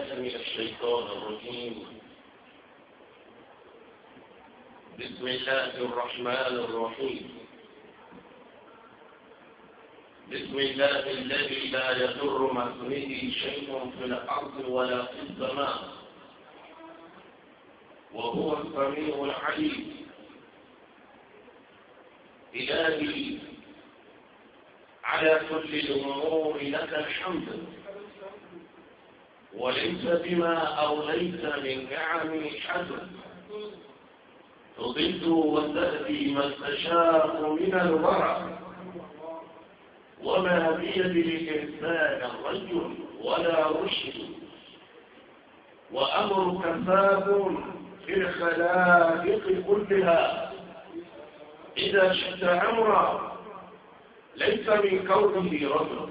الشيطان الرجيم بسم الله الرحمن الرحيم بسم الله الذي لا يضر مع اسمه شيء في الأرض ولا في السماء وهو السميع العليم إلهي على كل الأمور لك الحمد وليس بما أوليت من نعم حسن تضد وتأتي ما استشاق من الورع وما بيد الإنسان رجل ولا رشد وأمر كفاف في الخلائق كلها إذا شئت أمرا ليس من كونه رجل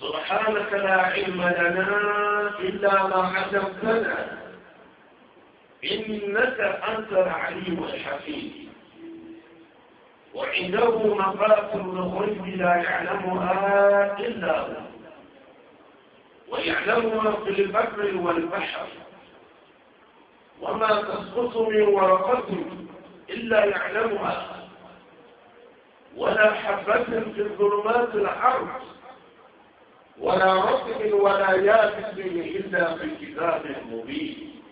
سبحانك لا علم لنا إلا ما علمتنا إنك أنت العليم الحكيم وعنده مقاتل الغيب لا يعلمها إلا هو ويعلمها في البر والبحر وما تسقط من ورقة إلا يعلمها ولا حبة في الظلمات الأرض ولا رطب ولا يابس إلا في كتاب مبين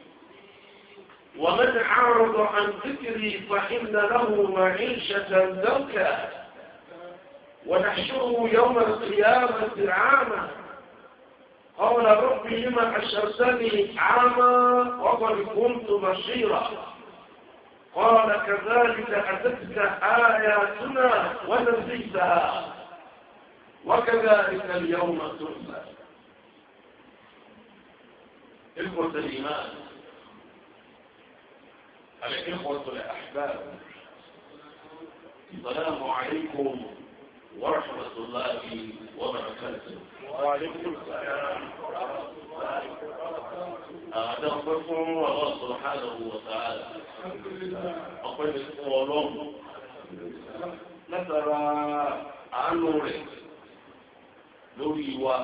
ومن أعرض عن ذكري فإن له معيشة ذكا ونحشره يوم القيامة عاما قال ربي لما أشرتني عاما وقد كنت بشيرا قال كذلك أتتك آياتنا ونسيتها وكذلك اليوم تنسى إخوة الإيمان الإخوة الأحباب السلام عليكم ورحمة الله وبركاته وعليكم السلام ورحمة الله وبركاته الله سبحانه وتعالى أقول لكم ولوم نترى عنه رئيس lórí wa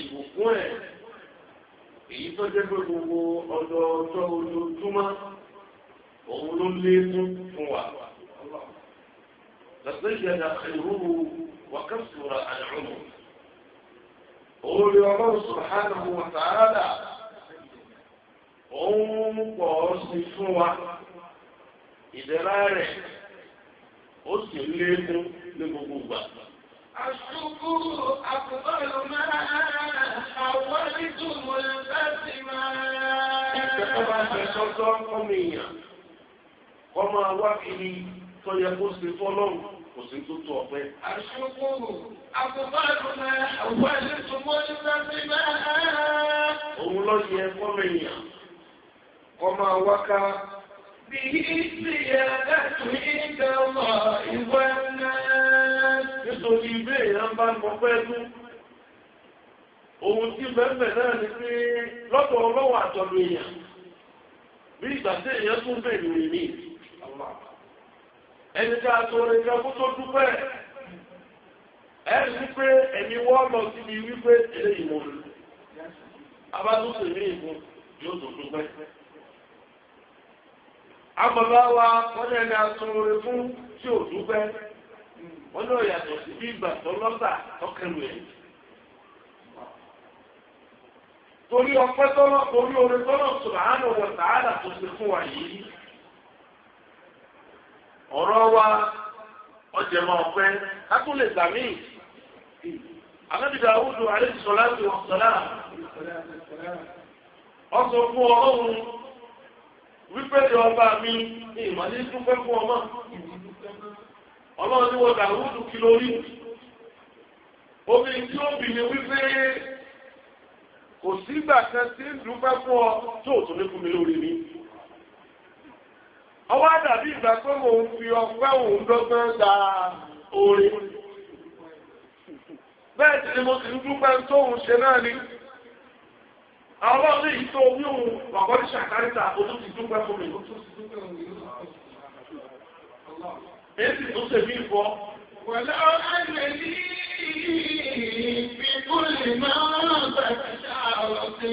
ìbùkún ẹ̀ èyí tó jẹ́ pé gbogbo ọjọ́ ojoojúmọ́ òun ló lékún fún wa. Lọ́sẹ̀yẹ̀dà ìrúhu wàkàtúrà àdàrúmù. Orí ọlọ́run subhanahu wa ta'ala òun pọ̀ sí fún wa. Ìdẹ̀ra rẹ̀ ó sì lékún ní gbogbo ìgbà. الشكر أفضل ọmọ èèyàn, kiri tó yẹ kó ṣe fọ́lọ́run, kò sí tó tó ọ̀pẹ́. Àṣùkò àkùbọ́dù náà àwọn ẹlẹ́sùn Òun lọ yẹ èèyàn, ká. Bí ìsìyà nítorí ilé èèyàn bá ń pọpẹ́ tú ohun tí bẹ́ẹ̀ náà ni pé lọ́dọ̀ ọlọ́wọ́ àtọ̀lù èèyàn bí ìgbà tí èèyàn tún bèrè rè mí ẹni tí a sọ rẹ̀ jẹ́ kó tó dúpẹ́ ẹni wípé ẹ̀mí wọ́n lọ síbi wípé eléyìí mọ̀ ní abátúnṣe ní ìfún yóò tó dúpẹ́ àmọ́ wa wọ́n ní ẹni a sọ rẹ̀ fún tí ò dúpẹ́. wọ́n lọ yàtọ̀ sí bí ìgbà tó lọ́gbà ẹ̀. torí ọpẹ́ tọ́lọ́ torí orin tọ́lọ́ tó ṣe fún wa yìí ọ̀rọ̀ wa ọjẹ̀mọ̀ ọpẹ́ kátó lè sàmì ti àwùjọ alayhi salatu wa salam ọsọ fún ọlọ́run mi ni ìmọ̀lẹ́ fún ọmọ. ọlọ́run ní wọ́n dàrúdù kí lórí obìnrin tí ó bì mí wípé kò sígbà kan tí ń dúpẹ́ fún ọ tó tó ní fún mi lórí mi ọwọ́ àdàbí ìgbà pé mò ń fi ọpẹ́ òun dọ́gbọ́n gba orin bẹ́ẹ̀ tí mo ti ń dúpẹ́ tóun ṣe náà ni àwọn ọlọ́run yìí tó ní òun wàkọ́dí ṣàkáríta ojú ti dúpẹ́ fún mi èsì tó ṣe bí ìfọ́. Wọ̀lá ọ̀rẹ́ mi bí kò lè máa bàtà ṣàrọ̀ sí.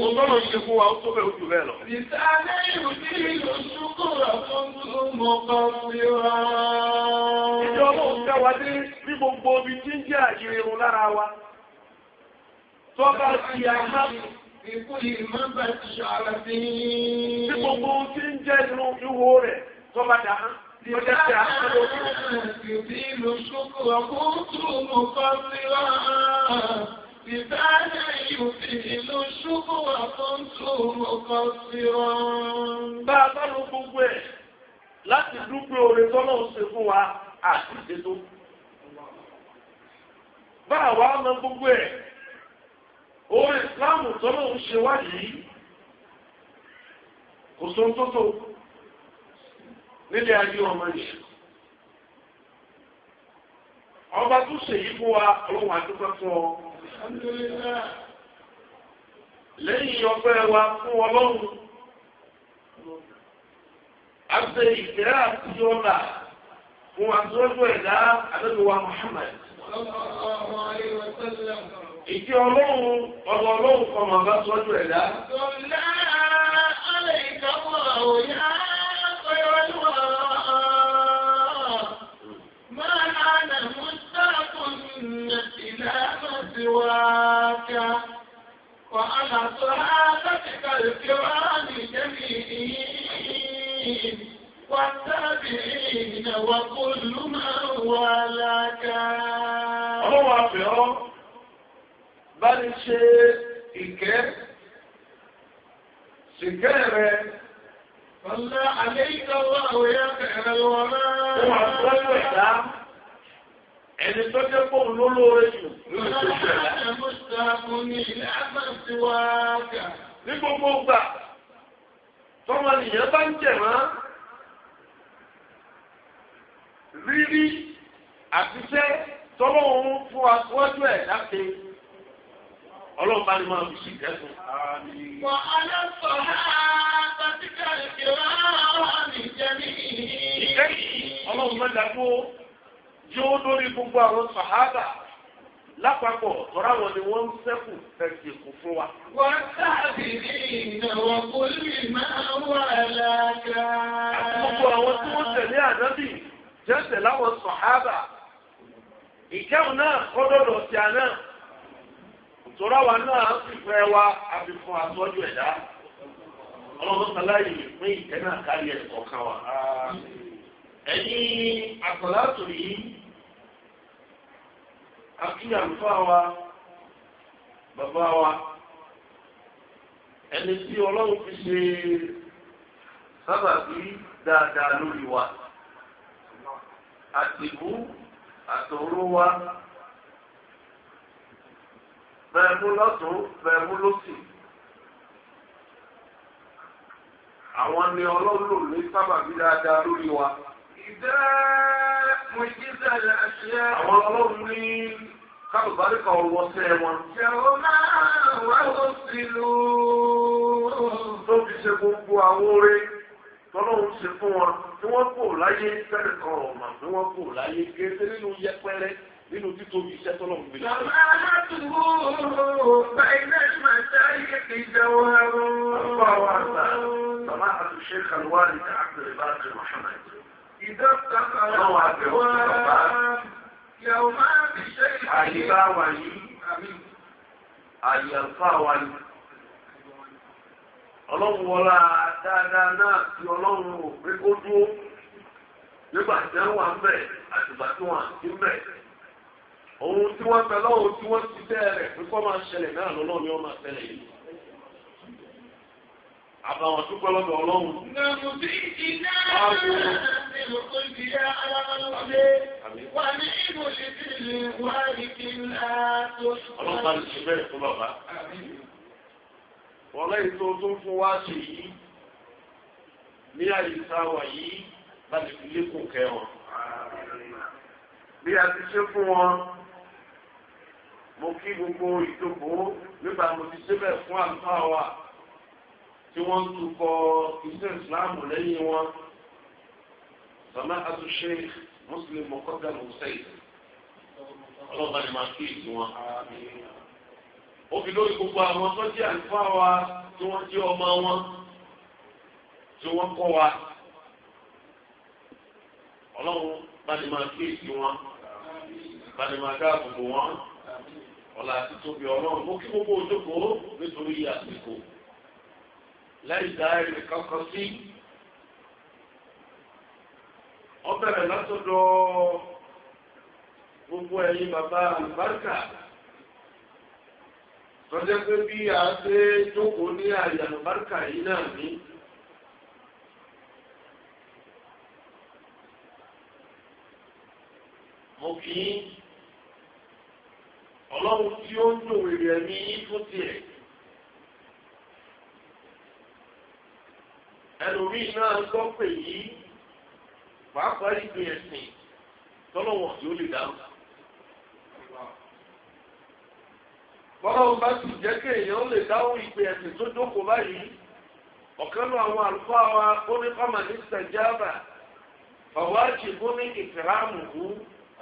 Mo tọ́lọ̀ ṣe fún wa ó tó bẹ̀rù jù bẹ́ẹ̀ lọ. Ìsàlẹ̀ ìlú tí ìlú ṣúkúrọ̀ fún mọ kan sí Ìjọba ò tẹ́ wa dé ní gbogbo omi tí ń jẹ́ àyè irun lára wa. Tọ́ba bá ti ṣọ́ ara gbogbo ohun tí ń jẹ́ irun ìwò rẹ̀, tọ́ba dà hán. يزيل الشكر كنتم مقصرا لذلك يزيل الشكر كنتم مقصرا Bàbá ló gbogbo ẹ̀ láti dúpẹ́ oore tọ́lọ́ ń ṣe fún wa àti ìṣètò. Báà wá mọ gbogbo ẹ̀, oore ìsìláàmù tọ́lọ́ ń ṣe wá yìí, kò sóhun tó tó. nílé ayé ọmọ yìí ọba tó ṣe yí fún wa ọlọ́run àdúgbò fún ọ lẹ́yìn ọpẹ́ wa fún ọlọ́run àti ọ̀la fún ẹ̀dá àdébíwá Muhammad ìdí ọlọ́run ọ̀dọ̀ ọlọ́run bá tọ́jú ẹ̀dá. ìkàwọ̀ إلى ما سواك وأنا صحابتك الكرام جميعين والتابعين وكل من والاك هو بيو بل شيء إكر سكره صلى عليك الله يا خير الورى ẹni tó jẹ́ fóun ló lóore jù lórí ìṣòṣù ẹ̀dá. ní gbogbo gbà tọ́mọ nìyẹn bá ń jẹ̀ mọ́ rírí àtiṣẹ́ tọ́lọ́hún fún wa wọ́jú ẹ̀ dáke ọlọ́run bá ní máa fi ṣìkẹ́ fún. wà á lọ sọ ha tàbí kàlùkì rárá wà ní jẹ́mi. ìkẹ́yìn ọlọ́run mẹ́ta kú yóò lórí gbogbo àwọn sàhábà lápapọ̀ tọ́ra wọn ni wọ́n ń sẹ́kù ẹ̀sìn kù fún wa. wọ́n sábì ní ìnáwó kólú máa wà lága. àti gbogbo àwọn tí wọ́n tẹ̀lé ànábì jẹ́sẹ̀ láwọn sàhábà ìkẹ́hùn náà kọ́dọ̀dọ̀ sí àná tọ́ra wa náà sì fẹ́ wa àfikún àtọ́jú ẹ̀dá ọlọ́run sáláyè pín ìkẹ́ náà kárí ẹ̀ kọ̀ọ̀kan wa ẹ̀yìn àkọ̀látò yìí akíyà lùfà wa bàbá wa ẹni tí ọlọ́run fi ṣe sábàbí dáadáa lórí wa àtìbú àtòró wa bẹ́ẹ̀ mú lọ́tún bẹ́ẹ̀ mú lọ́sìn. àwọn ni ọlọ́run lò ní sábàbí dáadáa lórí wa ìdá mọ̀jíza làṣẹ. àwọn ọlọ́run ní kálùbáríkà ọwọ́ sẹ́ wọn. ṣẹ̀wọ́ máa wá ó sí lò. tó fi ṣe gbogbo àwọn oore tọ́lọ́run ṣe fún wọn tí wọ́n kò láyé fẹ́rẹ̀ kan ọ̀mà tí wọ́n kò láyé gẹ́gẹ́ nínú yẹpẹrẹ nínú títóbi iṣẹ́ tọ́lọ́run gbé. bàbá aládùúgbò bàìlẹ́ máa ṣáyé ìjẹun àrùn. bàbá wa àgbà bàbá àtúnṣe kàlùwárì ká àgbèrè bá ti mọ̀ṣánná ìjẹun. Ìjọ́ tàbí wà ní Ọlọ́run wọlá dáadáa náà tí ọlọ́run ò pé kó dúó nígbà tí wọ́n wà ń bẹ̀ àtìgbà tí wọ́n àti ń bẹ̀. Ohun tí wọ́n pẹ̀lọ́wọ́ tí wọ́n ti bẹ́ẹ̀ rẹ̀ pípọ́ máa ṣẹlẹ̀ náà lọ́lọ́run ni wọ́n máa ṣẹlẹ̀ yìí àbáwọn dúpẹ́ lọ́dọ̀ ọlọ́run. Nàmú bí iná nínú kòlì aláwọ̀lé wà ní ìbò lè ti lè wá ìdí ńlá tó. Ọlọ́pàá lè ṣe bẹ́ẹ̀ tó bàbá. Wọ́lá ètò tó ń fún wa ṣe yìí ní àyíká wa yìí láti fi lékún kẹ́ Bí a ti ṣe fún wọn, mo kí gbogbo ìjókòó nígbà mo ti ṣe bẹ́ẹ̀ fún àlùfáà wa tí wọ́n ń tukọ̀ iṣẹ́ ìsìláàmù lẹ́yìn wọn sọlá àtúnṣe Muslim mọ̀kọ́dà mọ̀ọ́sẹ́yì ọlọ́ba ni máa kí ìlú wọn. ó fi lórí gbogbo àwọn tó jẹ́ àlùfáà wa tí wọ́n jẹ́ ọmọ wọn tí wọ́n kọ́ wa ọlọ́run bá ní máa kí ìlú wọn bá ní máa dáàbò bò wọn ọ̀là àti tóbi ọlọ́run mo kí gbogbo òjòkó nítorí àsìkò láì dá ẹnì kankan sí. Ó bẹ̀rẹ̀ látọ̀dọ̀ gbogbo ẹ̀yin bàbá àlùbáríkà tọ́jẹ́ pé bí a ṣe jókòó ní àyè àlùbáríkà yìí náà ní. mo kì ọlọ́run tí ó ń dòwèrè ẹ̀mí yín fún tiẹ̀. ẹlòmíì náà ń gbọ́ pé yìí pàápàá ìgbé ẹ̀sìn tọ́lọ́wọ̀ yóò lè dáhùn. bọ́lọ́wọ́ bá sì jẹ́ kí èèyàn lè dáhùn ìgbé ẹ̀sìn tó jókòó báyìí ọ̀kan náà àwọn àlùfáà wa ó ní kọ́mà ní sàjáàbà ọ̀wá àjìbó ní ìfìhàmù hù.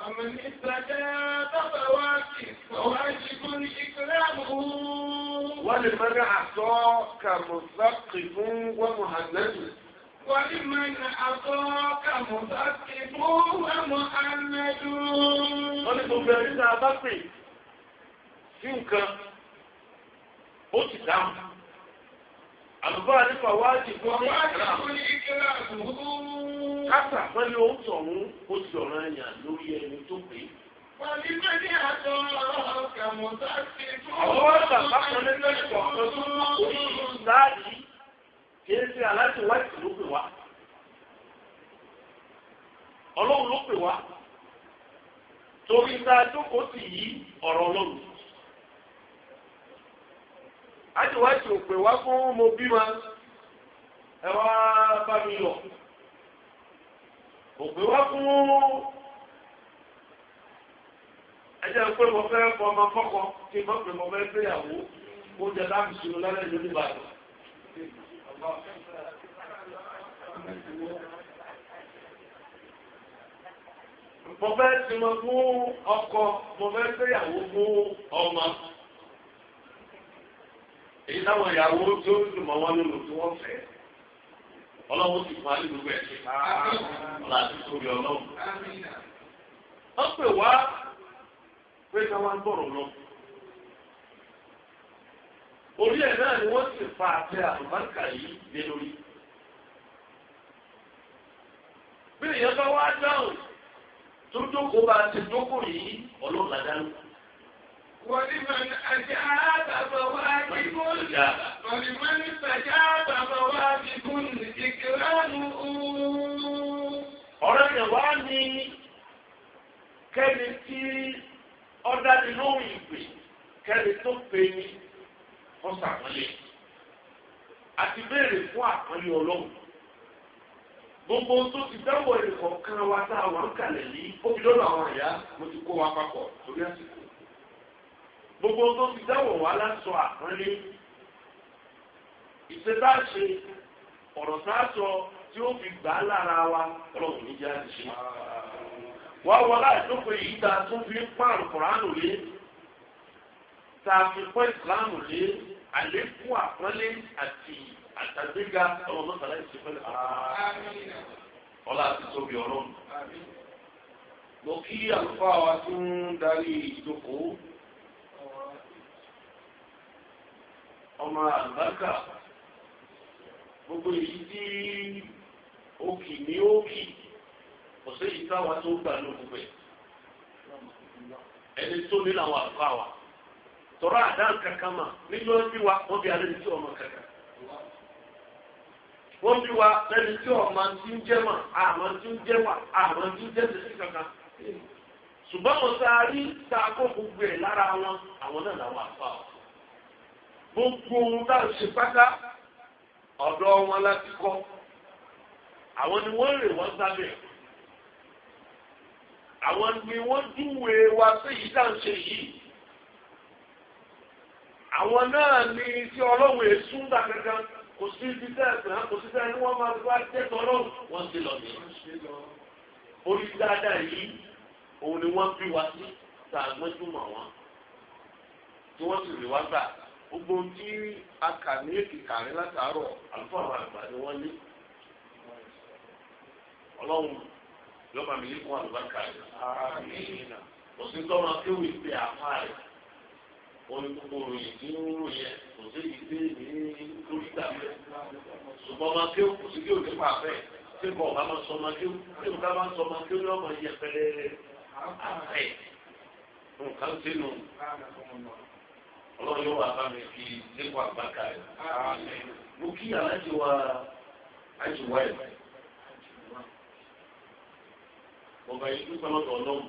فمن استجاب فواكب فواجب إكرامه ولمن عصاك مثقف ومهند ولمن عصاك مثقف ومهند wọ́n ní gbogbo ẹ̀rí tá a bá pè sí nǹkan ó ti dáhùn. àlùbọ́ àdìpọ̀ wájú fún mi. kásà pẹ̀lú ohun tọ̀hún ó ti ọ̀rọ̀ ẹ̀yà lórí ẹni tó pé. àwọn ọ̀sà bákan lẹ́sẹ̀ tó oṣù ṣe aláṣẹ ló pè wá. ọlọ́run ló pè wá torí a jókòó ọ̀rọ̀ àtiwájú òpè wá fún mo bí ma ẹ wá bá mi lọ òpè wá fún ẹjẹ pé mo fẹ́ fọ ọmọ fọkọ kí n bá pè mo fẹ́ gbéyàwó kó jẹ láti ṣòro lálẹ́ ìlú nìbàdàn. mo fẹ́ sinmi fún ọkọ mo fẹ́ gbéyàwó fún ọmọ èyí táwọn ìyàwó tó ń dùn mọ́ wọn lónìí tí wọ́n fẹ́ ọlọ́run ti fún alẹ́ gbogbo ẹ̀ ṣe ọ̀la àti sórí ọlọ́run. wọ́n pè wá pé káwọn gbọ́rọ̀ lọ. orí ẹ̀ náà ni wọ́n sì fa àtẹ àlùbáríkà yìí lé lórí. bí èèyàn bá wá dáhùn tó jókòó bá ti jókòó yìí ọlọ́run làdá lóko. ولمن أجاب فواجب ولمن استجاب فواجب إكرامه. ọ̀rọ̀ yẹn wá ní kẹ́ni tí ọ̀dánilóhùn ìgbè kẹ́ni tó pè ní ọ̀sàmọ́lé àti béèrè fún àpọ́nlé ọlọ́run gbogbo tó ti dáwọ́ ẹ̀kọ́ kan wa tá a wà ń kalẹ̀ yìí ó fi lọ́dọ̀ àwọn àyà mo ti kó wa papọ̀ lórí àsìkò gbogbo tó fi dáwọ̀ wá lásọ àpọ́nlé ìṣẹ́tà ṣe ọ̀rọ̀ tá a sọ tí ó fi gbà á lára wa ọlọ́run níjà ti ṣe. wá wọlé àìsókò yìí tá a tún fi ń pa àlùkòránù lé tá a fi pọ́ ìsìláàmù lé àlékún àpọ́nlé àti àtàgbéga ọlọ́run mọ́tàlá ìṣẹ́fẹ́lẹ́ ọlá àti tóbi ọlọ́run. mo kí àlùfáà wa tún darí ìjókòó. ọmọ àlùbáríkà gbogbo èyí tí òkì ní òkì ọ̀sẹ̀ yìí táwa tó gbà ní òkú ẹni tó ní làwọn àlùkò àwà tọ́rọ àdáhùn kankan mà níjọ́ bí wa ọmọ kankan wọ́n bí wa lẹ́ni tí ọmọ ti ń jẹ́ mà àmọ́ ti ń jẹ́ àmọ́ ń jẹ́ kankan ṣùgbọ́n gbogbo ohun tá a ṣe pátá ọ̀dọ̀ wọn láti kọ́ àwọn ni wọ́n rè wọ́n sábẹ̀ àwọn ni wọ́n dúwe wa sí yìí tá à ń ṣe yìí àwọn náà ní tí ọlọ́run èsú ń gbà kankan kò sí ibi tẹ́ ẹ̀sìn hàn kò sí tẹ́ ẹni wọ́n máa wá tẹ́tọ̀ ọlọ́run wọ́n ti lọ nìyẹn orí dáadáa yìí òun ni wọ́n bí wa sí tá mọ̀ wọ́n tí wọ́n sì rí wá gbà gbogbo tí a kà ní èkìkà rẹ látàárọ̀ àlùfáà àgbà ni wọ́n ní ọlọ́run yóò bá mi lé fún àlùbáríkà rẹ kò sí tọ́mọ akéwì pé àfa rẹ olùkókò ròyìn tí ń rò yẹ kò sí èyí tí èyí lórí dàbẹ ṣùgbọ́n ọmọ akéwì kò sí kí òde pa àfẹ́ ṣé kò ọba máa sọ ọmọ akéwì ṣé kò ọba máa sọ ọmọ akéwì lọ́mọ yẹ àfẹ́ nǹkan sínú ọlọ́run yóò wá bá mi fi lẹ́kọ̀ọ́ àgbàkà rẹ̀. mo kí aláàjì wa aláàjì wa ẹ̀. ọba yìí dúpẹ́ lọ́dọ̀ ọlọ́run.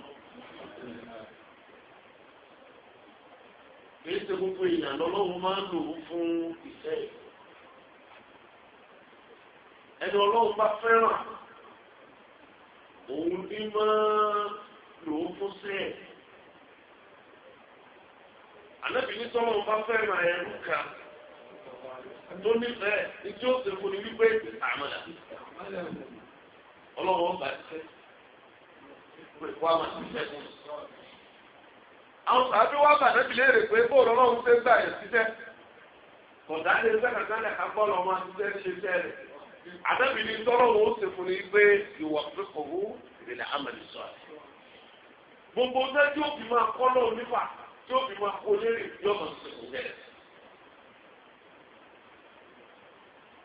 kìí ṣe gbogbo èèyàn lọ́lọ́run máa ń lò ó fún iṣẹ́ ẹ̀. ẹni ọlọ́run bá fẹ́ràn òun ní máa lò ó fún sẹ́ẹ̀ ànábì ní sọ́mọ́ nǹkan fẹ́ máa ẹrú ka tó nífẹ̀ẹ́ ní tí ó sèkú ni wípé àmàlà ọlọ́wọ́ bá ti fẹ́ pé kó a máa ti fẹ́ fún un. àwọn sàbí wá bà nábì léèrè pé bóòlù ọlọ́run ṣe gbà yẹn síṣẹ́ kọ̀dá lè sẹ́kàtàlẹ̀ akọ́lọ́ máa ṣiṣẹ́ ṣe fẹ́ rẹ̀ ànábì ní sọ́rọ̀ wọn ó sèkú ni wípé ìwà pẹ́kọ̀ọ́ ìrìnà àmàlì sọ̀rọ̀ gbogbo ọjọ́ tí ó fi máa kọ́ tí ó fi máa kó lérè yóò máa sọ ìwé rẹ̀.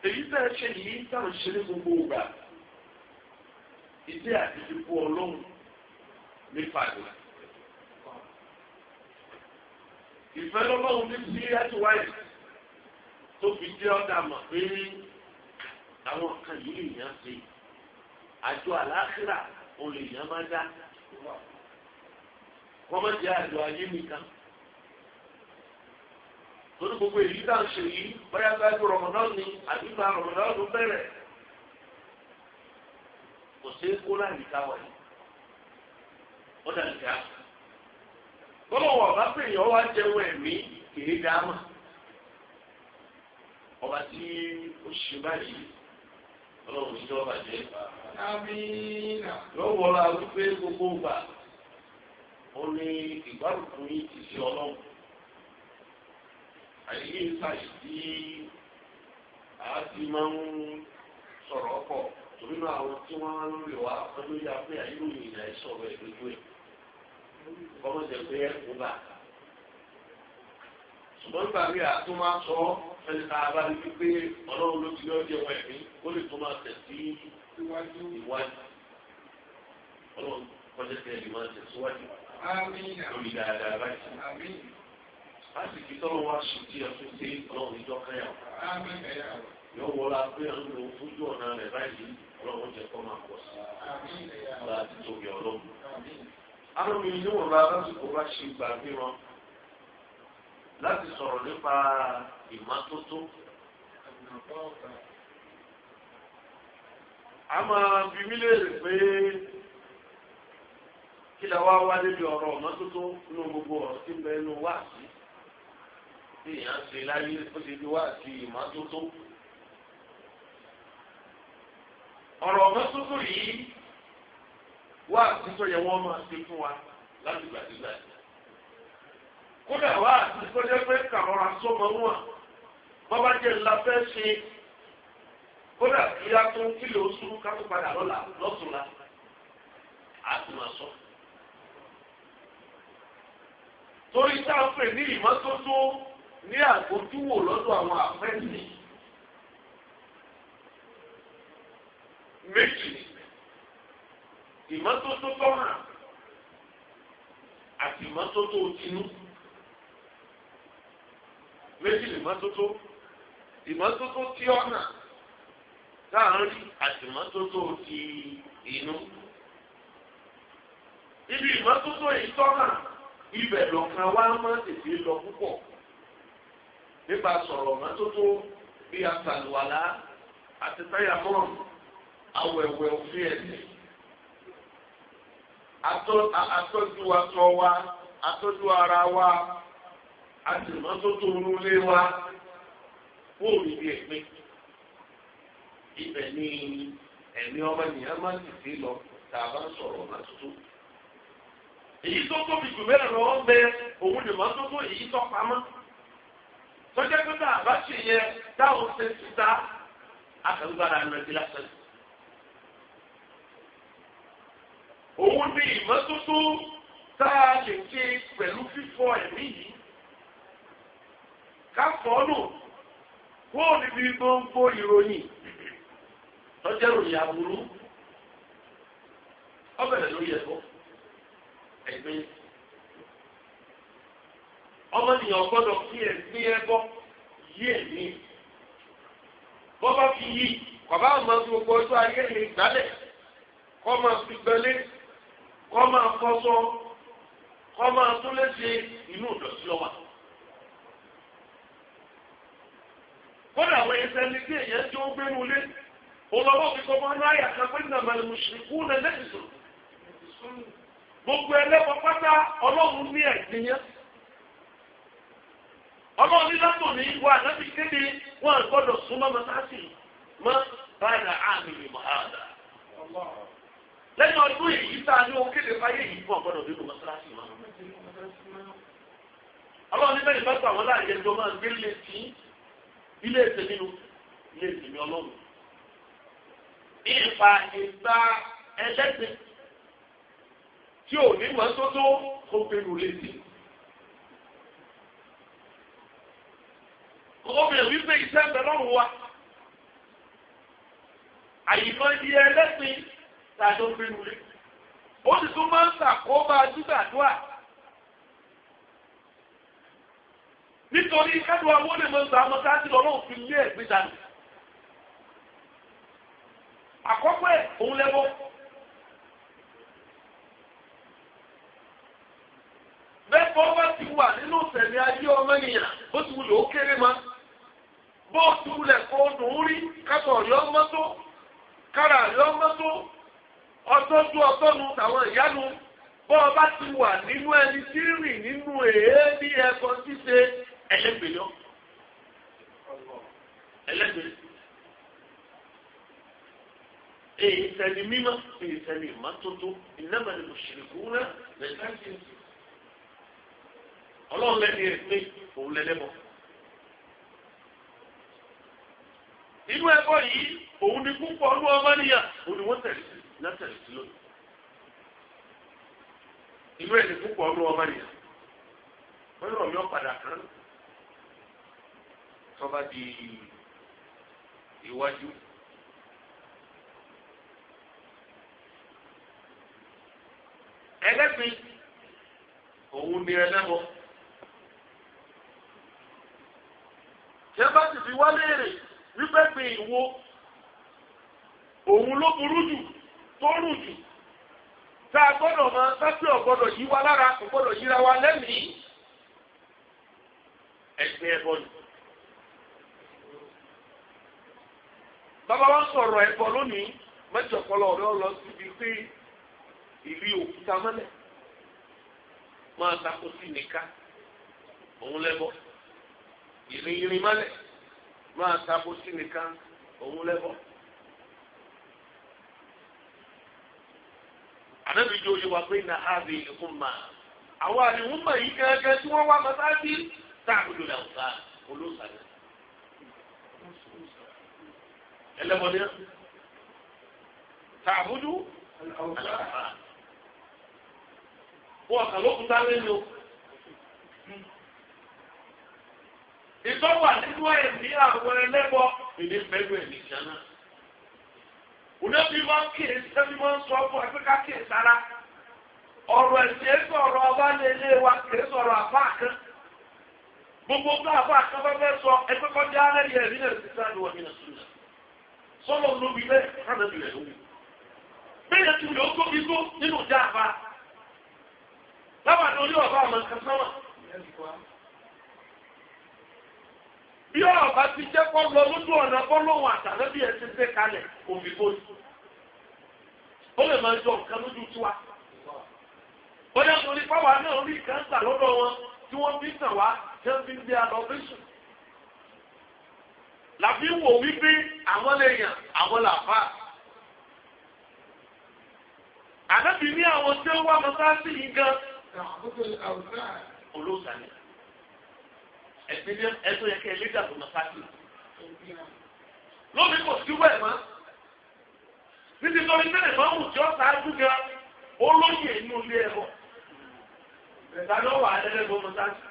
èyí tá a ṣe yìí tá a ṣe ní gbogbo ìgbà ìdí àti ìdìbò ọlọ́run ní fàdúrà. ìfẹ́ lọ́lọ́run ní sí àtiwáyé tó fi jẹ́ ọ̀dà mọ̀ pé àwọn kan yìí lè yàn sí àjọ àlàáfíà òun lè yàn máa dá. wọ́n má jẹ́ àlọ́ ayé nìkan. torí gbogbo èyí tá à ń ṣe yìí bóyá sáájú rọmọdán ni àbí ta rọmọdán ló bẹ̀rẹ̀ kò sí kó láàyè táwa yìí ó dà nígbà. bọ́lá wọ̀ ọba pè yàn wá jẹun ẹ̀mí kìí dáama ọba tí ó ṣe báyìí ọlọ́run ní ọba jẹ́. la wípé gbogbo ó ní ìgbárùkù yìí ti ṣe ọlọ́run àyè ìsàyè tí a ti máa ń sọ̀rọ̀ ọkọ̀ torí náà àwọn tí wọ́n á lórí wa pẹ̀lú ìyá pé àyílòyìn ìlà ìsọ̀rọ̀ ẹ̀ lójú ẹ̀ kọ́mọ̀jẹ̀ pé ẹ̀ kó bá a ṣùgbọ́n nígbà rí àtún máa sọ ẹni tá a bá rí wípé ọlọ́run ló ti lọ́ọ́ jẹ́ ọmọ ẹ̀mí ó lè tún máa tẹ̀ sí iwájú ọlọ́run kọjá tẹ̀ lè máa tẹ̀ síwájú lórí dáadáa báyìí lásìkò tọ́lọ́ wá sùn tí ẹ fún ṣe ọlọ́run ìjọ káyà yóò wọlá pé à ń lo ojú ọ̀nà rẹ̀ báyìí ọlọ́run jẹ kọ́ máa pọ̀ sí ọlá àti tóbi ọlọ́run. àwọn ènìyàn ní wọn bá lásìkò bá ṣe gbà bí wọn láti sọ̀rọ̀ nípa ìmọ́tótó. a máa bi mí léèrè pé kí la wá wá níbi ọ̀rọ̀ ọ̀mọ́tótó nínú gbogbo ọ̀rọ̀ tí ń bẹ nínú wáàsí tí èèyàn ṣe láyé ó ti di wáàsí ìmọ́tótó. ọ̀rọ̀ ọ̀mọ́tótó yìí wáàsí tó yẹ wọ́n máa ṣe fún wa láti gbàdúgbà yìí. kódà wáàsí tó jẹ́ pé kàmọ́ra sọ́mọ wọn bọ́bá jẹ́ ńlá fẹ́ ṣe kódà kí á tún kílò oṣù ká tó padà lọ́la lọ́tùnla àtùmọ̀ sọ́kù torí sáfẹ̀ ní ìmọ́tótó ní àgbójúwò lọ́dọ̀ àwọn àfẹ́sì méjì ìmọ́tótó tọ́hàn àti ìmọ́tótó tinú méjì ìmọ́tótó ìmọ́tótó tí ọ̀nà láàárín àti ìmọ́tótó ti inú ibi ìmọ́tótó yìí tọ́hàn ibẹ̀ lọ́kàn wa máa tètè lọ púpọ̀ nípa sọ̀rọ̀ mọ́tótó bí asàlùwàlá àti táyàmọ́ọ̀n awẹ̀wẹ̀ òfin ẹ̀sìn atọ́jú aṣọ wa atọ́jú ara wa àti mọ́tótó olúlé wa fóònù bí ẹ̀pẹ́ ibẹ̀ ni ẹ̀mí ọmọ nìyẹn máa tètè lọ tá a bá sọ̀rọ̀ mọ́tótó èyí tó tóbi jù mẹ́rin lọ́wọ́ ń bẹ òun lè máa tótó èyí tó pamọ́. sọ́jà pé tá a bá ṣe yẹ táwọn ṣe síta àtàlùbára nàìjíríà lásán. òun ni ìmọ́tótó tá a lè ṣe pẹ̀lú fífọ ẹ̀mí yìí. ká fọ́ọ̀nù kó o níbi gbogbo ìròyìn lọ́jọ́ ìròyìn àbúrú ọbẹ̀ lórí ẹ̀fọ́ ẹgbẹ́ ọmọnìyàn gbọ́dọ̀ fi ẹgbẹ́ ẹbọ yí èmi bọ́bá fi yí bàbá àmọ́ gbogbo ọjọ́ ayé mi gbálẹ̀ kọ́ máa fi gbẹlé kọ́ máa kọ́sọ́ kọ́ máa tún léṣe inú ìdọ̀tí ọwà. kódà àwọn ẹsẹ̀ ní kí èèyàn jó gbénu lé olọ́wọ́ fi kọ́ máa ń ráyà kan pé nàmàlùmùsùn kú nà sọ̀rọ̀ gbogbo ẹlẹ́kọ̀ọ́ pátá ọlọ́run ní ẹ̀sìn yẹn. ọlọ́run ní látọ̀ ní ìwà ànábì kéde wọn gbọ́dọ̀ súnmọ́ mọ́tàsì mọ́ báyà àmì mọ́hàdà. lẹ́yìn ọdún èyí tá a ní o kéde fáyé yìí fún ọgbọ́dọ̀ nínú mọ́tàsì mọ́. ọlọ́run ní bẹ́ẹ̀ bá àwọn láàyè ẹjọ́ máa gbé lé sí ilé ètè nínú ilé ètè mi ọlọ́run. nípa ìgbà ẹlẹ́sìn tí ò ní mọ̀ tó kó gbẹ̀rù létí. obìnrin wípé iṣẹ́ ń bẹ lọ́rùn wa àyìnbọn di ẹlẹ́sìn tàbí obìnrin rẹ̀ ó sì tún máa ń ṣàkóbá dúdàdúà nítorí kádùn àwọn olè máa ń gba ọmọkáàtì fi lé ẹ̀gbẹ́ dànù àkọ́kọ́ ẹ̀ òun lẹ́wọ́. kẹ́kọ̀ọ́ bá ti wà nínú ìsẹ̀mí ayé ọmọ ènìyàn bó ti wulẹ̀ ó kéré ma bó ti wulẹ̀ kó dùn ún rí kátó ọ̀rí ọmọ tó kára àrí ọmọ tó ọtọ́jú ọtọ́nu tàwọn ìyánu bó o bá ti wà nínú ẹni tí ń rìn nínú èébi ẹ̀kọ́ ṣíṣe ẹlẹ́gbẹ̀lọ́ ẹlẹ́gbẹ̀lọ́ èyí sẹ́ni mímọ́ èyí sẹ́ni ìmọ́tótó ìnáwó ṣèlú kúrú náà ọlọ́run lẹ́ni ẹ̀ pé òun lẹ́lẹ́bọ̀. inú ẹbọ yìí òun ni púpọ̀ ọlú ọmọ nìyà òun ni wọ́n tẹ̀lé sí látẹ̀lé sí lónìí. inú ẹ̀ ni púpọ̀ ọlú ọmọ nìyà wọ́n rọ̀ mí ọ̀padà kan tọ́ba di iwájú. ẹlẹ́gbin òun ni ẹlẹ́bọ̀. tí a bá sì fi wá léèrè wípé pé ìwo òun ló burú jù tó rù jù tá a gbọ́dọ̀ máa sápé ọ̀gbọ́dọ̀ yí wa lára ọ̀gbọ́dọ̀ yíra wa lẹ́mìí ẹgbẹ́ ẹbọ ni. bàbá wa sọ̀rọ̀ ẹbọ lónìí mẹ́jọ kọlọ ọ̀rẹ́ lọ síbi pé ìlú òkúta mọ́lẹ̀ máa takò sí nìka òun lẹ́bọ̀ọ́ ìrìn ìrìn mọ́lẹ̀ máa tako sí nìkan òun lẹ́bọ̀. ànábi jẹ́ òye wa pé na ábí ìkún mà àwọn àdìhún mọ̀ yìí gẹ́gẹ́ tí wọ́n wá mọ́sáàtì táàbùdù làwùsà olóòsàlẹ̀. ẹlẹ́bọ̀dé táàbùdù làwùsà. wọ́n kàn lẹ́nu. ìtọ́wà nínú ẹ̀mí àwọn ẹlẹ́bọ ìdí pẹ̀lú ẹ̀mí jẹ́nà. Onídìí máa ń kíyè sẹ́mi máa ń sọ fún ẹgbẹ́ ká kíyè sára. Ọ̀rọ̀ ẹ̀sìn èso ọ̀rọ̀ ọba lè lé wa kìí sọ̀rọ̀ àbá kan. Gbogbo ọgbà àbá kan bá fẹ́ sọ ẹgbẹ́ kọjá lẹ́yìn ẹ̀mí náà ti sáré wọ nínú sùn. Sọ́lọ̀ ló wí bẹ́ẹ̀ kánà bí rẹ̀ lówó. Bẹ́ẹ̀ ti lè ó tóbi tó nínú ìjà àbá. Lábàdàn orí ọ̀bá àmọ̀ nǹkan sáwọn bí ọba ti jẹ́ kọ́ lọ lójú ọ̀nà bọ́lọ́wọ́ àtàlẹ́bí ẹ̀ ti gbé kalẹ̀ òbí bóyí. ó lè máa jọ nǹkan lójú tiwa. bóyá torí pàwọ́ náà rí káńtà lọ́dọ̀ wọn tí wọ́n fi tàn wá tí wọ́n fi ń gbé alọ́ fẹ́sùn. làbí wò wípé àwọn lèèyàn àwọn làfà. àdàbí ní àwọn tí ó wá mọ́sáàsì yìí gan. olóòtú àná ẹ̀mí ní ẹ̀tọ́ yẹ kẹ́ ẹ lédà tó máa fásitì. lómi kò sí wẹ̀ mọ́ títí tó ní tẹ́lẹ̀ máa ń wù tí ó sáájú gan olóyè inú ilé ẹ̀kọ́. ìdájọ́ wà á lẹ́lẹ́ lọ́mọ sáájú.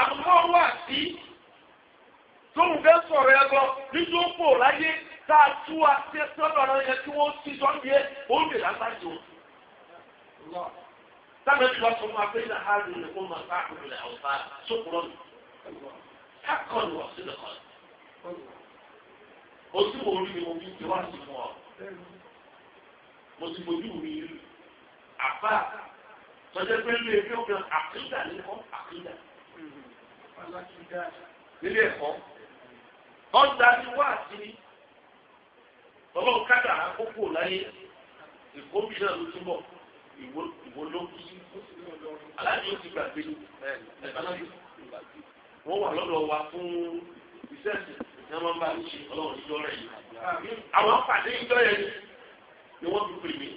àbùkọ́ wà sí tóun fẹ́ sọ̀rọ̀ ẹ gan níjú ó pò láyé tá a tú wa sí ẹsẹ̀ ọ̀rọ̀ yẹn kí wọ́n ti sọ́ọ́ yẹ ó lè lásájú sábẹ́ tí wọ́n sọ fún wa pé ní àhàlù ní kó máa bá àkókò rẹ̀ àwọn fáà sókòrò nù. kákọ́ọ̀nù ọ̀sìn nìkan. ojú wo rí ni mo fi ti wá sí fún ọ. mo ti fojú mi rí àbá sọjọ́ pé ilé ẹgbẹ́ òkè àkídà ní kọ́ àkídà. nílé ẹ̀kọ́ ọ̀dà ni wá sí ọlọ́run kádà àkókò láyé ìkóbi náà ló túbọ̀ ìwó ló kí aláàbí ó ti gbàgbé wọ́n wà lọ́dọ̀ wa fún iṣẹ́ ìṣẹ́ wọn bá ṣe ọlọ́run ìjọ rẹ̀ yìí àwọn pàdé ìjọ yẹn ni wọ́n fi pè mí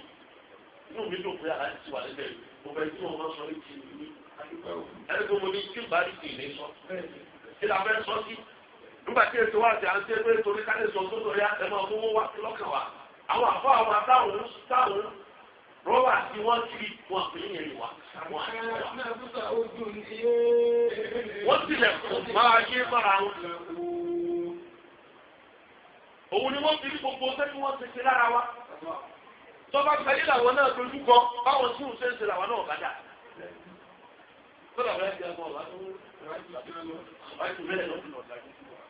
inú mi dùn pé aláàbí ti wà lẹ́bẹ̀ẹ́ mo fẹ́ tí wọ́n máa sọ létí mi ẹni tó mo ní kí n bá rí kì í lè sọ kí la fẹ́ sọ sí nígbà tí ètò wa ti à ń tẹ́ pé torí ká lè sọ sódò ya ẹ máa mú wá sí wa àwọn àfọ àwọn táwọn táwọn rọ́bà tí wọ́n ti wọ́n pè é yẹn wà. wọ́n tilẹ̀ kò máa yé mara wọn. òun ni wọ́n fi ní gbogbo sẹ́ni wọ́n ti ṣe lára wa. tọ́ba gbayé làwọn náà dojú kọ báwọn tí òun ṣe ń ṣe làwọn náà bá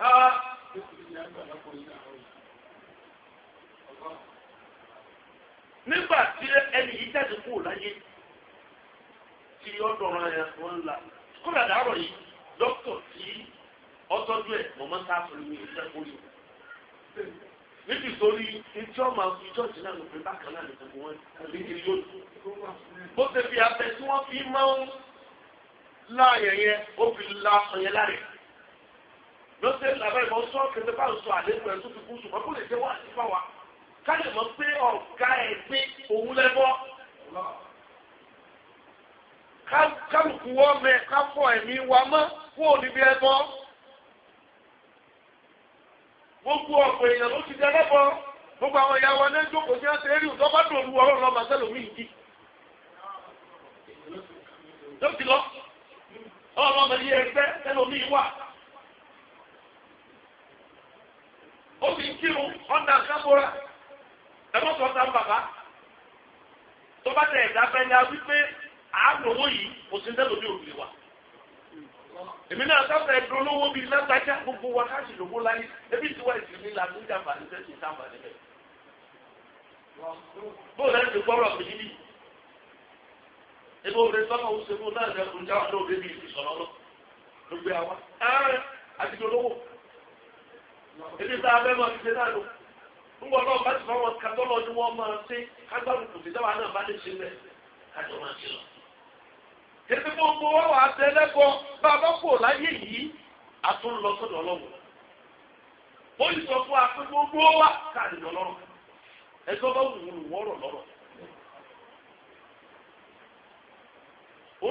Ah nígbà tí ẹni yìí jáde kú láyé tí ọ̀dọ̀ ọ̀ràn yẹn wọ́n ń la kódà dàárọ̀ yìí dókítà tí ọtọ́jú ẹ̀ mọ̀mọ́ tá a fún mi ìṣe orí o níbi sórí ìjọ máa fi ìjọ ìjìnlẹ̀ ló fi bákan náà nìkan wọn àbí kiri yóò dùn bó ṣe fi abẹ tí wọ́n fi máa ń láàyè yẹn ó fi la ọyẹ láàyè ló ṣe làbẹ́ ìmọ̀ sọ́ọ̀kì tó sọ àlékún ẹ̀ tó fi kú sùn mọ́ kó lè jẹ́ wá sí fáwa ká lè mọ̀ pé ọ̀gá ẹ̀ pé òun lẹ́bọ́ kálukú wọ́n mẹ káfọ́ ẹ̀mí wa mọ́ kó o níbi ẹbọ gbogbo ọ̀pọ̀ èèyàn ló ti di ẹlẹ́bọ gbogbo àwọn ìyá wa ní ẹjọ́kọ̀ ní ẹsẹ̀ eré ìjọba bá dùn olúwa ọlọ́run ọmọ sẹ́lẹ̀ yìí yóò ti lọ ọlọ́run ọmọ yìí ẹgbẹ́ sẹ́lẹ̀ wà ó fi kírun ọ̀nà àkábọ́ra ẹ̀mọ́ sọ sáà ń bàbá tó bá tẹ̀ ẹ̀dá fẹ́ ní a wípé àánúwó yìí kò sí tẹ́lẹ̀ omi òbí wa. èmi náà sáfẹ́ dúró lówó bíi lágbájá gbogbo wa káàsì lówó láyé ebi tí wà ìsinmi la tó jàmbá ní sẹ́sì sáfà níbẹ̀. bóòlù ẹ̀ ti gbọ́rọ̀ mi níbí. ebi òde sọ́kà ó sẹ́kù náà ṣe kùn jáwọ́ náà òde bíi ìsọ̀rọ̀ lọ. ló gbé àwa. àti olówó. ebi sáfẹ́ mọ́ ti ṣe náà lọ. bá ti wọn ni wọ́n máa ṣe náà bá lè ṣe kájọ máa ṣe lọ. gbogbo wa wà á tẹ lẹ́kọ̀ọ́ bá a bá kò láyé yìí a tún lọ sọ́dọ̀ ọlọ́run. ó yìí sọ fún wa pé gbogbo wa káàdì ẹjọ́ bá wù wù wọ́rọ̀ lọ́rọ̀. ó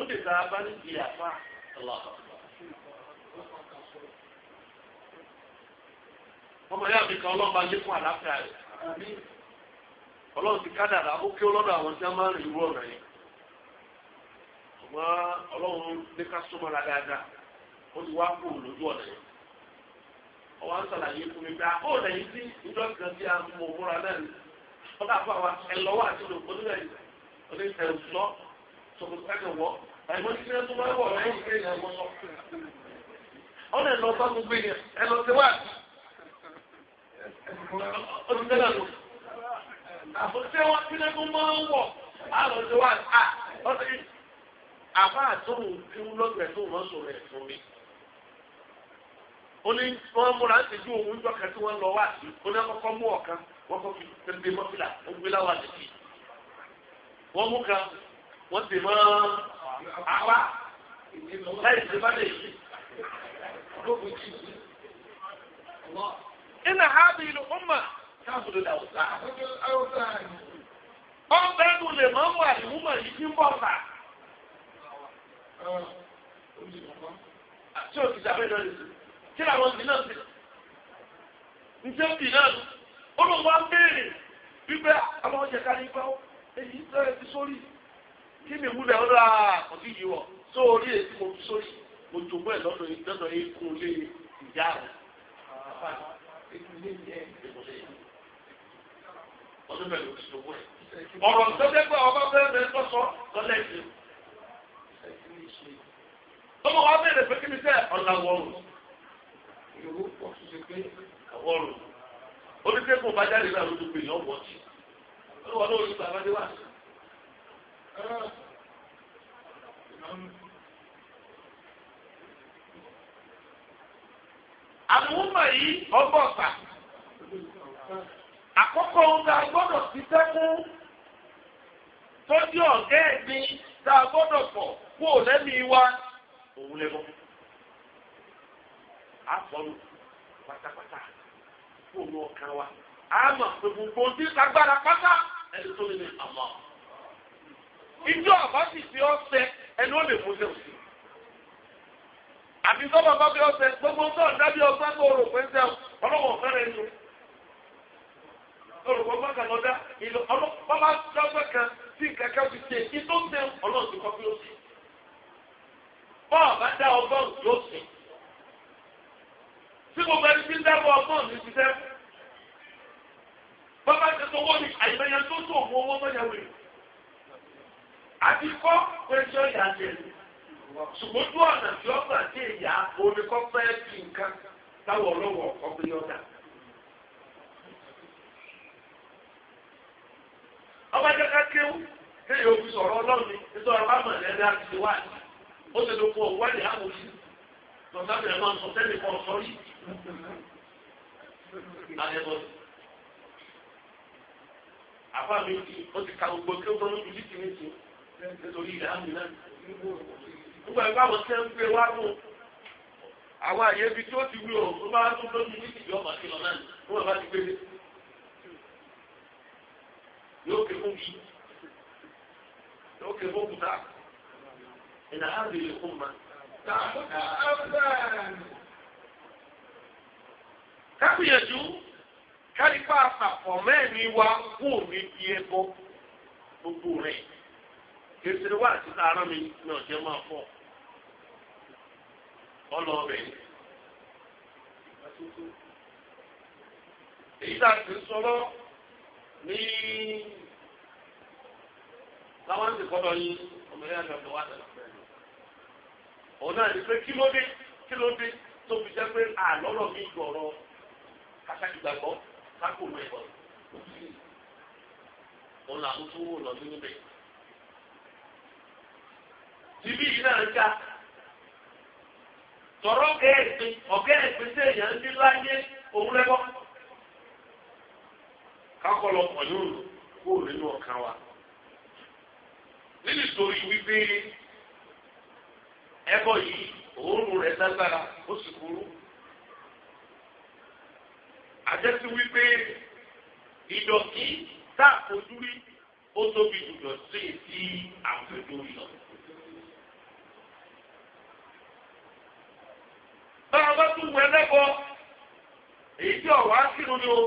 ọmọ yá mi kan ọlọ́run bá lé fún àlàáfíà rẹ̀ ọlọ́run ti kádàrà ó kí ọlọ́dọ̀ àwọn tí wọ́n máa ń rìn irú ọ̀nà yẹn ọmọ ọlọ́run ní ká súnmọ́ la dáadáa ó ti wá kú lójú ọ̀nà yẹn ọwọ́ ń sàlàyé fún mi pé ìjọ kan bí àwọn ọmọ òmùra náà ni fún àwa ẹ̀lọ́wọ́ àti ó ti tẹ́lẹ̀ lò àfọ̀tẹ́ wọn tí lẹ́kọ́ máa ń wọ̀ àrùn tí wà àbá àtòhùn tí ń lọ́gbẹ̀ẹ́ tó wọ́n sọ̀rọ̀ ẹ̀ fún mi. ó ní wọ́n múra ti ju òun jọ kẹ́tí wọ́n lọ wá sí ó ní akọ́kọ́ mú ọ̀kan wọ́n kọ́ fi tẹ́lẹ̀ mọ́ iná hábì ìlú ọmọ táàbùdó làwùsà. ọ̀bẹ nu lè máa ń wà ìwúmọ̀ yìí kí ń bọ̀ fà. àti òkìtà bẹ́ẹ̀ lọ sí kí làwọn ìdí náà sí. ǹjẹ́ bì náà olùkọ́ á àwọn ọjà ká ní gbọ́ èyí lọ́rẹ̀ ti sórí kí ni ìwúlẹ̀ ọ̀rọ̀ àkọ́bí yìí wọ̀ sórí èyí mo fi sórí mo jòmọ́ ẹ̀ lọ́dọ̀ yìí lọ́dọ̀ kún lé ìyá rẹ̀ ọdún mẹ́lẹ̀ òsì ọba bẹ́ẹ̀ bẹ́ẹ̀ sọ́sọ́ lọ́lẹ́ ìṣe. wa bẹ̀rẹ̀ pé kí ni sẹ́ ọ̀là yòówó pọ̀ tó ṣe pé àwọ̀rùn. oníṣègùn bá jáde náà lójú pé yọ̀ wọ̀tì. olúwa náà olùgbà bá dé wá. àwọn ọmọ yìí akụkọ ọsà àkọ́kọ́ ohun tá a gbọ́dọ̀ ṣiṣẹ́ fún tọ́jú ọ̀gá ẹ̀gbin tá a gbọ́dọ̀ pọ̀ kó o lẹ́mìí wá òun lẹ́bọ̀. a sọ̀rọ̀ pátápátá kó o lọ ọkàn wa a mọ̀ pé gbogbo ohun tí pátá ẹni àti sọ́mọ bá bí ọ̀sẹ̀ gbogbo tó ń dábí ọgbọ́n tó rò pé sẹ́wọ̀n ọlọ́wọ́ fẹ́rẹ̀ ni olùkọ́ gbọ́dọ̀ lọ́dá ìlú ọlọ́pàá bá dọ́gbẹ́ kan tí kàkà fi ṣe kí tó ń tẹ ọlọ́run ti kọ́ bí ó sì. bọ́ọ̀ bá dá ọgọ́rùn yóò sìn. tí gbogbo ẹni tí ń dábọ̀ ọgọ́rùn ní ti sẹ́wọ̀n. bọ́bá ti sọ owó ni àyìnbáyà tó tó òun owó mọ́jà ṣùgbọ́n ojú ọ̀nà tí ó gbà dé ìyá omi kọ́ fẹ́ fi nǹkan táwọn ọlọ́wọ́ ọ̀kọ́ gbé yọ̀dà. ọba jẹ́ ká kéwú kéèyàn òfin sọ̀rọ̀ ọlọ́run nítorí ọba mọ̀lẹ́rẹ́ àti ìwà ó ṣe ló fún ọ wádìí àwòrán lọ́sàbẹ̀rẹ̀ máa ń sọ sẹ́ni kan sọ́rí. àbá mi ó ti ka gbogbo kí ó tọ́ lójú títí mi sí nítorí ìdáhùn náà nígbà ìgbà wọn tẹ́ ń gbé wá nù àwọn àyè ibi tí ó ti wí òun ló bá tún lójú ní ìdí ọmọ sí lọ náà níwọ̀n bá ti gbé yóò ké fún mi yóò ké fún kùtà ìnà ábì lè fún ma. kábíyèjú kárípà àpapọ̀ mẹ́rin wa kú mi di ẹbọ gbogbo rẹ̀ kí n àti sàárọ̀ mi ní ọ̀jẹ̀ máa fọ̀ ọlọ́ọ̀bẹ̀ èyí tá a ti sọ̀rọ̀ ní láwọn ti kọ́ lọ yín ọmọ ìyá mi ọ̀dọ̀ wà tẹ̀lé òun náà ní pé kí ló dé kí ló dé tó fi jẹ́ pé àlọ́lọ́ mi gbọ̀rọ̀ kásádìgbàgbọ́ kákò lọ ẹ̀kọ́ òun làwọn tó wò lọ nínú bẹ̀. tìbí yìí náà ń ká tọ̀rọ̀ ọ̀gá ẹ̀sìn ọ̀gá ẹ̀sìn sí èèyàn ní láyé òun lẹ́gbọ́. kákọ́lọ̀ pọ̀lú kó nínú ọ̀kan wa. nínú ìtòrí wípé ẹbọ yìí òórùn rẹ̀ lágbára ó sì burú. àjẹsí wípé ìdọ̀tí tá a fojú rí ó tóbi jùlọ sí èsì àfẹ́dórí lọ. bá tún wọ ẹlẹ́bọ èyí tí ọ̀wá sínú ni o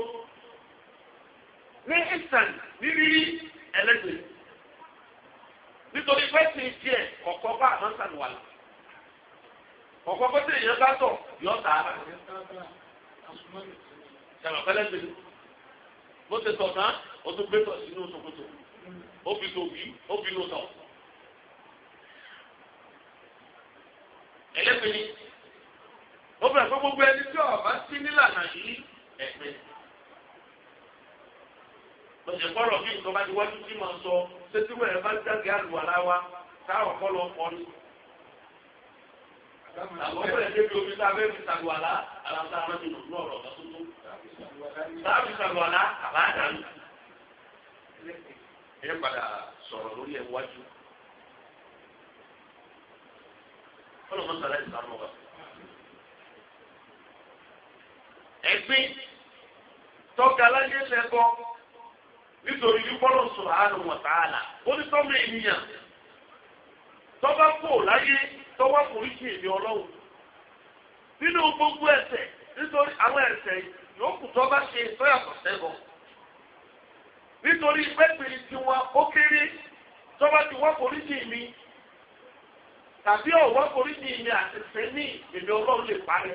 ní ìsàn nírírí ẹlẹ́gbẹ̀ẹ́ nítorí pé tí ń tiẹ̀ ọ̀kọ́ bá àmọ́ sànù wà lọ. ọ̀kọ́ bó ti èèyàn bá tọ̀ yọ tà á. sàmọ̀ pẹ́lẹ́ gbèlú bó ti tọ̀ tán o tún gbé tọ̀ sínú ṣòkòtò ó tòbí ó fi tọ̀. ẹlẹ́gbẹ̀ẹ́ ó bẹ̀rẹ̀ pé gbogbo ẹni tí ọba sí nílànà yìí ẹ̀fẹ́. ọ̀sẹ̀ kọ́rọ̀ bí nǹkan bá ti wájú sí máa sọ sétíwọ̀ ẹ̀ bá dàgé àlùwàlá wa táwọn kọ́ lọ pọ̀ ní. àwọn bẹ̀rẹ̀ débi omi tá a fẹ́ fi sàlùwàlá aláǹtá aráàlú nínú ọ̀rọ̀ ọ̀gá tó tó. táàbì sàlùwàlá àbá àdàlù. ẹ padà sọ̀rọ̀ lórí ẹ̀ wájú. ọlọ́mọ sọ̀rọ̀ ẹ̀ sàmọ̀ wá. ẹ̀gbin tọ́ka láyé lẹ́bọ nítorí wípọ́lọ̀ subhanahu wa ta'ala onítọ́mọ ènìyàn tọ́ba kò láyé tọ́wọ́ kòríkì èmi ọlọ́run nínú gbogbo ẹ̀ṣẹ̀ nítorí àwọn ẹ̀ṣẹ̀ yòókù tọ́ba ṣe sọ́yàtọ̀ nítorí pẹ́pẹ́rẹ́ tiwọn ó kéré tọ́ba ti wọ́ tàbí ọ̀wọ́ àti sẹ́ni èmi ọlọ́run lè parí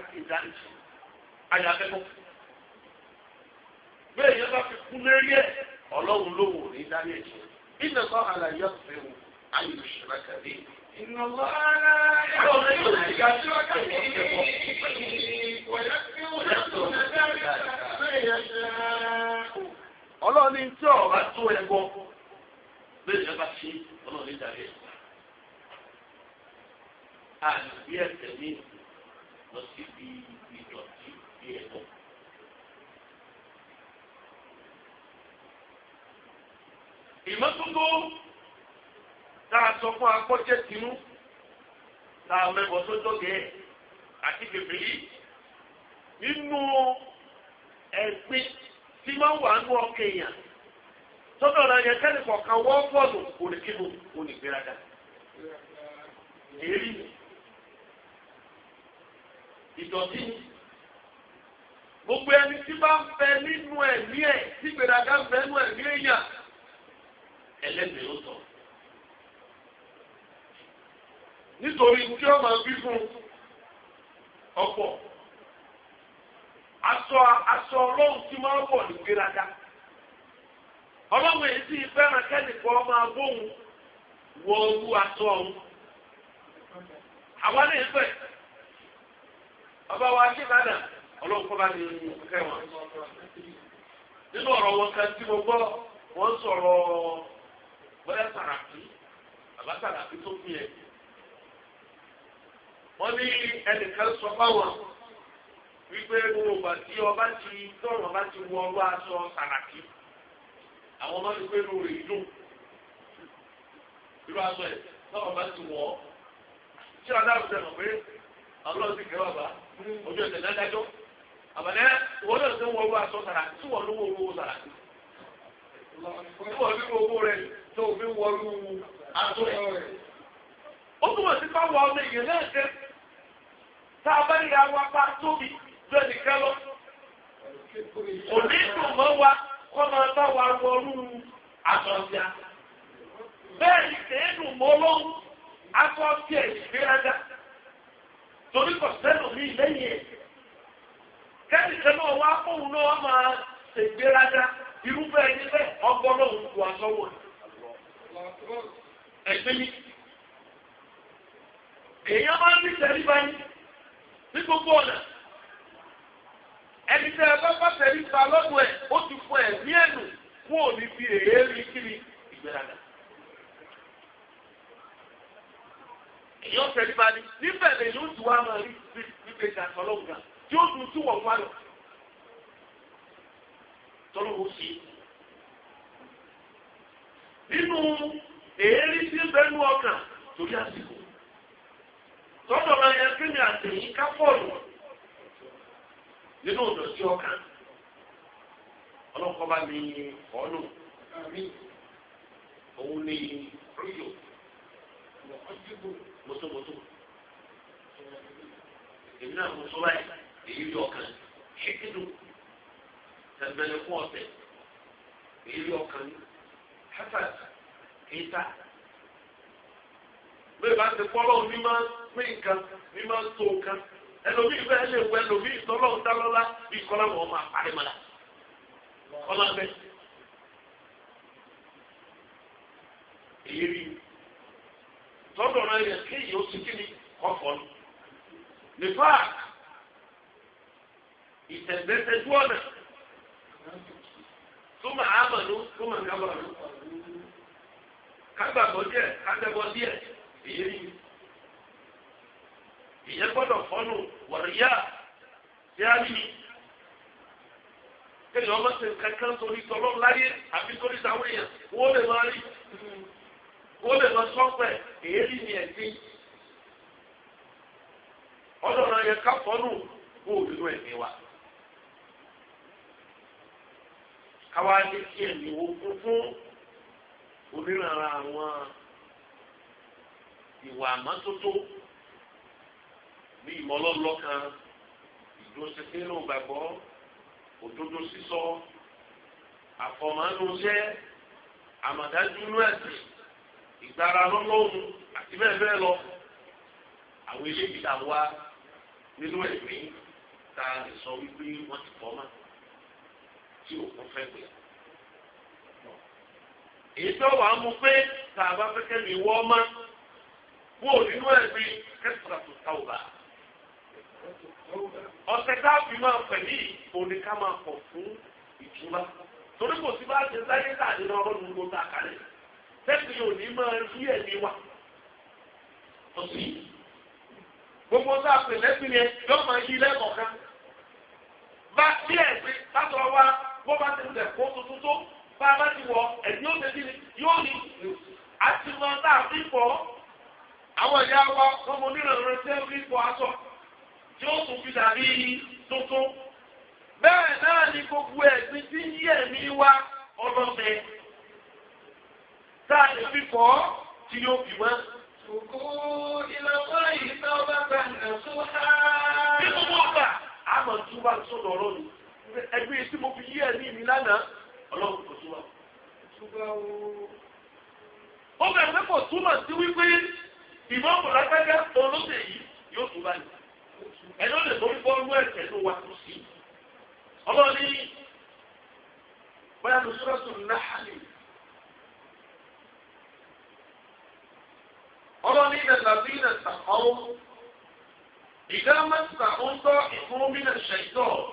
ayọ̀ akẹ́kọ̀ọ́. bẹ́ẹ̀ yẹn bá fi kú lérí ẹ̀ ọlọ́run ló wò ní dárí ẹ̀jẹ̀ nínú ẹ̀kọ́ àlàyé ọ̀fẹ́ wò ayé òṣèlú kàdé. ìnàlọ́ tí ọ̀rá tó ẹ̀gbọ́n bẹ́ẹ̀ yẹn bá ṣe ọlọ́run ní dárí ẹ̀jẹ̀ àgbẹ̀ ẹ̀sẹ̀ mi lọ síbi ìjọ ìmọ́tótó tá a sọ fún akọ́jẹ́ tinú tá a mẹ́bọ̀ sójó gẹ̀ẹ́ àti bèbèrè nínú ẹ̀gbin tí máa ń wà nú ọkàn èèyàn tọ́jú ọ̀rọ̀ yẹn kẹ́lẹ́ kọ̀ọ̀kan wọ́n onígbéraga gbogbo ẹni tí bá ń fẹ́ nínú ẹ̀mí ẹ tí gbèdàgà ń fẹ́ nínú ẹ̀mí èèyàn ẹlẹ́dẹ̀ ló sọ. nítorí tí ó máa bí fún ọ̀pọ̀ aṣọ aṣọ ọlọ́run tí máa ń bọ̀ ní gbèdàgà ọlọ́run èyí tí fẹ́ràn kẹ́nìkan máa bóun wọ orú aṣọ ọ̀hún àwa lè fẹ́ ọba wa ṣe ọlọ́run kọ́ bá wọn. nínú ọ̀rọ̀ wọn kan tí mo gbọ́ wọ́n sọ̀rọ̀ bóyá sàràkí bàbá sàràkí tó fi ẹ̀. wọ́n ní ẹnìkan sọ fáwọn wípé gbogbo tí ọba ti bá ti wọ ọlọ́ aṣọ sàràkí àwọn ọmọ rè dùn irú aṣọ ẹ̀ ti wọ̀ ọ́. tí àbàlẹ́ wọ́n lọ sí wọ́n wá aṣọ tí wọ́n lówó owó sàrà tí wọ́n lówó owó rẹ̀ tó fi wọ́lú aṣọ rẹ̀. ó túmọ̀ sí fáwọn ọmọ èèyàn náà jẹ́ tá a bá ní wa pa tóbi lónìí nìkan lọ. kò ní dùn mọ́ wa kọ́ máa bá wa wọ́lú aṣọ ọ̀sẹ̀ bẹ́ẹ̀ ni kèé dùn mọ́ lọ́wọ́ aṣọ ọ̀sẹ̀ ìgbéraga torí kò sẹ́nu mi lẹ́yìn ẹ̀ kẹ́nìkan náà wá fóun náà máa ṣègbéraga irúfẹ́ ẹni bẹ́ẹ̀ ọgbọ́n náà ń tu àsọ́wọ́ ni. ẹgbẹ́ mi èèyàn máa ń ní tẹ̀líba ní ní gbogbo ọ̀nà ẹni tẹ́ ẹ bá bá tẹ̀líba lọ́dún ẹ̀ ó ti fún ẹ̀ ní ẹ̀nù fún òní fi èyí rí kiri ìgbéraga. èèyàn tẹ̀líba ní níbẹ̀ lè ló ti wá máa rí ìgbésẹ̀ àtọ́lọ́gùn náà tí ó dùn sí wọ̀n wá lọ tọ́lọ́ wò sí. nínú èérí sí bẹ́nu ọkàn torí àsìkò tọ́lọ̀ máa yẹ kí ni àtẹ̀yìn ká pọ̀lù nínú ọ̀dọ̀ sí ọkàn ọlọ́kọ́ bá ní ọ̀nù òun ní ríyò mọ̀tòmọ̀tò èmi náà mọ̀ sọ́wọ́ yìí èyí lọ́kàn ṣíkìlù tẹ̀mẹ́lẹ̀ fún ọ̀tẹ̀ èyí lọ́kàn ní hasad kíta bẹ́ẹ̀ bá ti pọ́ lọ́wọ́ mímọ́ pé nǹkan mímọ́ tó nǹkan ẹlòmíì bẹ́ẹ̀ lè wọ ẹlòmíì tọ́lọ́wọ́ dálọ́lá bí kọ́lá wọn máa parí èyí rí tọ́dọ̀ náà yẹ kéèyàn ó ti kí ni kọ́fọ́ ní. nípa ìtẹ̀gbẹ́sẹ̀jú ọ̀nà túmọ̀ àmọ̀nú túmọ̀ kábọ̀nú kágbàgbọ́ díẹ̀ kágbàgbọ́ díẹ̀ èyí rí ìyẹn gbọ́dọ̀ fọ́nù wọ̀ríyá tí a rí kéèyàn ọmọ ṣe kankan sórí tọ́lọ́ láyé àbí sórí táwọn èèyàn wọ́n lè máa rí wọ́n lè máa sọ́pẹ̀ èyí rí ni ẹ̀sìn ọlọ́run yẹn ká fọ́nù kó òdùnú ẹ̀mí wa. káwá lé sí ẹ̀mí wo kún fún onírànra àwọn ìwà àmọ́tótó bí ìmọ̀lọ́lọ́kan ìdúróṣinṣin nínú gbàgbọ́ òdodo sísọ àfọ̀mọ́núṣẹ́ àmọ̀dájú inú ẹ̀sìn ìgbára lọ́lọ́hun àti bẹ́ẹ̀ bẹ́ẹ̀ lọ àwọn eléyìí ta wá nínú ẹ̀mí ta lè sọ wípé wọ́n ti fọ́ máa tí òkun fẹ́ gbé. èyí tó wàá mú pé tá a bá fẹ́kẹ́ mi wọ́ ọmọ kú òdínú ẹ̀ bí kẹ́sìtà tó ta òbá. ọ̀sẹ̀ tá a fi máa pẹ̀ ní òní ká máa pọ̀ fún ìtura torí kò sí bá ṣe sáyé káàdé náà ọlọ́run ló ta kalẹ̀ tẹ́sí òní máa rí ẹ̀mí wa. ọ̀sìn gbogbo tá a pè lẹ́sìn yẹn yóò máa yí lẹ́kọ̀ọ́ kan. bá bí ẹ̀ pé bá tọ́ wa bó bá ti lẹ̀ kó tuntun tó bá a bá ti wọ ẹ̀yìn ó ṣe kí yóò ní àti lọ láàfin pọ̀ àwọn ìyá wa ọmọ onírànlọ́rẹ́ tẹ́ rí pọ̀ aṣọ tí ó tún fi dàbí tuntun bẹ́ẹ̀ náà ni gbogbo ẹ̀sìn tí ń yí ẹ̀mí wa ọlọ́mẹ tá a lè fi pọ̀ tí yóò fi wọ́n. Òkú ìlọ́wọ́ yìí náà bá gbà ń sọ́ha. Bí gbogbo ọgbà, a mọ̀ tún bá sọ̀dọ̀ ẹgbẹ́ tí mo fi yí ẹ̀ ní ìní lánàá ọlọ́run kò túmọ̀. ó bẹ̀rẹ̀ pé kò túmọ̀ sí wípé ìmọ̀ọ́mù lágbájá olóṣè yìí yóò tún bá ní. ẹni ó lè borí bọ́ọ̀lù ẹ̀sẹ̀ ló wà tó sí. ọlọ́run ní bóyá lóṣù lọ́sùn náà ní. ọlọ́run ní ìdàgbà bí ìdàgbà ọ̀hún. إذا مس أنت إقوم من الشيطان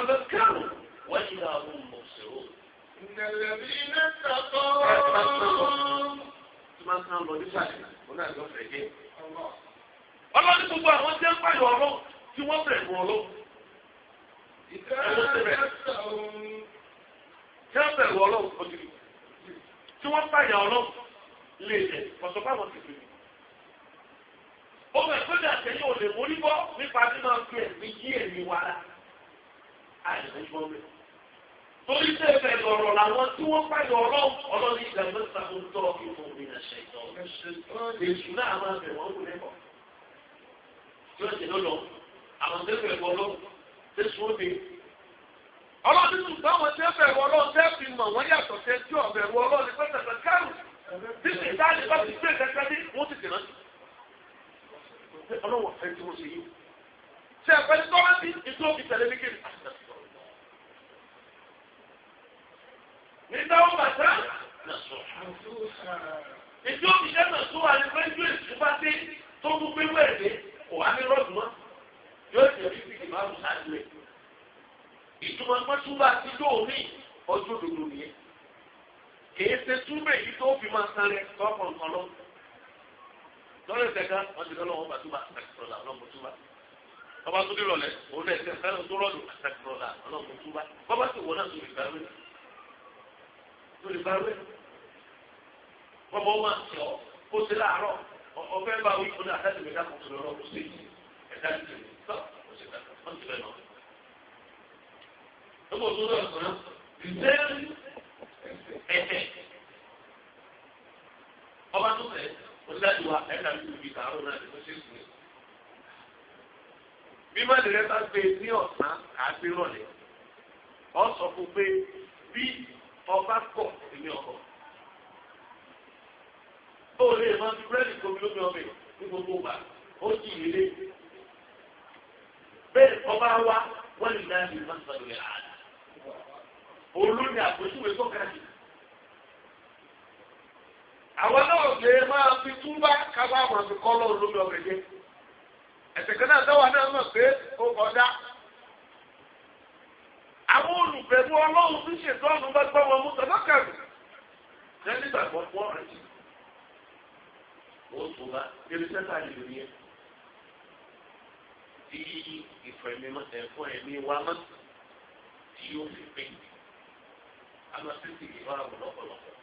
فذكروا وإذا هم مبصرون. إن الذين اتقوا. Tuma kan lọ ní sàlẹ̀, mo náà lọ fẹ̀ gé. Ọlọ́run gbogbo àwọn jẹ́ ń pààyàn ọ̀rọ̀ tí wọ́n bẹ̀rẹ̀ mọ́ lọ. Tí wọ́n bẹ̀rù ọlọ́run kọjú ni. Tí wọ́n pààyàn ọlọ́run lè jẹ, ọ̀sọ̀ fáwọn ti fi mi ó bẹ̀ tó dà sẹ́yìn ò lè mórí bọ́ nípa tí máa fi ẹ̀mí yí ẹ̀mí wa la torí tẹ́ fẹ́ lọ́rọ̀ làwọn tí wọ́n pẹ́ lọ́rọ̀ ọlọ́ni ìgbàgbọ́ sàkó tọ́ ìfún mi nà ṣe ìtọ́. èṣù náà máa bẹ̀ wọ́n kú lẹ́kọ̀ọ́. tí wọ́n ti lọ́lọ́ àwọn tẹ́ fẹ́ wọ́ lọ́wọ́ tẹ́ sùn mi. ọlọ́ni tún bá wọn tẹ́ fẹ́ wọ́ lọ́wọ́ tẹ́ fi mọ̀ wọ́n yàtọ̀ tẹ́ tí ọ̀bẹ̀ wọ́ lọ́ni pẹ́tẹ̀pẹ́ kárù. bí ìdáni bá ti gbé kẹ́kẹ́ ní wọ́n ti dìrán. ọlọ́wọ́ fẹ́ tí mo ṣe yí. ṣé ẹ̀fẹ́ nígbà wọn bàtà nàṣọ. ìjọ òṣìṣẹ́ náà tó wà ní pẹ́ńtù èsì bá dé tó mú pé wẹ̀rẹ̀ kò wá ní rọ́ọ̀dù mọ́ yóò tẹ̀ bí bìkì máa mú sáájú ẹ̀. ìtumọ̀ pẹ́tùbà ti lóòrìn ọjọ́ òdodo nìyẹn. kèé ṣe túbẹ̀ yìí tó fi máa san rẹ̀ tọ́kọ̀ nǹkan lọ. lọ́rẹ̀ tẹ̀ka wọ́n ti lọ́wọ́ wọn bàtúbà àtàkùrọ̀là ọlọ́mọtúbà. bàbá tó dé rọlẹ̀ òun náà ẹ̀sẹ̀ fẹ́ràn tó rọ̀lù àtàkùrọ̀là ọlọ́mọtúbà. bàbá tó wọ náà tó tó lè bá wẹ̀. ọmọ wa ṣe ọ kó ṣe láàárọ̀ ọfẹ́ bá wí fún àtàlẹ́ ìgbẹ́dá kan tó lọ́rọ́ kó ṣe ẹ̀dá ìgbẹ́ tó kó ṣe ẹ̀dá kan tó lọ́rọ́. lọ́pọ̀ tó lọ́rọ̀ sọ̀rọ̀ ìdẹ́rù ẹ̀fẹ̀ ọba tó fẹ́ onídàájú wa ẹ̀dá ìgbẹ́ tààrọ̀ náà ló ṣe é sùn. bí má lè rẹ́ bá gbé e ní ọ̀sán àgbérọ̀lẹ̀ ọ̀ sọ fún pé bí ọba kọ̀ èmi ọkọ̀. ó lè máa fi búrẹ́dì tóbi lómi ọbẹ̀ ní gbogbo ìgbà ó sì yẹlé. bẹ́ẹ̀ ọba wa wọ́n lè dá ìlú máa ń sọ̀rọ̀ yàrá. olórí àpòjúwe sọ́kà sí. àwọn náà lè máa fi túbá kábàámọ̀ fi kọ́ lọ́run lómi ọbẹ̀ jẹ́. ẹ̀sẹ̀ kan náà dáwà náà mọ̀ pé ó kọjá àwọn olùbẹ̀rù ọlọ́run tí ṣètò ọ̀nà bá gbọ́ wọn mú tọ́lọ́kàrù lẹ́yìn ìgbàgbọ́ fún ọ̀rẹ́ jù ó tó bá kéré sẹ́ta lè rí ẹ tí ìfọ̀ ẹ̀mí wa mọ́ tí yóò fi pé àmọ́ títí ìfọ̀ àwọn ọ̀pọ̀lọpọ̀.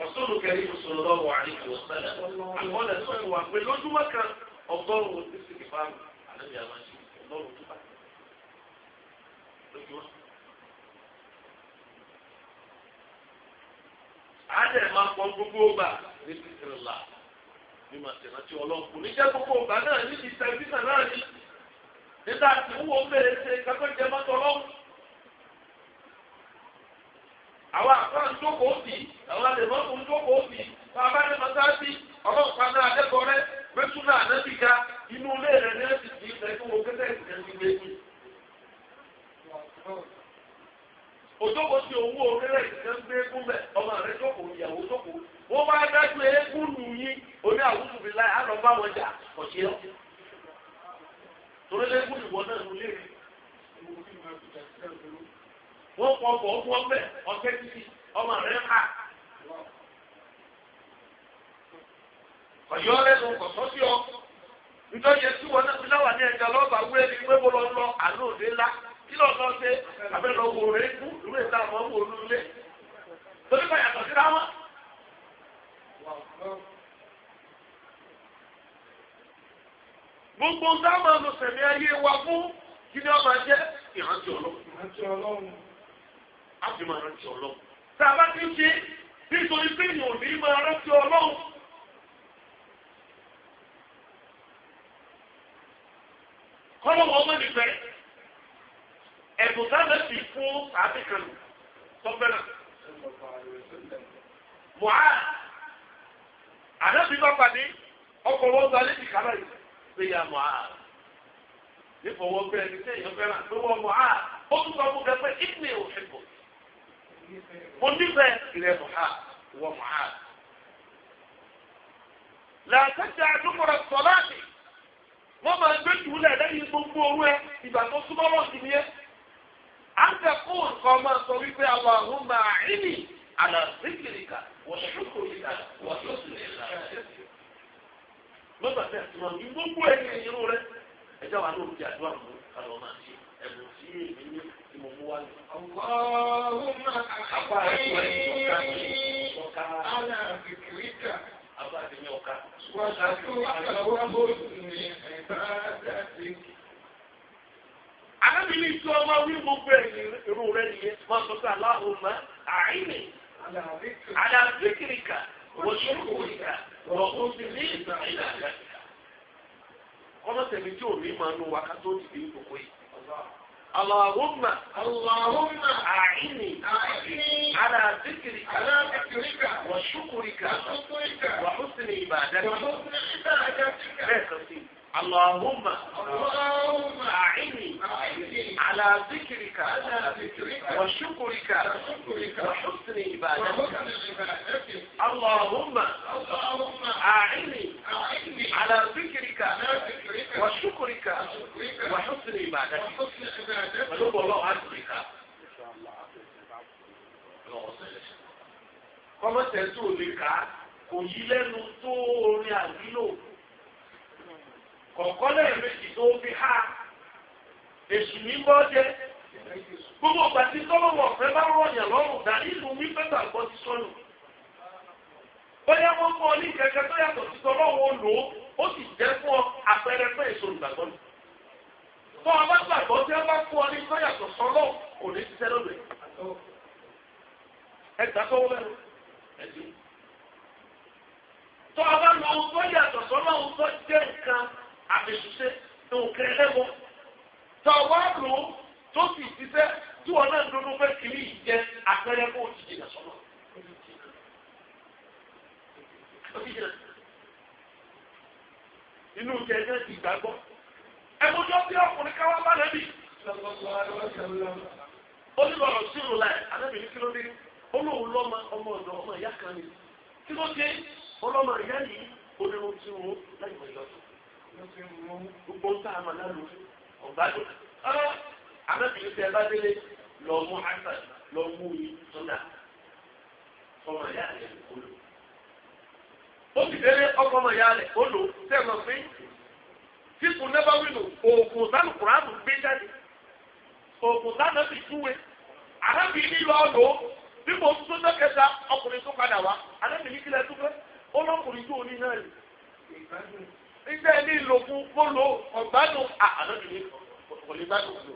Rasulu kẹrin sallallahu alaihi wa sallam àkọọ́lẹ̀ sọ̀rọ̀ wà pé lójúmọ́ kan ọgọ́rùn-ún títí ìfọ̀ àwọn àlejò àmọ́ ṣe ọgọ́rùn-ún tó bá àádẹ́ máa pọ̀ gbogbo ọgbà ní sísèrèlà ní màá tẹ̀lé àti ọlọ́ọ̀kù níjẹ́ gbogbo ọgbà náà ní ti tẹ̀lifísà náà ní nígbà tí wọ́n wọ́n bẹ̀rẹ̀ ṣe kápẹ́ jẹ́ mọ́tò ọlọ́ọ̀kù. àwọn àkọ́rọ̀ ń jókòó bì àwọn àlèmọ́kù ń jókòó bì wọn bá ní mọ́sáàsì ọlọ́ọ̀pá náà akẹ́kọ̀ọ́ rẹ mẹ́túnà ànábìga inú ilé rẹ̀ ní ẹ̀sìn òjòkó ti owó orílẹ̀ ìṣẹ́ ń gbé eégún bẹ̀ ọmọ rẹ̀ jókòó ìyàwó jókòó wọ́n bá dájú eégún nù yín oní àwùjọ fi láì àlọ́ bá wọn jà ọ̀ṣẹ́ ọ́ torí ìwọ náà ló lé wọ́n kọ́ ọkọ̀ ọ̀kẹ́ títí ọmọ ká ọ̀yọ́ lẹ́nu sí ọ nítorí wọn náà fi láwà ní ẹja lọ kí ló lọ ṣe abẹ́rẹ́ wo rẹ̀ kú ìlú ìta àwọn ọmọ olúlé torí bá yàtọ̀ síra wọn. gbogbo sáwọn olùsẹ̀mí ayé wa fún kí ni ọba jẹ́ ìrántí ọlọ́run. a fi máa rántí ọlọ́run. tá a bá ti ń ṣe nítorí pé ìyàn ò ní máa rántí ọlọ́run. kọ́lọ́wọ́ ọmọ nìfẹ́ ẹ̀bùn sábẹ́ sì fún àbíkanu tọ́fẹ́rẹ́ mọ̀á àdébí bá pàdé ọkọ̀ wọn gba lẹ́bi kàrá yìí pé ya mọ̀á nífọwọ́ pé ẹni tẹ́ ìyẹn fẹ́ràn pé wọ́n mọ̀á ó tún sọ fún kẹfẹ́ ìpínlẹ̀ òṣèlú mo nífẹ̀ẹ́ ìrẹ̀ mọ̀á wọ́n mọ̀á. làtẹ́jà àdúgbòrò sọ̀láàtì wọ́n máa gbé jùlẹ̀ lẹ́yìn gbogbo owó ẹ ìgbà tó súnmọ́ lọ́sìn yẹn àǹtẹ̀kùn kan máa sọ wípé Allahumma a'inni ala zikrika wa shukrika wa husni ibadatik. lọ́gbà tẹ̀ tí wọ́n ní gbogbo ẹni irú rẹ ẹjọ́ wa ló ń di àdúrà mú kálọ̀ máa ṣe ẹ̀bùn sí èmi ní tí mú wá ní. Allahumma a'inni ala zikrika àbá àti mi ọ̀ka. wọ́n ṣàtúnṣe àwọn ọmọ òṣèlú ìbáradà sí alábi ní tí ọmọ wí gbogbo irú rẹ nìyẹn wọn sọ pé aláhùnmá àìní alábíkìríkà wọṣọkùnrìkà wọkùnrin ìgbàlá kọ́mọ́tẹ̀mí tí ò ní máa nu wákàtí ó ti di ìkókó yìí. اللهم اللهم أعني على ذكرك على ذكرك وشكرك وحسن عبادتك وحسن عبادتك اللهم أعني على ذكرك وشكرك وحسن عبادتك اللهم أعني على ذكرك وشكرك وحسن عبادتك ونبو الله عنك kọ́mọ́tẹ̀ tó lè kà kò yí lẹ́nu tó kọ̀ọ̀kan náà méjì tó fi há èsì ní gbọ́ jẹ́ gbogbo pàtí tọ́lọ́wọ̀ ọ̀fẹ́ bá rọ̀yàn lọ́rùn dá nínú wípé gbàgbọ́ ti sọnù bóyá wọ́n mọ ní kẹ̀kẹ́ tó yàtọ̀ sí tọ́lọ́wọ̀ lò ó sì jẹ́ fún ọ àpẹẹrẹ fún èso ìgbàgbọ́ nù tọ́ ọ bá gbàgbọ́ tí wọ́n bá fún ọ ní tó yàtọ̀ sọ́lọ́ kò ní ṣiṣẹ́ lóde ẹ gbà tó wọ́n tọ́ àfẹsùsẹ nǹkan ẹlẹbọ tọ wá lò ó tó sì ṣiṣẹ tí wọn náà dúró fẹ kiri yìí jẹ àpẹẹrẹ kó o ti jìnà sọlọ. inú jẹjẹ ti gbàgbọ́ ẹgbẹjọ bí ọkùnrin káwá bá lẹbi. ó ní lọ́rọ̀ sírò láì alábìrin kí ló dé olóhùn lọ́mọ ọmọ ọ̀dọ̀ ọmọ ìyá kan ni kí ló dé ìyá yìí ó tí wọ́n láì mọ̀ ìlọ́sùn ló ti mú gbogbo ń sáà máa lálù ọ̀gá ló ọ́ àbẹ́bìnrin tẹ bá délé lọ mú àṣà lọ mú i sọ́dà ọmọ ìyá rẹ̀ kó lò. ó sì délé ọkọ ọmọ ìyá rẹ̀ kó lò sẹ́wọ̀n pé fífún nẹ́bà wílò oògùn sánù kùránù gbé jáde oògùn sánù ti túwe àbẹ́bìnrin lọ lò ó bí mo tó kẹta ọkùnrin tó padà wá àbẹ́bìnrin kílẹ̀ tó fẹ́ ó lọ́kùnrin tó oní náà rè iṣẹ́ ilé ìlòkun kó lo ọ̀gbádùn ànábìlẹ̀ kọ̀lẹ́ bá lò lò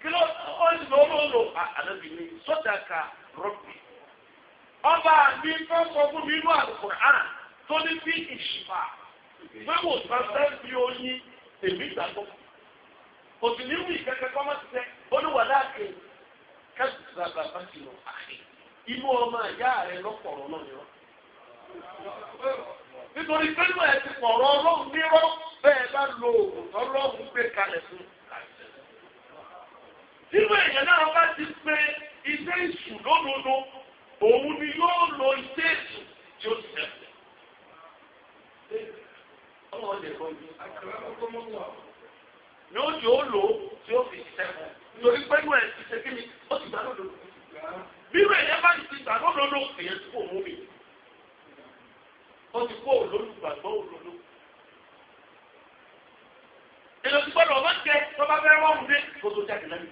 kí ló ó ń lò ó lò ànábìlẹ̀ sọ́dà ka rọ́bì. ọba mi tó sọ fún mi inú àlùkò hàn tó ní bí ìṣìfà pé wò sáfẹ́ bí oyin èmi gbàgbọ́. òsì ní wí kẹ́kẹ́ kọ́mọ́sí sẹ́ olúwàlá àkè kẹ́sìtìlá bàbá sí lọ àkè inú ọmọ ìyá rẹ lọ́pọ̀ ọ̀rọ̀ náà ni wọ́n nítorí pẹ́lú ẹ̀ ti pọ̀rọ̀ ọlọ́run nírọ́ bẹ́ẹ̀ bá lo oògùn tọ́lọ́run gbé kalẹ̀ fún. Nínú èèyàn náà bá ti pé iṣẹ́ ìṣù lódodo, òun ni yóò lo iṣẹ́ ìṣù tí ó ṣẹ̀. Ní ó yóò lò tí ó fi ṣiṣẹ́ fún. Nítorí pẹ́lú ẹ̀ ti ṣe kí ni ó ti gbà lódodo. Bí ìwé ìyẹn bá ti gbà lódodo, èyí ti kò mú mi ó ti kó olólùgbàgbọ́ òdodo. èlò ti gbọ́dọ̀ ọmọ tẹ tó bá fẹ́ wọ́n dé kó tó jáde lẹ́nu.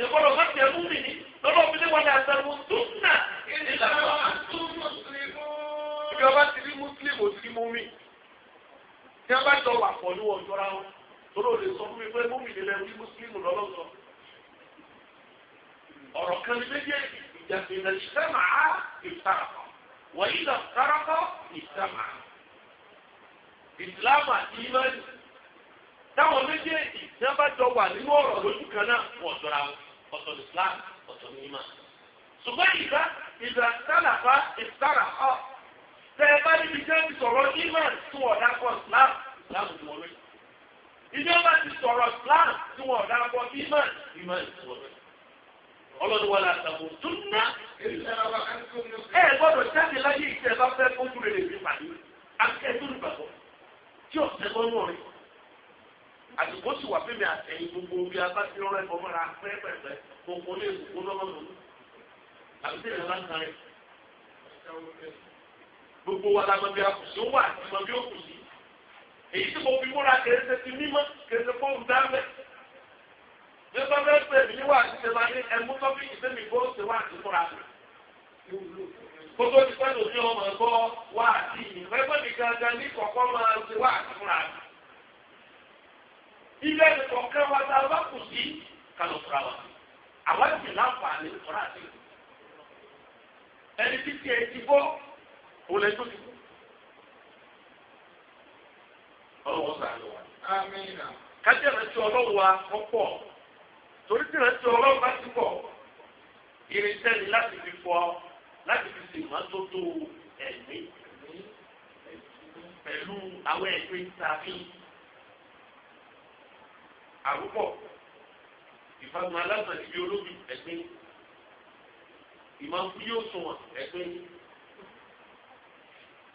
èlò gbọ́dọ̀ ọmọ tẹ mú mi ní lọ́dọ̀ mi ní wọlé àtàwọn tó ń nà. ìlànà àtúntò mùsùlùmí. ìjọba ti rí mùsùlùmí ò sí mú mi. tí a bá jọ wà pọ̀ ní wọn jọra wọn tóró lè sọ fún mi pé mú mi lè lẹ́nu mùsùlùmí lọ́lọ́sọ. ọ̀rọ̀ kan ní méjèèjì ìjà wọ́n yìí lọ sárakọ́ ìsàmà ìsìlámù àti ìmánì táwọn méjèèjì tí wọ́n bá jọ wà nínú ọ̀rọ̀ lójú kan náà wọ́n jọra wọn ọ̀tọ̀ ní islam ọ̀tọ̀ ní ìmánì. ṣùgbọ́n ìgbà ìgbà sálàfà ìsàràkọ́ tẹ́ ẹ bá níbi jẹ́ ti sọ̀rọ̀ ìmánì islam islam ti wọ́n lóyún. islam tí wọ́n dá kọ́ ọlọ́dún wa láti àwọn túnná. ẹ gbọ́dọ̀ jáde láyé ìṣe bá fẹ́ fojú rere fi pàdé akẹ́tù ìgbàgbọ́ tí ọ̀sẹ̀ gbọ́ náà rí. àdìgbò sì wà fẹ́mi àtẹ̀yìn gbogbo bí a bá ti rọrọ ẹ̀kọ́ mọ́ra pẹ́ẹ́pẹ́ẹ́pẹ́ gbogbo ní ìgbòho lọ́wọ́ lòlú. àbísí ìrìn láti kan rẹ̀. gbogbo wa lágbọ́n bí a kù sí ó wà àti mọ bí ó kù sí. èyí tí mo fi múra kèrèsè ti mímọ́ kèrèsè fóun dáńbẹ́ bí wọ́n fẹ́ pè mí wá ṣe máa ní ẹ̀mú tọ́pì ìsẹ́mi bó ṣe wá àti fúnra mi. Gbogbo ti pẹ́ lòdì ọmọ ẹ̀kọ́ wá àti ìrẹ́pẹ́ mi gangan ní kọ̀ọ̀kan máa ṣe wá àti fúnra mi. Ilé ìkọ̀ọ̀kan wa ta bá kù sí kálọ̀ fúnra wa. Àwọn ìsìn láǹfààní fúnra sí. Ẹni tí tiẹ̀ ti bọ́, òun lè tó ti Ọlọ́wọ́ sàánú wa. Kájẹ́ rẹ̀ tí ọlọ́wọ́ wa kọ́pọ̀ torí tí ìrántí ọlọ́run bá ti pọ̀ irinṣẹ́ ni láti fi fọ láti fi ṣe ìmọ́tótó ẹ̀mí pẹ̀lú àwọn ẹ̀gbẹ́ tàbí àrúbọ ìfagun alágbàdì bíi olóbi ẹ̀gbẹ́ ìmọ̀kú yóò sùn wọn ẹ̀gbẹ́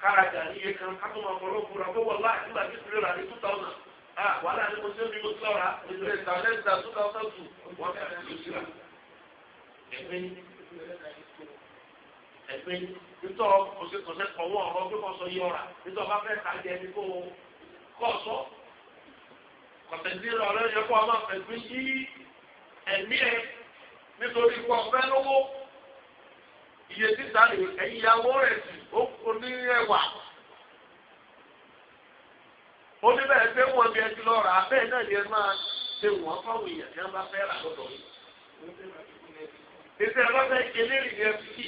kárajà níye kan ká tó máa fọlọ́ fúra bó wọlá àti ìgbà tí ìpínlẹ̀ rà ní two thousand. Ah, wàhálà ni mo ṣe bí mo ti lọ́ra ètò ẹ̀ta lẹ́ta tó ká ọ̀tọ̀ tù wọ́n fẹ́ lù sí ra. ẹ̀gbẹ́ ẹ̀gbẹ́ nítọ́ ọ̀sẹ̀ ọ̀wọ́ ọ̀rọ̀ pé kọ́sọ yí ọ̀ra nítọ́ bá fẹ́ ta jẹ ní kó kọ́sọ. kọ̀tẹ̀dínlẹ̀ ọ̀rẹ́ yẹ kó a máa fẹ̀gbẹ́ yí ẹ̀mí ẹ̀ nítorí kó ọ̀fẹ́ lówó iye títà ẹ̀yìn ìyàwó rẹ̀ sì ó ní ẹwà ó ní bẹ́ẹ̀ pé wọ́n bí ẹjú lọ rà á bẹ́ẹ̀ náà ni ẹ máa ṣe wọ́n fáwọn èèyàn tí wọ́n bá fẹ́ rà lọ́dọ̀ yìí. ìṣe ọlọ́fẹ́ eléyìí ni ẹ fi kí.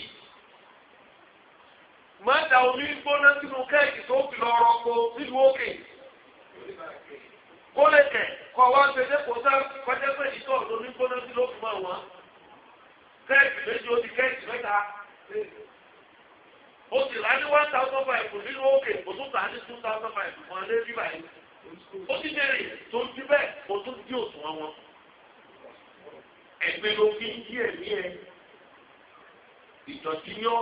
má da omi gbóná sínú kẹ́ẹ̀kì tó fi lọ rọpò nílùú òkè. kó lè tẹ̀ kọ́ wá ṣẹṣẹ́ kó sá kọjá pé ìtọ́ ọ̀dọ́ omi gbóná sínú òkè máa wọ́n. kẹ́ẹ̀kì méjì ó di kẹ́ẹ̀kì mẹ́ta ó sì rà ní one thousand five kò nínú òkè kò tún tà ní two thousand five fún adé bí báyìí ó ti jẹ́rìí tó ń ti bẹ́ẹ̀ kò tún di òṣùwọ̀n wọn. ẹgbẹ́ ló fi ń yí ẹ̀mí ẹ ìdọ̀tí yán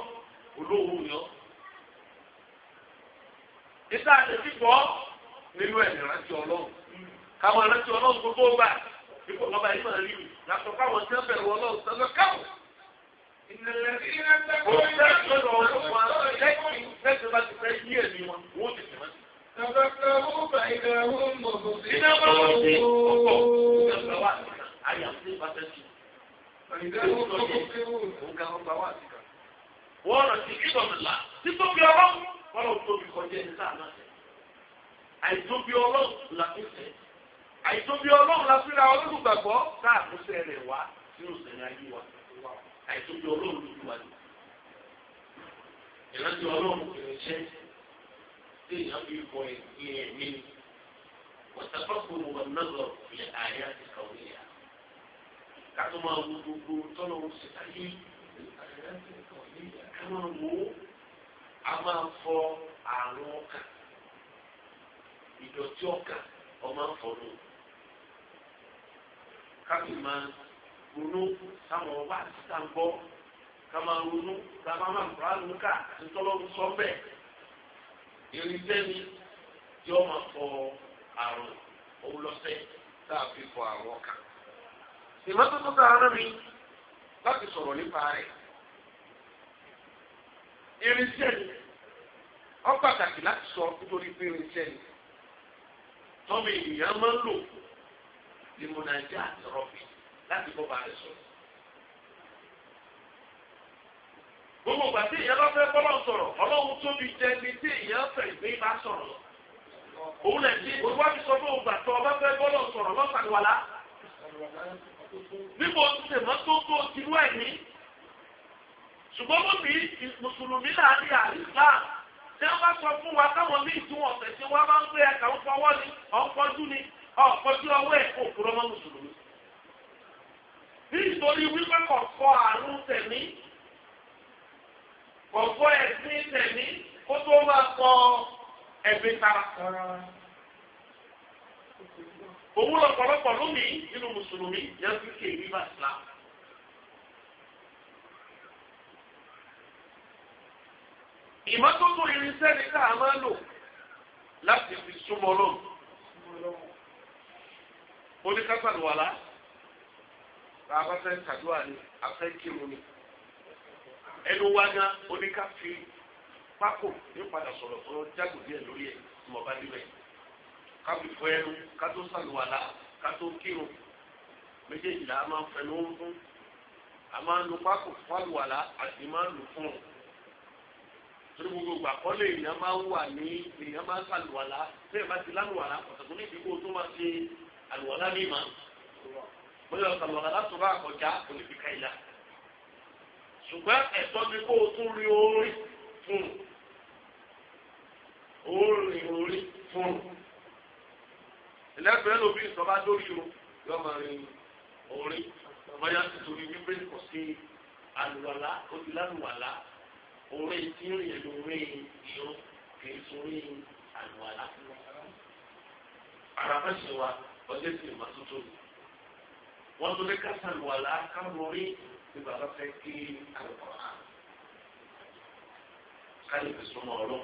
olówó yán. níta àti fífọ́ nínú ẹ̀ ìrántí ọlọ́run káwọn ìrántí ọlọ́run gbogbo gbà fífọ́ lọ́ba yìí máa rí mi làtọ̀ káwọn tẹ́fẹ̀ẹ́ wọ ọlọ́run tẹ́fẹ̀ẹ́ káwọn. Wọ́n fẹ́ sọ́dọ̀ wọn lọ́wọ́ wọn lẹ́yìn fẹ́sẹ̀ bá ti fẹ́ yí ẹ̀mí Àìtóbi ọlọ́run la fi ra ọlọ́run gbàgbọ́ sáà tó sẹ́ wá sínú sẹ́ni ayé wa àìtóbi ọlọ́run lójú wa ni ìrántí ọlọ́run kò ní ṣe tí èèyàn fi bọ ìyẹn ẹ̀mí ni wọ́tàkọ́kọ́ mo wà nọ́gọ̀ ilẹ̀ àyà ti kàwé yà kátó máa wo gbogbo tọ́lọ̀ ń ṣe ayé àyà ti kàwé yà ká máa wo a máa fọ àrùn ọkà ìdọ̀tí ọkà ọmọ àfọ̀nù ká sì máa ronú káwọn ọba àtìsá ń gbọ́ káwọn ronú káwọn máa ń kúrò àlùmú ká ntọ́lọ́run sọ bẹ́ẹ̀ irinṣẹ́ mi yọ máa fọ àrùn òwúlọ́sẹ̀ tá a fi fọ àwọn kan. ìmọ́tótó ká ara mi láti sọ̀rọ̀ nípa rẹ̀ irinṣẹ́ mi ó pàtàkì láti sọ nítorí pé irinṣẹ́ mi tọ́mọ ènìyàn máa ń lò ní mọ̀nàjà àti rọ́bì láti bó ba rẹ̀ sọ̀rọ̀. gbogbo ìgbà tí ìyá bá fẹ́ bọ́lọ̀ sọ̀rọ̀ ọlọ́run tóbi jẹ́ ní tí ìyá fẹ́ ìgbé bá sọ̀rọ̀ lọ. òun lè ti olúwa fi sọ fún ògbà tó ọba fẹ́ bọ́lọ̀ sọ̀rọ̀ lọ́sàdùwàlá. níbo ṣe mọ́tótó tìlú ẹ̀mí. ṣùgbọ́n mo bí mùsùlùmí láàrin àríkà tí wọ́n bá sọ fún wa káwọn ní ìdún ọ̀sẹ̀ tí wọ́n bá ń gbé ẹ̀ka ń fọwọ́ ni ọ̀pọ̀jú ni ọ̀pọ̀jú ọwọ́ ẹ̀ kó òkúrọ́ mùsùlùmí nítorí wípé kọ̀ọ̀kọ́ àrùn tẹ̀mí kọ̀ọ̀kọ́ ẹ̀sìn tẹ̀mí kó tó máa kọ ẹ̀gbin tara. òun lọ́pọ̀lọpọ̀ lómi nínú mùsùlùmí yẹn fi kéwì bá ìsìlámù. ìmọ́tótó irinṣẹ́ ni ká máa lò láti fi súnmọ́ lọ́nà. oníkásá ni wàhálà bá a bá fẹ́ ṣàdúrà ni a fẹ́ kírun ni ẹnu wá ná oníká fi pákó yóò padà sọ̀rọ̀ fún jágò díẹ̀ lórí ẹ̀ tí wọ́n bá débẹ̀ ká fi fọ ẹnu ká tó sàlùwàlà ká tó kírun méjèèjì là á máa fẹnu ń fún a máa nu pákó fàlùwàlà àti máa lù fún un torí gbogbo àkọlé èèyàn máa ń wà ní èèyàn máa ń sàlùwàlà bẹ́ẹ̀ bá ti lálùwàlà ọ̀sẹ̀ tó ní ìdíkó tó máa ṣe àlùwàlà ní ìmọ̀ bóyá ọ̀sán lọ́la láti bá àkọjá olùfikà ìlà ṣùgbọ́n ẹ̀tọ́ mi kó o tún rí orí fún orí orí fún ẹlẹ́gbẹ̀ẹ́ lóbi ìsọ̀bá lórí o yọ máa rí orí bóyá nítorí wípé kò sí àlùwàlá olùlànùwàlá orí tí ń rìn lórí ìró kìí sórí àlùwàlá. àràfẹ́sẹ̀ wa ọjọ́ ìsìn ìmọ̀tótó ni wọ́n tún lè ká sàlùwàlá ká lórí bí bàbá fẹ́ kí àlùkò hàn ká lè fi súnmọ́ ọlọ́run.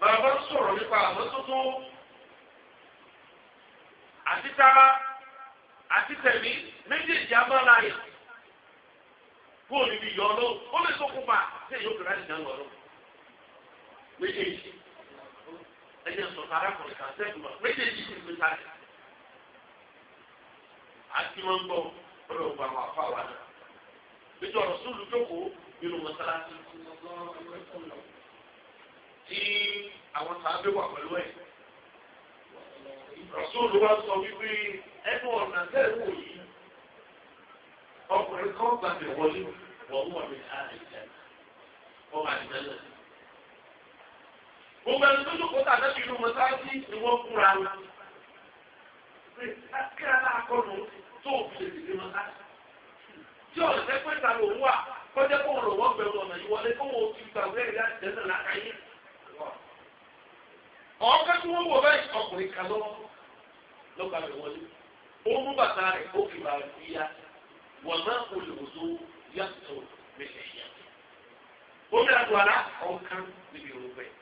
bàbá sọ̀rọ̀ nípa àmọ́tótó àti tara àti tẹ̀mí méjèèjì abáláyà kó o níbi yọ ọ lọ ó lè sókun pa sí èyí ó kìlá ìdáná ọ lọ méjèèjì ẹ̀yẹ sọ̀tà arákùnrin kan sẹ́gun mọ̀ méjèèjì ti gbé sáré. àti wọn gbọ́ ọ̀rọ̀ ògbà wà fà wà náà. ìjọ ọ̀rọ̀ sóòlù jókòó nínú mọ́sálásí. tí àwọn sàábé wà pẹ̀lú ẹ̀. rọ̀sóòlù wa sọ wípé ẹnu ọ̀nà bẹ́ẹ̀ wò yìí ọkùnrin kan gbàgbé wọlé wọ́n wọ̀ mí àìsàn. wọ́n máa ń gbogbo ẹni tó dùkú tàbí ìlú mọ́sáàsì ni wọ́n kúra wọn. kíra náà kọ́nù tó òfin ìdílé mọ́sáàsì. tí ọ̀rọ̀ ṣe pé ta ló ń wà kọjá kó wọn lọ wọ́n bẹ̀rù ọ̀nà yìí wọlé kó wọn ti gbà wẹ́rẹ́ láti tẹ̀sán lákàáyé. ọ̀ọ́kẹ́ tí wọ́n wọ bẹ́ẹ̀ ọkùnrin kan lọ́wọ́ lọ́gbà rẹ̀ wọlé. ó mú bàtà rẹ̀ ó fi bàrẹ̀ sí ya wọ́n máa ń olùwòsó yàtọ̀ mẹ́lẹ̀ yàtọ̀. ó ní àdúrà ọ̀kan níbi òun bẹ́ẹ̀.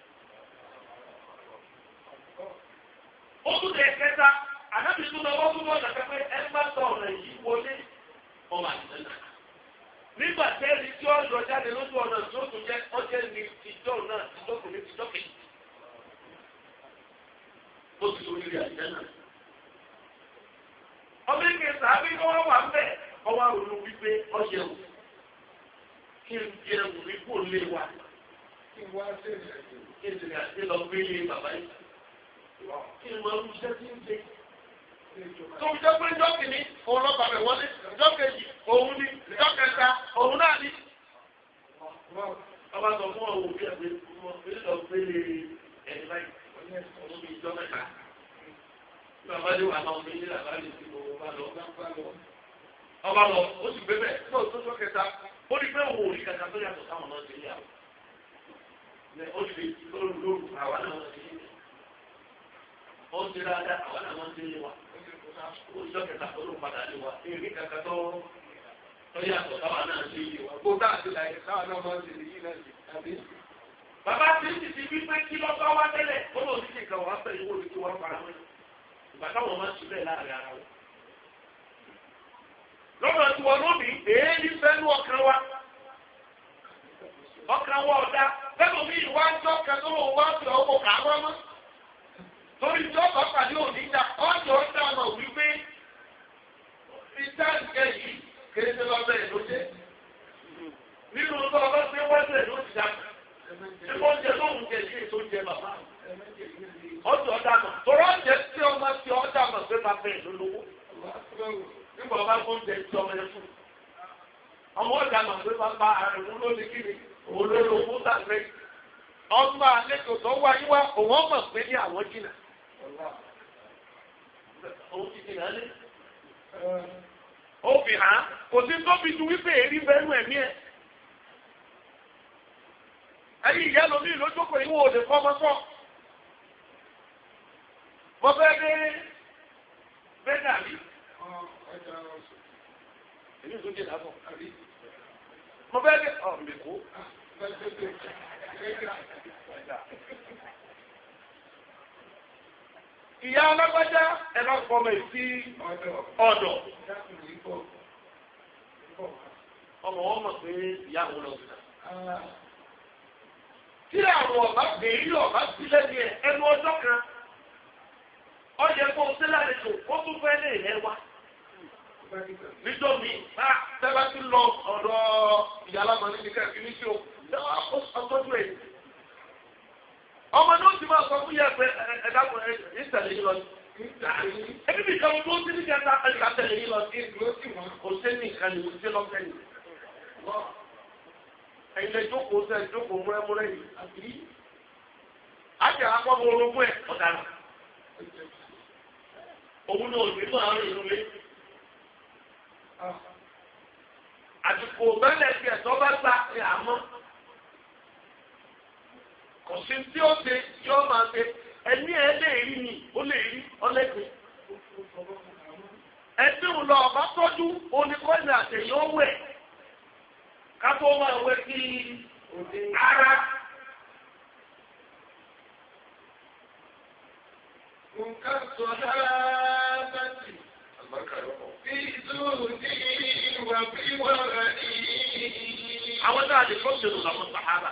ó tún lè kẹta ànábì tún lọ wọ́n tún lọ sàkẹ́ pé ẹ má tọ̀ ọ̀nà yìí wọlé ọmọ àtẹnà nígbà tẹ́lí tí ó lọ jáde lójú ọ̀nà tó tún jẹ́ ọjẹ́ ní tìjọ́ náà tìjọ́ kò ní tìjọ́ kejì ó ti lórí rí àtẹnà. ọmọ ìkè sàábí ni wọ́n wà bẹ́ẹ̀ ọwọ́ àrùn wípé ọ̀ṣẹ̀ wò kí n jẹun ní kò lè wà kí n wá sí ìrìn àjò kí n sì rìn àjò lọ kí n máa ń ṣe tí ń ṣe. tó ń jẹ́ pé jọ́kì ni òun lọ́ba rẹ̀ wọlé jọ́kèjì òun ni jọ́kẹta òun náà ni. ọba sọ fún ọ̀hún òbí ẹ̀gbẹ́ ìlọ pé ẹ̀yìn láì ọ̀hún mi jọ mẹ́ta. bàbá lè wà náà mi ní làbá lè fi gbogbo lọ bá lọ. ọba lọ ó sì gbé bẹ́ẹ̀ náà tó jọ́kẹta ó ní pé òun ò rí kàkà tó yàtọ̀ sáwọn náà ti rí àwọn. ó sì lóru àwa náà ti rí ó ń tira dá àwọn àwọn ń tẹ̀lé wa òjò kẹta olú padà lé wa èrè kàkà tó tó yàtọ̀ táwọn náà ṣe yé wa. kó táà ti láyé táwọn náà máa ń tẹ̀lé yìí náà sí àbí. bàbá tí ń tìtì wípé kí lọ́ bá wá tẹ́lẹ̀ ó lọ sí ìkà wá pẹ̀lú owó ìkí wá para wọn. ìgbà táwọn máa ń ṣe láàrin ara wọn. lọ́dọ̀ tí wọn lóbi èé fẹ́nu ọkàn wa ọkàn wa ọ̀dà fẹ́mi lórí tí ọkọ̀ pàdé òní ìjà ọjọ́ dáná wípé ìtàn kẹ́yìn kéde lọ́bẹ̀ ló jẹ́ nínú tó ọlọ́ pé wọ́n jẹ́ ló ti dáná tí wọ́n jẹ lóhùn jẹ sí ètò jẹ bàbá ọjọ́ dáná tọ́rọ jẹ tí ọmọ tí ọ dáná pé bàbá ẹ̀ ló lówó nígbà ọba kó ń jẹ tí ọmọ ẹ̀ fún ọmọ ọjà mà pé bàbá àrùn ló ní kíni òun ló lówó sáré ọmọ àlejò tó wáyé wá òun ọmọ pé ní àwọn jìnnà ó fi hàn kò sí tóbi ju wípé èrí bẹ́ẹ̀ nù ẹ̀mí ẹ̀ ẹ̀yìn ìyá lomi lójókòó ìwọ òde fọ́ ọmọ sọ mo fẹ́ dé bẹ́ẹ̀ dàbí èmi ìlú dé lábọ̀ mo fẹ́ dé ọ̀ mbẹ̀kú ìyá alágbájá ẹ̀rọ fọmọ sí ọ̀dọ̀. ọmọ wọn mọ̀ pé ìyá àwọn lọ sí. tí àwọn ọba bèèrè ọba sílẹ̀ ní ẹnu ọjọ́ kan ọjà kó o sílẹ̀ àlejò ó tún fẹ́ lè rẹ wá. nítorí bá tẹ́lá ti lọ ọ̀dọ̀ ìyá alámọ̀ níbi kẹ́kẹ́ ní sí o. ọjọ́ tó ẹ̀ ọmọ náà ti máa sọ fún yẹ pé ẹ̀dá kò ní tẹ̀lé yìí lọ ẹbí mi kan tó ti ní kí ẹ̀dá ẹ̀dá tẹ̀lé yìí lọ sí ìdúró sí wọn kò sí ní ìkànnì kò sí lọ́fẹ̀ yìí. ẹ̀yin lè jókòó sẹ́ jókòó múrẹ́múrẹ́ yìí àbí àti àwọn akọ́bọ̀ orogún ẹ̀ ọ̀daràn òun náà òbí máa rìn lórí àtìkò bẹ́lẹ̀ tiẹ̀ tó bá gbà ní àmọ́. kò sí tí ó ṣe yọ máa ṣe ẹni ẹ lè rí ni ó lè rí ọlẹ́gbẹ̀ẹ́ ẹtí ń lọ ọba tọ́jú oníkọ́ni àtẹ̀yìn ọwẹ́ kátó máa wẹ sí ara. nǹkan sọ ìdúró ní ìwà bí wọ́n rà ní. àwọn náà lè sàhárà.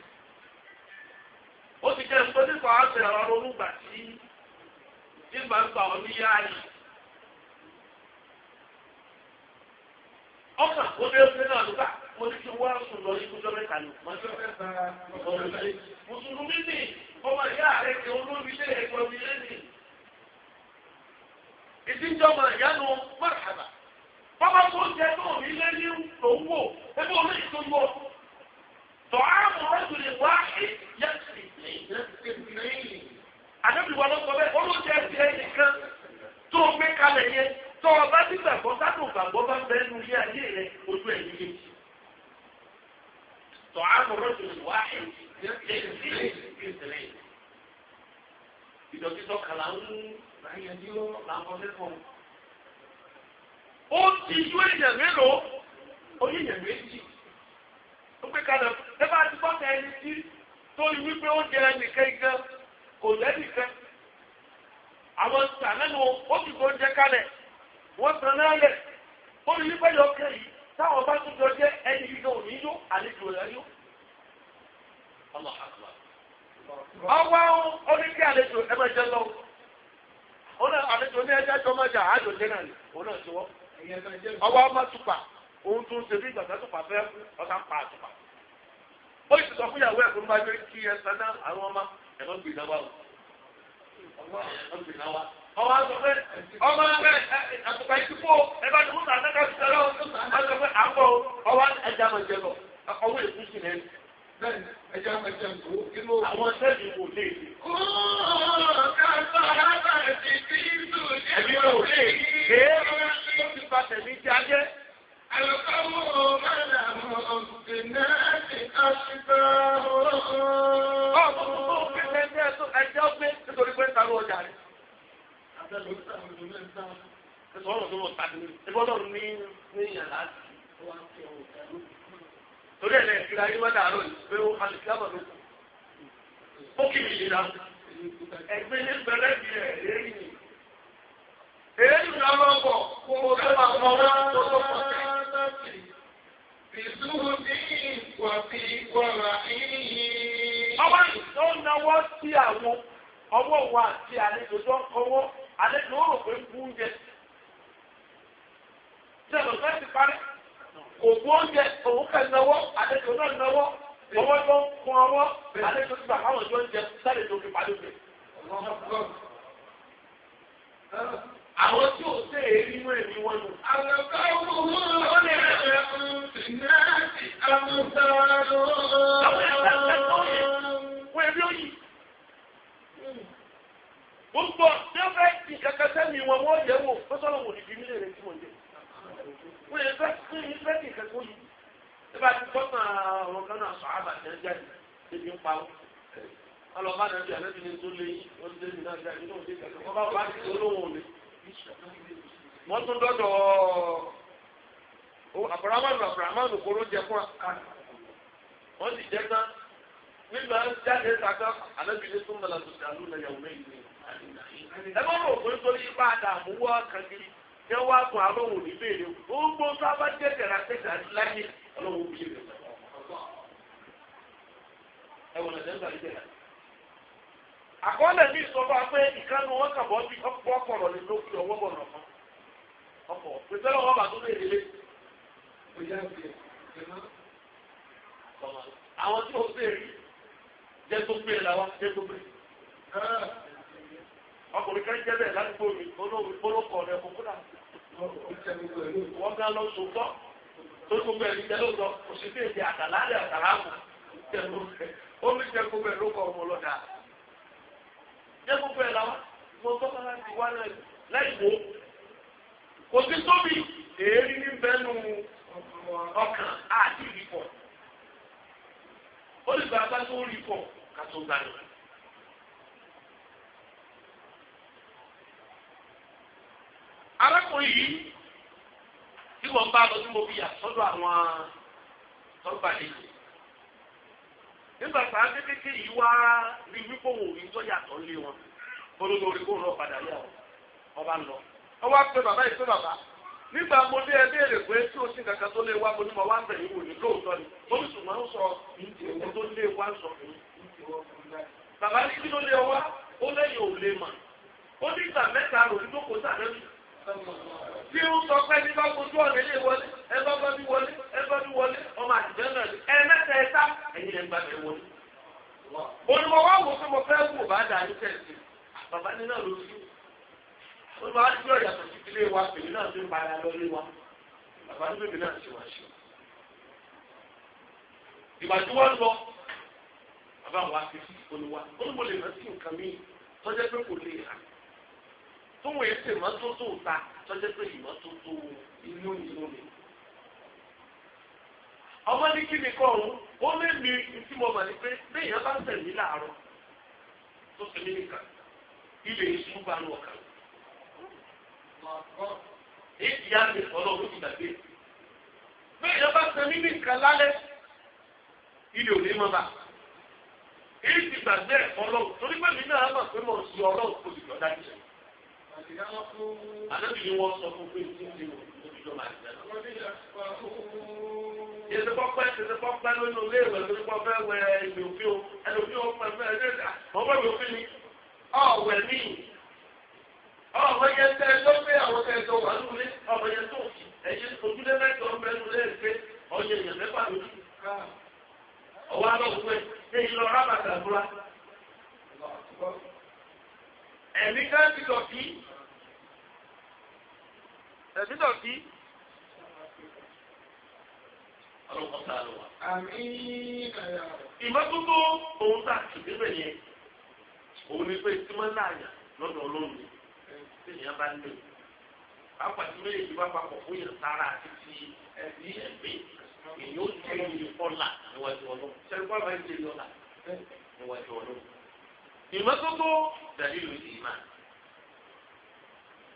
ó ti jẹ́ nǹkan nípa àgbẹ̀ ọ̀rọ̀ olùgbà tí nígbà ń gbà ọ́ níyá yìí. ọkàn ó dé ọdún náà ló bá mo ní kí wọ́n sùn lọ ní kújọ́ mẹ́ta lò. mùsùlùmí ni ọmọ ìyá rẹ̀ kí olórí ilé ẹ̀kọ́ mi lẹ́yìn. ìdíjọ́ ọmọ ìyá nu mọ̀ràbà. bọ́bá tó jẹ náà mi lé ní òwò ẹgbẹ́ orí ìtúwọ́. tọ́ àmọ́ rẹ̀ tó lè wá àdébí wa ló sọ bẹ́ẹ̀ olóúnjẹ tiẹ̀ nìkan tó gbé kalẹ̀ yẹn tó o bá ti gbàgbọ́ sádùn gbàgbọ́ bá bẹ́ẹ̀ nu ilé ayé rẹ ojú ẹ̀ yíyé. tọ́ àmọ́ rọ́jò wáhì ṣe ń sí ìṣẹ̀lẹ̀ ìdọ̀títọ́ kàlà ń ráyẹ̀ ní ọ́ làwọn lẹ́kọ̀ọ́. ó ti yú èèyàn mélòó ó méjì ó gbé kalẹ̀ ẹ bá ti gbọ́ tó yí wípé ó jẹ ẹnìkan igan kò lẹ́nìkan àwọn sàlẹ́nu ó ti kó jẹ kalẹ̀ wọ́n san náà lẹ̀ ó yí wípé yọkẹ́ yìí táwọn bá tún jọ jẹ ẹnì igan òní yó àlejò rẹ̀ yó. ọwọ́ oníkẹ́ àlejò ẹ máa jẹ lọ́wọ́ ọ̀nà àlejò ní ẹjẹ́ tó máa jà àjò jẹ́ náà ni òun náà ti wọ́ ọwọ́ ọmọ tùpà òun tún ṣe bí ìgbà tó tùpà fẹ́ ọ̀sán pa àtùpà ó sì sọ fúyàwó ẹ̀ fún bájú kí ẹ sáná àwọn ọmọ ẹ̀rọ gbè náwó ọgbè náwó ọwọ́ àgbọ̀ pé ọmọ ẹ àtùpà ìdìbò ẹ bá tó múta àtàkà sí ẹ̀rọ àgbọ̀ pé àgbọ̀ ọwọ́ ẹja máa jẹ lọ ọwọ́ èkú sí lẹ́nu. Bẹ́ẹ̀ni, ẹja máa jẹ nǹkó inú. Àwọn sẹ́ẹ̀lì kò lè. Kúrò e. kásán lábàá ti fi ń dùn ní ìlú òde. Èé, ó ti pa tẹ̀mí jẹ́ القوم لهم بالناس أشباه ẹjọ́ gbé nítorí pé ń ta ló ọjà rẹ̀. Ìsọ̀rọ̀ tó lọ tàbí ìbọ́dọ̀ ní ní yàrá torí ẹ̀ lẹ́yìn ìlà yíwá dàrọ́ yìí pé ó alùpùpù àbọ̀ ló kù. Ó kì í yìlá. Ẹgbẹ́ ní bẹ̀rẹ̀ bí ẹ̀ lẹ́yìn. Èyí ni àwọn ọkọ̀ kó o fẹ́ máa mọ wá tó tó pọ̀ sí. Ọwọ́ ìṣó náwó sí àwọn ọwọ́ wa àti àlejò tó ń kọwọ́ àlejò ó rò pé ń bú oúnjẹ. Ṣé ẹ̀rọ fẹ́ ti parí? Kò bú oúnjẹ, òun kẹ́ náwó, àlejò náà náwó, ọwọ́ tó ń kún ọwọ́, àlejò ti bàbá àwọn ìjọ ń jẹ sálẹ̀ tó fi parí àwọn tí ò sí èrí mọ́ ẹ̀mí wọn nù. àlọ́kọ́ owó ọ̀lẹ́ rẹ̀ ń náà ti àmúta lọ. àwọn ẹ̀ka ẹ̀kọ́ yẹn wọ́n ẹbí òyìn. gbogbo tí ó fẹ́ ti kàkà sẹ́mi wọn wọ́n yẹ̀ wò fọ́sọ́rọ̀ wò ní bímí lèrè tí mo jẹ́. wọ́n yẹ fẹ́ kí ní fẹ́ kí nǹkan tó yí. ẹ bá ti tọ́ kan ọ̀rọ̀ kan náà sọ àbàtẹ́ jáde débi ń pa wọ́n alọ bá nàbí alẹ́ bí ní tó lé wọ́n ti dé mi náà jáde ní òde kẹsàn-án wọ́n wọ́n tún dọ́dọ̀ abrahamanu abrahamanu kóró jẹ fún wa wọ́n sì jẹ́ tán nígbà jáde sàkà alábi ní tún bala tó dàlú na yàwó mẹ́yìn ní. ẹ bá rò pé torí ipá àdààmú wá kankiri ní wá kún alóhùn ní béèrè gbogbo sábà jẹ tẹ̀lé àtẹ̀tẹ̀ láyé ọlọ́wọ́ bí ẹ bẹ̀rẹ̀. ẹ wọ̀n lẹ́sẹ̀ ń bá tẹ̀lé àkọọ́lẹ̀ mi sọ fún wa pé ìkànnì wọn kàn bọ́ bí ọ̀pọ̀ ọ̀pọ̀lọ̀ lè ló fi ọwọ́ bọ̀rọ̀ fún ọ̀pọ̀ pèsè lọ́wọ́ bàtú lè délé. àwọn tí o ṣe rí jẹ́ tó gbé e la wá jẹ́ tó gbé. E. Ah. ọkùnrin kan jẹ́ bẹ́ẹ̀ ládùúgbò mi olóòwò olókọ̀ rẹ̀ kókó náà. wọ́n gán lọ sòtọ́ tó gbogbo ẹ̀rí jẹ́ lóòótọ́ òṣìṣẹ́ èdè àtàlálẹ̀ àtàlámù jẹ́ lóòótọ́ ó ní jẹ́ gbogbo ẹ̀ lókọ̀ ọmọ ọlọ́dà jẹ́ gbogbo ẹ̀ làwọn mo tọ́ka láti wá náà láì wò kò sí tóbi èérí ní bẹ́ẹ̀nu ọkàn àti ìrìpọ̀ ó lè gba apá tó rí pọ̀ ká tó gbàdúrà. arákùnrin yìí tí wọ́n bá lọ sí mo fi yà sọ́dọ̀ àwọn tọ́gbà lẹ́yìn nígbà tá a dé kékeré yìí wá rí wípé òun rí tó yàtọ̀ lé wọn olólórí kó lọ padà yà ọba lọ ọwọ́ àpè bàbá yìí pé bàbá nígbà mo dé ẹ béèrè pé tí o sì kankan tó lé wa mo ní mo wá ń bẹ̀ yín wò ní lóòótọ́ ni mo ní sùn máa ń sọ ìdíwọ́ tó lé wa ń sọ bàbá ní kí ló lé wa ó lẹ́yìn ò lè mà ó ní ìgbà mẹ́ta rò ní lóko sáré tí ó sọ pé ní bá gbójú ọ̀nà ilé wọlé ẹ bá bá bí wọlé ẹ bá bí wọlé ọmọ àtijọ́ náà ni ẹ mẹ́ta ẹ sá ẹ̀yin ẹ̀ ń gbà bẹ́ẹ̀ wọlé. olùmọ̀ wá wò pé mo fẹ́ kú bá dà ní tẹ̀sí bàbá ní náà ló sí. olùmọ̀ wá sí ọ̀yà tó ti fi lé wa pèmí náà tó ń padà lọ lé wa bàbá ní bèbí náà ti wá sí. ìgbà tí tó wọ́n èsì ìmọ́tótó ta tọ́jọ́ pé ìmọ́tótó inú inú mi. ọmọ ní kí ni kọ́ ọ̀hún ó lé mi tí mo mọ̀ ní pé béèyàn bá ń tẹ̀ mí láàárọ̀ tó ṣe mí nìkan ilé iṣu bá ń wọ̀kan. èyí á lè fọlọ́ ló ti gbàgbé. béèyàn bá tẹ̀ mí nìkan lálẹ́ ilé òní mọ́ bá èyí ti gbàgbé ẹ̀fọ́ torí pé mi náà mọ̀ pé mo ń sọ kò sì lọ́dájú sẹ́yìn. Àlọ́bìnrin wọn sọ fún pé tí ń lò lójúdọ́ máa jẹ́ lọ. Yẹ́sẹ̀ pọ́pẹ́ ṣẹ̀ṣẹ̀ pọ́pẹ́ lónìí olé ìwẹ̀ lórí pọ́pẹ́ wẹ ìlú òfin o. Ẹ̀lú òfin o pẹ̀lú ẹ̀ṣẹ̀ ọ̀pọ̀ ìlú òfin ni. Ọ̀wẹ̀ mi. Ọ̀wẹ̀ yẹn tẹ́ ẹ̀mí kan ti dọ̀tí ẹ̀mí dọ̀tí. Ìmọ́tótó òun tà ṣùgbọ́n yẹn òun ni pé tí wọ́n láàyà lọ́dọ̀ ọlọ́run tí èèyàn bá lè pápá tí méjèèjì bá papọ̀ fún yàn sára àti ti ẹbí ẹ̀mí èyí ó jẹ́ ìfọ́lá níwájú ọlọ́run ṣẹ́ni pàápàá ń jẹ́ ìyọ́lá níwájú ọlọ́run ìmọ́tótó dàlílù ìmá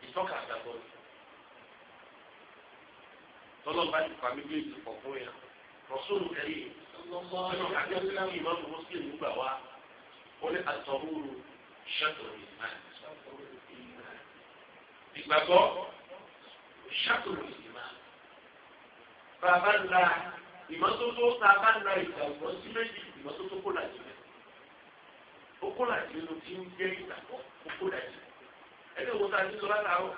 ìtọ́ka àgbàgbọ́ tọ́lọ́ba ti fa méjèèjì pọ̀ fún yà rọ̀sùlù kẹ́lí nínú àjọṣe ní ìmọ̀tò mùsùlùmí gbà wá ó ní àtọ̀húrù ṣàtò ìmá ìgbàgbọ́ ṣàtò ìmá bàbá ńlá ìmọ́tótó tá a bá ńlá ìgbàgbọ́ sí méjì ìmọ́tótó kó làjìlẹ̀ ó kó làjì nínú tí ń jẹ́ ìgbàgbọ́ ó kó dàjì ẹni wo ta ní lọ́la láwọ́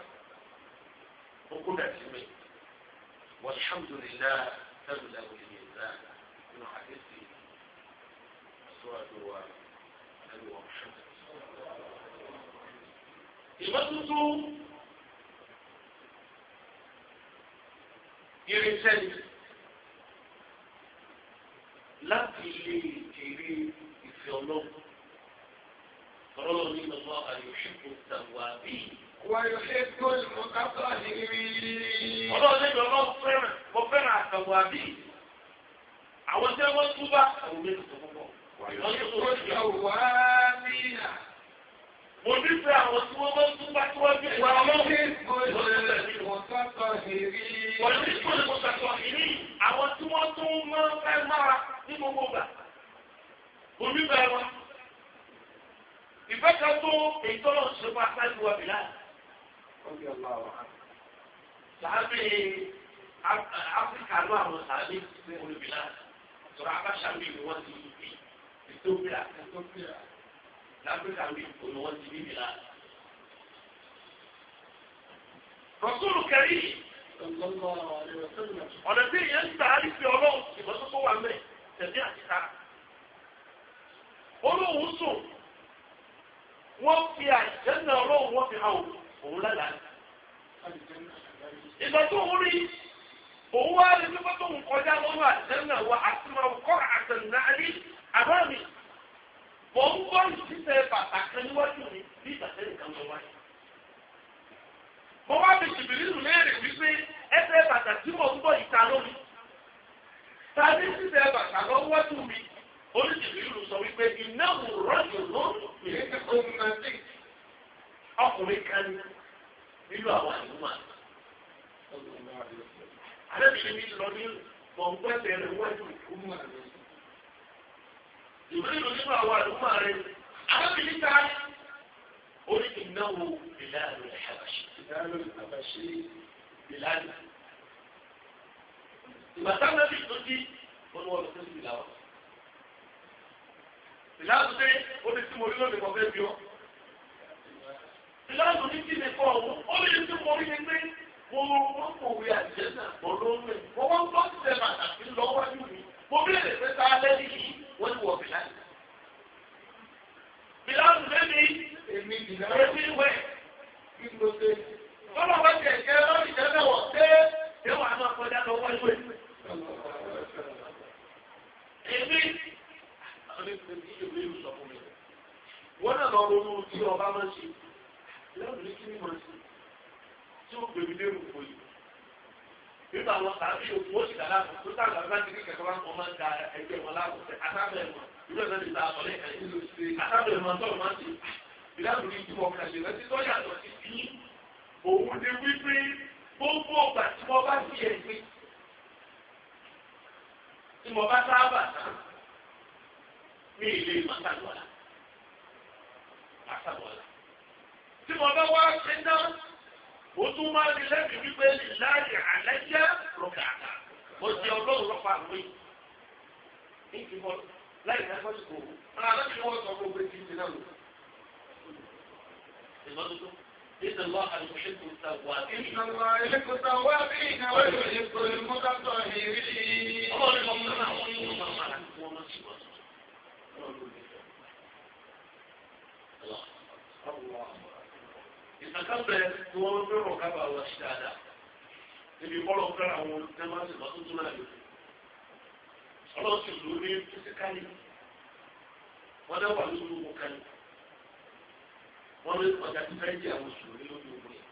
ó kó dàjì mi walhamdulillah sẹ́nu lẹ́nu ìyẹn náà nínú àdéhùn sọ́wọ́ tó wà ọ̀ṣun. ìmọ́tótó irinṣẹ́ ni láti lè jèrè ìfẹ́ ọlọ́run ọlọ́run ní gbogbo àyòṣepọ̀ tàwábí. wàyòṣepọ̀ ìmọ̀kápá ni rí. ọlọ́run ní gbogbo fẹ́ràn mo fẹ́ràn àtàwábí. àwọn tí wọ́n túbà àwọn méjì tó kọ́kọ́. wàyòṣepọ̀ tàwábí. mo nífẹ̀ẹ́ àwọn tún máa fẹ́ mára ní gbogbo gbà. oníbẹ̀rẹ̀ ìfẹ́ kan tó èyí tó lọ́n ṣe fún aṣáájú wa bìlá. sàbí áfíríkà ló àwọn sàbí olùbìlá sọ̀rọ̀ abáṣà mi ni wọ́n ti bí ìtòkìlà láfíríkà mi ni wọ́n ti bí bìlá. Rasulu kari. Ọ̀nà tí ìyẹn ń gbà á lè fi ọlọ́run ìbọn tó wà mẹ́ tẹ̀lé àti ká. Olóhùn sùn. wọ́n fi àìjẹ́nà ọlọ́run wọ́n fi òun lẹ́la. ìgbà tó ń rí òun wá rí pípẹ́ tó ń kọjá lọ́wọ́ àìjẹ́nà wa àti máa kọ́ àtẹnudá alẹ́ àbá mi. ń gbọ́ ìṣiṣẹ́ bàtà níwájú mi bí ìgbàsẹ́ nìkan lọ wáyé. mo wá jìbìrì nù wípé ẹsẹ̀ ń gbọ́ ìta lómi. قلت بيقولوا صويب إنه الرجل نور من ذلك أقومي كان بيقولوا أواني هما على بشميل الرجل موضوع بين هو هما يقولوا لما أواني هما رجل على بشميل قلت إنه بلال الحبشي بلال الحبشي بلال يبقى تعمل في الدنيا قلوا بسم الله ìlànà pé ó ti tí mo rí lónìí kọfẹ́ bí ọ. ìlànà ní kí ni kọ́ ọ̀hún ó lè tí mo rí ni pé mo wọ́n kò wí àjẹ́ náà mo ló ń rìn wọ́n gbọ́ sí ẹ̀ma àti lọ́wọ́jú mi mo béèrè pé ta lẹ́ni yìí wọ́n ti wọ̀ bìláì. bìláì lẹ́ni èmi bìláì èmi wẹ̀ kí ló dé. lọ́wọ́ bá tẹ̀ kẹ́ lọ́ọ̀dì tẹ́lẹ̀ wọ̀ pé ṣé máa kọjá lọ́wọ́ ní ìsinmi kí ìlú ìlú sọ fún mi wọn náà lọ ronú tí ọba máa ń ṣe lẹ́nu ní kí ni máa ń ṣe tí ó gbèmí lérò fún yìí nígbà wọn tàbí òkú ó sì dà láàbò tó tà gbà bá ti ní kẹ̀kẹ́ wọn máa ń da ẹgbẹ́ wọn láàbò tẹ àtàbẹ̀ wọn ìlú ẹ̀fẹ́ ti ta àtọ̀lẹ́ ìlú ṣe àtàbẹ̀ wọn tọ̀ máa ń ṣe ìdáàbò ní ìtumọ̀ kàṣẹ lọ sí sọ́yà lọ sí bí òun ni wípé gbogbo ọgbà tí wọ́n bá fi ẹ̀ gbé tí wọ́n bá sáábà náà mi ì lè máa sàlùwàlà máa sàlùwàlà. tí mo bá wá ṣe ń dán o tún máa di lẹ́bi wípé láàyè àlẹ́jẹ́ rọ̀gà àgbà mo jẹ ọlọ́run lọ́pàá àgbẹ̀ ní ìfimọ́ láì ní ẹgbẹ́ ìkó ọ̀nà àlọ́ mi sọ fún ogun ti ń tẹ̀lé ọ̀nà. ìmọ̀tótó إن الله يحب التوابين إن الله يحب التوابين ويحب المتطهرين. الله يحب التوابين وما سواه ìsàkábẹ̀ tí wọ́n fẹ́ràn kábà wá sí dáadáa níbi bọ́lọ̀ fẹ́ràn àwọn olùdámásì bá tó tún àlè ọlọ́sìn ló ní físíkálì wọ́n dáwà lórí owó kálí wọ́n lé ọjà tí fẹ́ẹ́ jẹ́ àwọn sùúrù lórí owó yẹn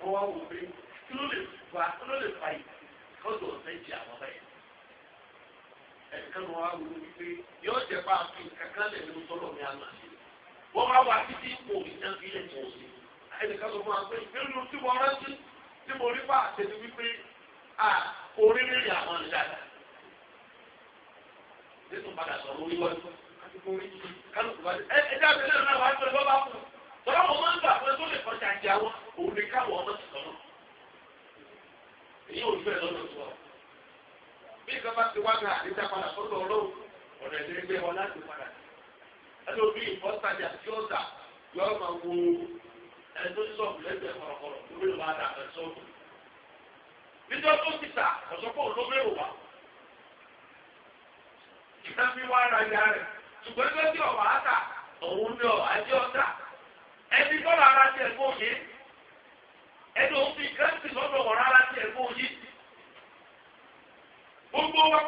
wọ́n wá wò pé kí ló lè fa kí ló lè fa yìí kọ́dọ̀ ọ̀fẹ́ jẹ́ àwọn báyìí ẹ̀kan wọn á wúlò wípé yóò jẹ́ bá a fi kankan lẹ̀ ló sọ̀rọ̀ ní àná sí. wọ́n bá wà títí ipò ìtàn ilẹ̀ tó ṣe. ẹnìkan sọ fún wa pé nínú tí mo rántí tí mo rí bá àtẹnu wípé à oríire ni àwọn ń dada. nínú padà sọ̀rọ̀ orí wọ́n kálukú bá dé ẹ ẹ dábìlì náà wà á tó ẹ bá bá kú. tọ́lá wọn máa ń gbà pé tó lè kọjá ìjà wọn òun ni káwọn ọmọ ti sọ̀rọ̀ bí nǹkan bá ti wá ní àdéjà padà sọ́dọ̀ ọlọ́run ọ̀nà ìdílé wọn láti padà ẹni omi ìfọ́sàjà tí ó dà yọ ọ́ máa wo ẹni tó ní sọ́ọ̀bù lẹ́gbẹ̀ẹ́ kọ̀rọ̀kọ̀rọ̀ tó mélòó máa dà ẹ̀ sọ́ọ̀bù níjọ́ tó ti tà ọ̀sọ́pọ̀ ló mélòó wá ìta fi wá ara ya rẹ̀ ṣùgbọ́n ẹgbẹ́ tí ọ̀wà á tà òun ni ọ̀wà á jẹ́ ọ̀tà ẹni bọ́lá ara tiẹ̀ fún òye ẹni òun fi kẹ́ńtì lọ́dọ̀ ọ̀rọ̀ ara tiẹ̀ fún òye. هم ومن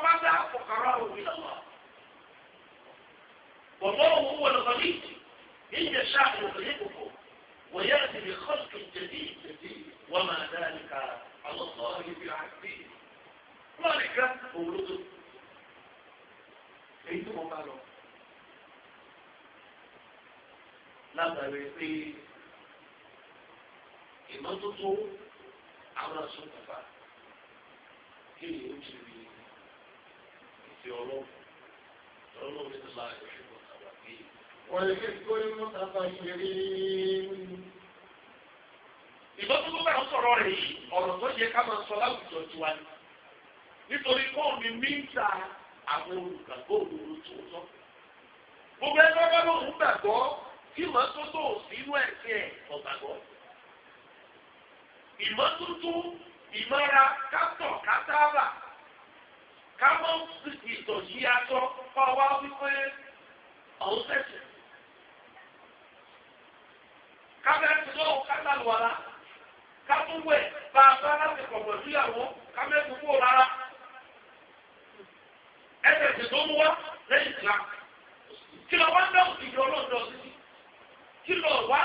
فقراءه إلى الله والله هو الغليظ إن الشعب يغلبه ويأتي بخلق جديد جديد وما ذلك على الله في بعزيز ذلك هو لطف أنتم قالوا لما يقول إمام تطور عبر السلطفاء كيف يمكن sí ọlọ́run ọlọ́run ní ìlà ìṣòro àgbàgbé. wọ́n lè fi kórè mọ́tàbà ìṣeré. ìbọn tó gbọ́dọ̀ ń sọ̀rọ̀ rẹ̀ yìí ọ̀rọ̀ tó yẹ ká máa sọ láwùjọ tiwa ni nítorí kọ́ọ̀ mi mí ń ta àwọn olùgbàgbọ́ òdodo tó sọ. gbogbo ẹgbẹ́ bá lóun gbàgbọ́ kí mọ́tótó sínú ẹ̀sìn ẹ̀ ọ̀gbàgbọ́. ìmọ́tótó ìmọ́ra kátọ̀ kátára ká mọ́ ìtọ̀jú aṣọ kọ́ wá wípé ọ̀hún tẹ̀sẹ̀. kábẹ́rẹ́ ti lọ́wọ́ kátàlùwàlá kábúwẹ̀ bá a bá láti pọ̀ pẹ̀lú ìyàwó kábẹ́rẹ́ kúrò rárá. ẹsẹ̀ ti tó mú wá lẹ́yìn ìlà. kí lọ wá ń dáhùn ìjọ ọlọ́dọ̀ sí kí lọ wá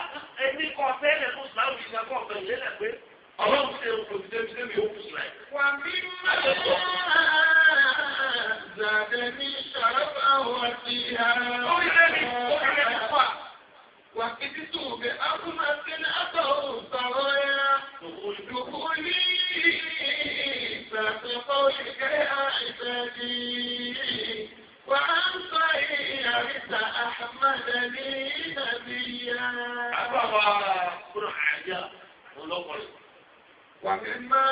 ẹni kọ́ fẹ́ẹ́ lẹ́nu ìlànà ìjọba ọ̀gbẹ̀yẹ lẹ́gbẹ̀ẹ́. ọlọ́run ṣe ń pèsè débi débi ó kù sílẹ̀. wà á bí máa zàdé ní sàrọ́bà wọ́n ti hà. ó yẹ ní ọ̀rẹ́ rẹ̀ fà. wà á kí títún òbí afúnmáṣe ní àtọ̀ òsàrọ̀ yá. òdòkó ní ìsàtúnkọ́ ìkẹ́ àìsàn ní. wà á ń sọ ìyàrá àhàmàdà ní nàbíyá. àbáwá kúrò àyà olókùnrin. Wàmímá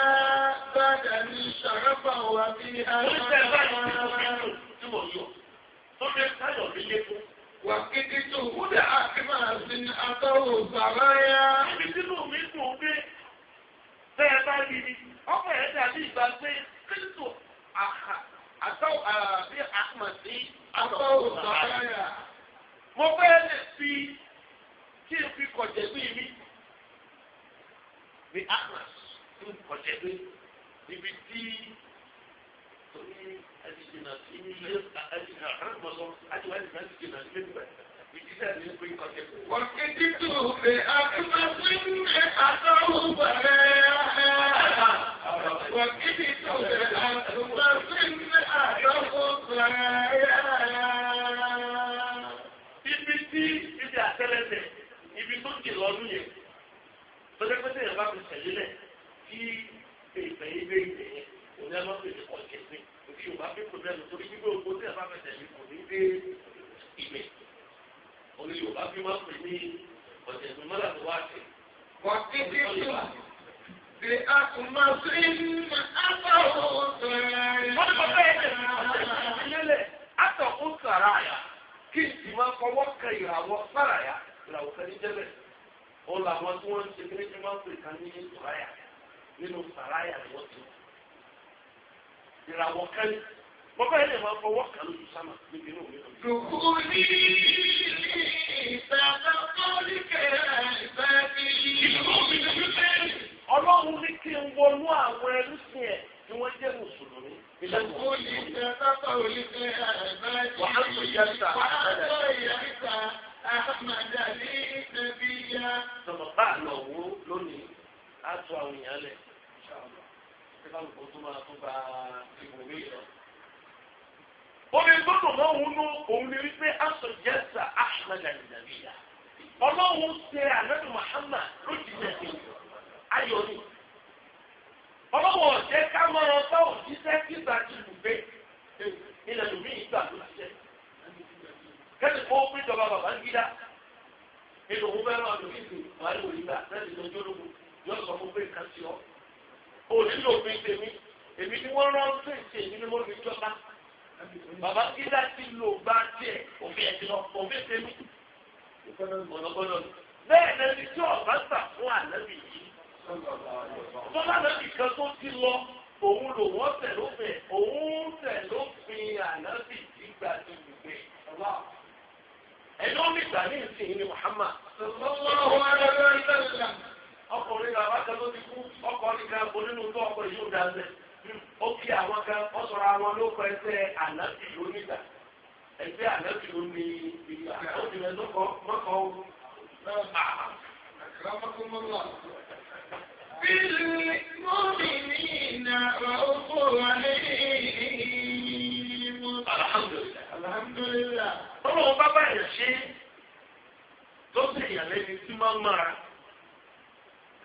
bàdà ní ṣàrọ́bà wà bí i àwọn ọmọ tí wọ́n yọ. Tó fẹ́ sáyọ̀ mí lékún. Wà kíkí tó wúdà àti máa sin àtọ́wò sàráyá. Ibi tí mò ń mí kùn gbé bẹ́ẹ̀ bá rí ni, ọkọ̀ ẹ̀ dàbí ìgbà pé kíntò àtọ́wò àbí àmọ̀ sí àtọ́wò sàráyá. Mo fẹ́ lè fi kí n fi kọ̀jẹ̀ bí mi. Bí àmọ̀ sí tí ọ̀sẹ̀ pé ibi tí torí àdìjìnà sí ilé àdìjìnà àrùnbọ̀sọ àdìwà àdìjìnà àdìjìnà sí ilé ìdílé àdìjìnà pé ọ̀sẹ̀ pé. Wọ́n ti tù pé àtúntò sí ilé àtọ́wò bàrẹ́ Wọ́n ti tù pé àtúntò sí ilé àtọ́wò bàrẹ́ Ibi tí ibi àtẹ́lẹsẹ̀ ibi tó ti lọ́dún yẹn, tọ́jú pé tẹ̀yẹ̀ bá fi tẹ̀lé sí ìgbẹ́ ilé ìgbẹ́ yẹn òun ni a máa ń pèsè ọ̀jẹ̀ pé òfin ò bá fi kò lẹ́nu torí gbígbé oko tí a bá fẹsẹ̀ lé kò ní dé ìgbẹ́ òun ni Yorùbá fi máa ń pè ní ọ̀jẹ̀ pé mọ́lá tó wá sí. wọ́n ti dé ìlú ṣe àtúmọ̀ sí àtọ̀wọ̀ ọ̀sẹ̀. wọ́n ti kọ́ bẹ́ẹ̀ lẹ́lẹ̀ àtọ̀kùn sàrà yà kí ìsìnmọ́ fọwọ́ kan ìràwọ̀ sàrà yà ìràwọ̀ kan ní jẹ́lẹ̀ ó tí wọ́n ń ṣe kí ní nínú sàráyà ni wọ́n ti ìràwọ̀ kan mo bẹ́ẹ̀ lè máa fọwọ́ kan lójú sámà níbi inú mi. Dùkú ní ìsàlọ̀ kọ́líkẹ̀ ìbẹ́bí. Ìlú mi ni wípé ọlọ́run ní kí n wọnú àwọn ẹlúsìn ẹ̀ tí wọ́n jẹ́ mùsùlùmí. Dùkú ní ìsàlọ̀ kọ́líkẹ̀ ìbẹ́bí. Wàá tó yẹ ta. Wàá tó yẹ ta. Àmàdà ní ìtẹ̀bíyà. Sọ̀rọ̀ bá á tu àwọn èèyàn lẹ̀ ṣé káwọn kò tó máa tó ba ìbòmí lọ. omi gbọ́dọ̀ náà wù nú òun ni wípé aṣọ jẹ́sà ahmed alìdàbíyà ọlọ́run ṣe ànábì muhammad lójijì ẹ̀sìn ayọ̀ ni ọlọ́wọ́ ọ̀jẹ́ ká máa bá òjíṣẹ́ kígbà ti lù pé ilẹ̀ lùmí ìgbà ló ti jẹ́. kẹ́sì kó pín ìjọba bàbá ń gídá nínú òun fẹ́ràn àdúgbò ìsìn wàá ní òyìnbá lẹ́sìn lójú ológun yóò sọ fún pé nǹkan ti ọ òṣìṣẹ́ òfin tèmi èmi ni wọ́n rán sí ìṣe èmi ni mo fi jọba bàbá gíga ti lò gba tiẹ̀ òfin ẹ̀sìn lọ òfin tèmi gbọ̀dọ̀gbọ̀dọ̀ bẹ́ẹ̀ lẹ́ni tí ọ̀bá gbà fún àlẹ́bí yìí tọ́lá lẹ́bí kan tó ti lọ òun lò wọ́n tẹ̀ lófin òun tẹ̀ lófin àlẹ́bí yìí gbà tó gbé ẹ̀yọ́ nígbà ní ìsìn ní Muhammad. sọ̀rọ̀ wọn wá lọ́wọ́ ìtàn ìlànà ọkùnrin kan bá kan tó ti kú ọkùnrin kan onínú tó ọkùnrin yóò dá sẹ ó kí àwọn kan ó sọ̀rọ̀ àwọn ló kọ ẹsẹ̀ ànábì lónìgbà ẹsẹ̀ ànábì ló ìgbà ó ti rẹ lọkọ mọkọ ó. بالمؤمنين رؤوف رحيم alhamdulilah alhamdulilah. tọ́lọ́ bá báyìí ṣe tó sì yàn tí máa ń mara.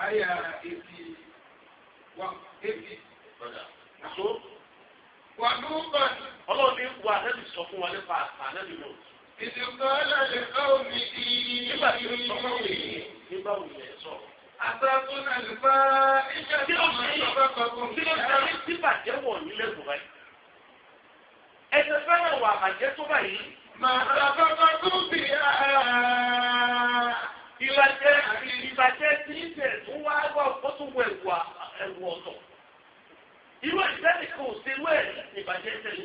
àyà èsì wà èsì àtó. wà ló bá ní. ọlọ́run ní wà lẹ́nu sọ fún wa nípa àlẹ́nu náà. ìdìbò alẹ́ káwọn mi di. nígbà tí ó sọ fún mi nígbà wo ni ẹ sọ. àtàkùn àlùfá iṣẹ́ tí ó ṣe é kí ló ṣe é tí bàjẹ́ wọ̀ nílẹ̀ tó báyìí. ẹ̀sẹ̀ fẹ́ràn wà bàjẹ́ tó báyìí. màá bàbá bá tó bì í ìbàjẹ́ ìbàjẹ́ tí ń bẹ̀ tó wá gbọ́ ó tún wọ ẹ̀wù ẹ̀wù ọ̀tọ̀. irú ìtẹ́lẹ̀ kan ò ṣe irú ẹ̀ ìbàjẹ́ tẹ̀lé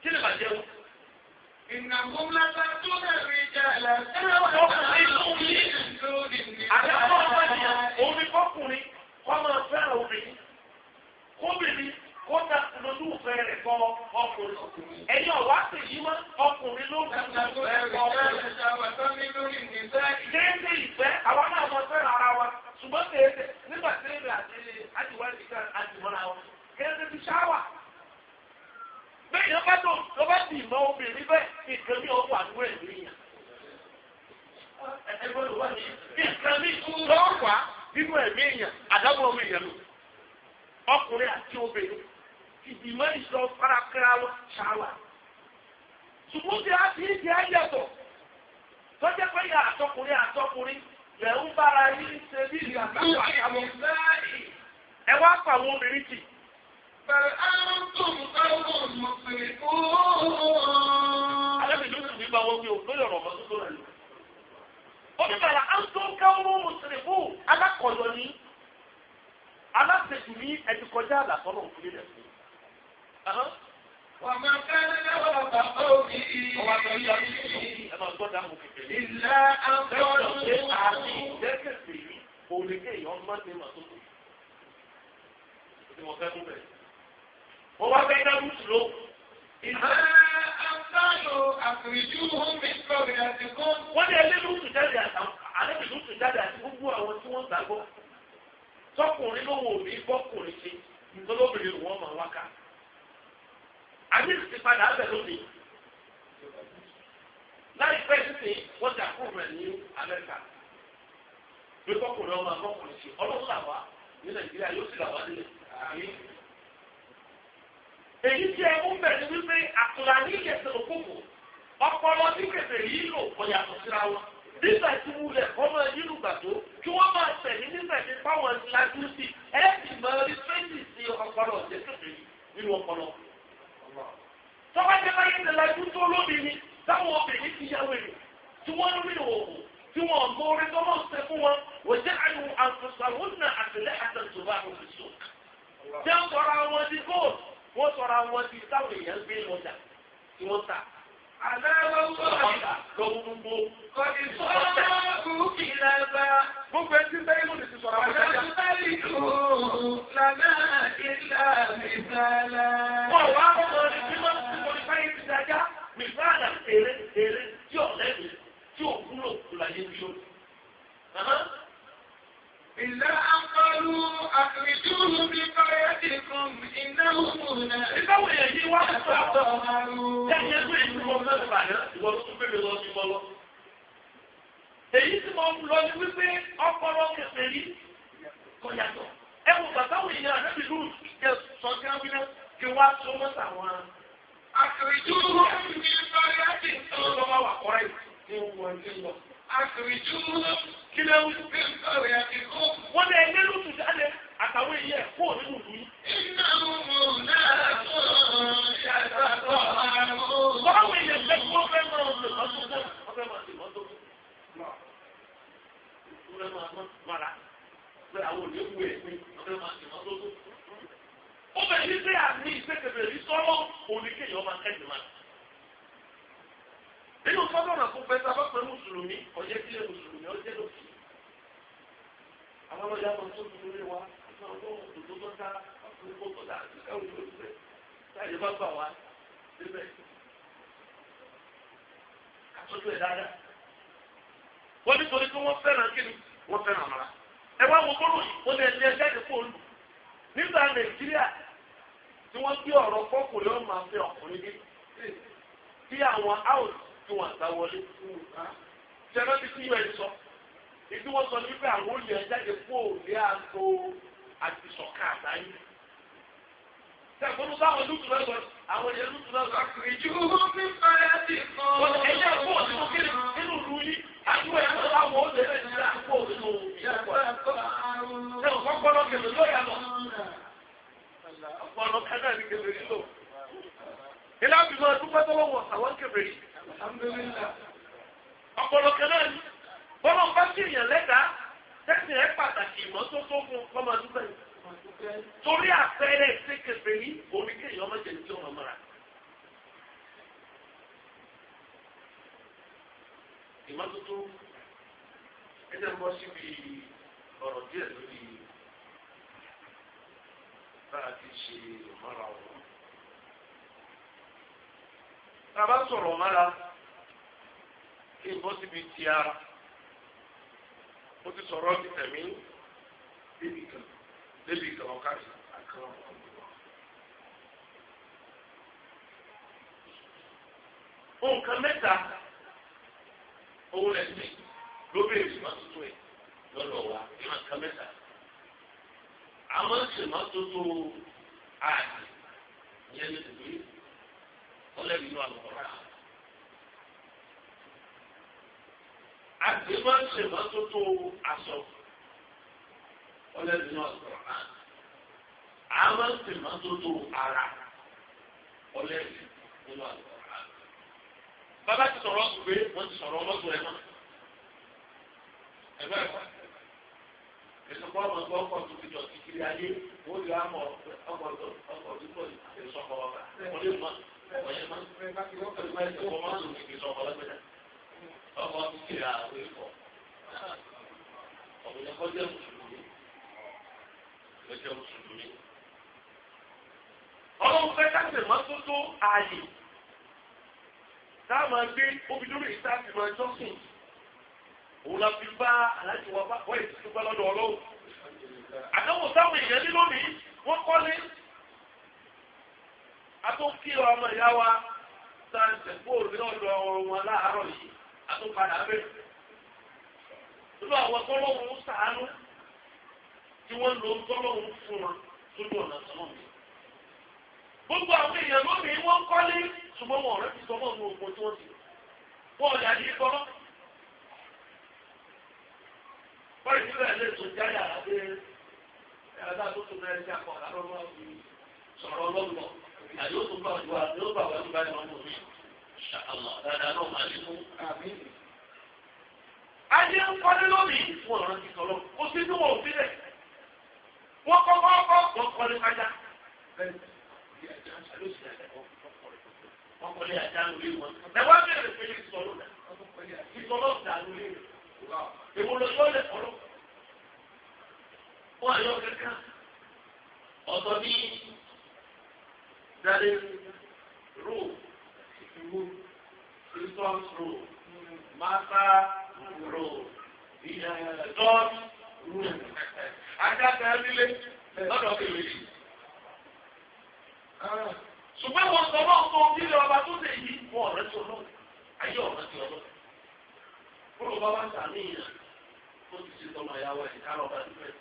kí lè bàjẹ́ wọn. ìnàkó ńláta tó bẹ̀rẹ̀ ìjà ẹ̀là ẹ̀rọ ọkùnrin ló ń yí. àtàkùn ọ̀gbẹ́ni òun ni kọ́kùnrin kọ́ máa fẹ́ràn obìnrin kóbìnrin ó ta lójúfẹ́ rẹ̀ kọ́ ọkùnrin. ẹ̀yin ọ̀wá sì yí mọ́ ọkùnrin ló ń gbàgbọ́ ẹ̀kọ́ ọkùnrin. kéèké ìfẹ́ àwa náà mọ fẹ́ràn ara wa ṣùgbọ́n kéèké nígbà tí èmi àti àdìwá ìdíkà àdìmọ́ra wọn kéèké ti ṣáwà. bẹ́ẹ̀ ló bá dì mọ́ obìnrin bẹ́ẹ̀ nǹkan mi ò wà nínú ẹ̀mí yẹn. nǹkan mi lọ́wọ́ wá nínú ẹ̀mí yẹn àdábọ̀ ọmọ ìyẹn lò ọkùnrin àti obìnrin ìgbìmọ̀ ìṣọ̀ farakira wọn ṣáwà. ṣùgbọ́n tí a ti ń jẹ́ ẹ̀yẹ̀tọ̀ tó jẹ́ pé ìyá àtọkùnrin àtọkùnrin lẹ̀ ń bára yín ṣe bí ìyá àtàkùn ẹ wá pa àwọn obìnrin kì. Bẹ̀rẹ̀ àwọn ń bá wọn mọ̀ pé ooo. Alábìlú sì ní bá wọn gbé o lórí ọ̀rọ̀ ọmọ tó lọ onígbàlà àtúnkẹ́wò mùsùlùmù alákọ̀ọ́yọ ni aláṣẹ́jù ní ẹ̀dùkọjá àlàkọ́ náà fún ilẹ̀ fún. Wàmọ̀ kẹ́lẹ́ lọ́wọ́ bàbá òbí. Ọwọ́ àtọ́jú àmì ìlú. Ẹ máa gbọ́dọ̀ àfìrìjú omi sọ̀rọ̀ àti kọ́. Wọ́n ní ẹlẹ́ni ó tún jáde jáde àti gbogbo àwọn tí wọ́n gbàgbọ́. Tọkùnrin ló wò ní bọ́kùnrin ṣe, tọ́lọ́bìnrin wọ́n máa wákà àbí ti padà á bẹ̀ lónìí. láìpẹ́ sísè wọ́n ti àkóhùn rẹ̀ ní amẹ́ríkà pé kọ́kùnrin ọmọ akọ́kùnrin ṣe ọlọ́run làwà ní nàìjíríà yóò sì làwà nílẹ̀ àmì. èyí tí ẹ ń bẹ̀ ni wípé àkùnrin àní kẹsẹ̀ òkúkù ọpọlọ tí kẹsẹ̀ yìí lò kọ yàtọ̀ síra wọn nígbà tí wulẹ̀ kọ́ máa yín lùgbà tó kí wọ́n máa tẹ̀lé nígbà tí báwọn lajú sí i. sọ níbi àwọn olè jáde fún òòlì àtò àti sọ̀ka àtàyè. Sẹ́kùnú báwọn lùtù náà sọ, àwọn èèyàn lùtù náà sọ. Ìjú mi fẹ́rẹ́ ti kàn. ti ẹ̀yẹ́ fún òsì tó kéde nínú ìlú yìí. Àdúgbò yẹn lọ́wọ́ olè rẹ̀ ti rà àdúgbò Ṣé òkú ọgbọ́n lọ kẹlẹ̀ lóyà lọ? Ọgbọ́n wọ́n lọ kí ara. ṣe mọ́tótó aṣọ ọlẹ́bí náà sọ̀rọ̀ náà a máa ń ṣe mọ́tótó ara ọlẹ́bí nínú àgbọ̀rọ̀ náà. bàbá ti sọ̀rọ̀ pé wọ́n ti sọ̀rọ̀ ọlọ́sùn ẹ̀ náà ẹ̀fẹ́ ẹ̀fẹ́ ìsopọ̀ ọmọ tó ọkọ̀ tó fi jọ kíkiri ayé ó lè amọ̀ ọkọ̀ tó ọkọ̀ ìsọ̀kọ̀ ọ̀gá ọdún mọ́ ọ̀yẹ́ kọjá mùsùlùmí kọjá mùsùlùmí ọlọ́run fẹ́ ká tẹ̀ máa tótó ààyè tá a máa gbé obìnrin lórí ìta àti máa jọ́sìn òun la fi bá aláàjì wa bá wọ́n èsì tó bá lọ́dọ̀ ọlọ́run àdánwò táwọn èèyàn ní lónìí wọ́n kọ́lé atúnkí ọmọ ìyá wa sáà ń tẹ̀kú òrùlé ọ̀dọ̀ ọ̀run wọn láàárọ̀ yìí atúnpadà bẹ́ẹ̀ nínú àwọn tọ́lọ́hún sàánú tí wọ́n lo tọ́lọ́hún fún wọn lójú ọ̀nà sọ́ọ̀mù. gbogbo àwọn èèyàn lónìí wọ́n kọ́lé ṣùgbọ́n wọn ọ̀rẹ́ ti sọ mọ́ ọ̀nà ògùn tí wọ́n ti wọ́n ọ̀dà yìí kọ́. bọ́ọ̀lù ìdílé ẹ̀ lè tó jáyà àti ẹ̀rọ tó tún náà ẹ̀ṣẹ̀ àpọ̀ àlọ́run sọ̀rọ̀ ọlọ́gbọ̀ àyè ó tún bá wà ayé ń kọ́lé lónìí wọn rán ti sọ̀rọ̀ kò sí ní wọn ò sí lẹ̀ wọ́n kọ́ kọ́ kọ́ wọ́n kọ́lé ajá wọ́n kọ́lé ajá lórí wọn ẹ wá bẹ̀rẹ̀ pé ìsọ̀rọ̀ ìsọ̀rọ̀ dà lórí èwo ló yọ lẹ̀ kọ́lọ́ wọ́n àyọ̀ kẹ́kẹ́ ọ̀tọ̀ ní dàdé rò ìwú ìsọ̀rọ̀ màtá rule. The God rule. Adáka nílé lọ́dọ̀ kìlì. Ṣùgbọ́n wọn sọ náà fún omi ilé ọba tó lè yí wọn ọ̀rẹ́ tó lọ. Ayé ọ̀rẹ́ tó lọ. Kúrò bàbá ń tàmí ìyá. Ó ti ṣe tọmọ ìyàwó ẹ̀ ká lọ́ba níbẹ̀.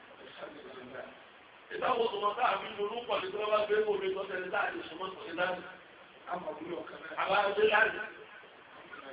Ìbáwo sọmọ táà mi ló ló pọ̀ nígbà bá gbé omi tó tẹ̀lé láàrin ìṣọmọ́ tó ṣe láàrin. Àmọ̀ bí ọ̀kan náà. Àbá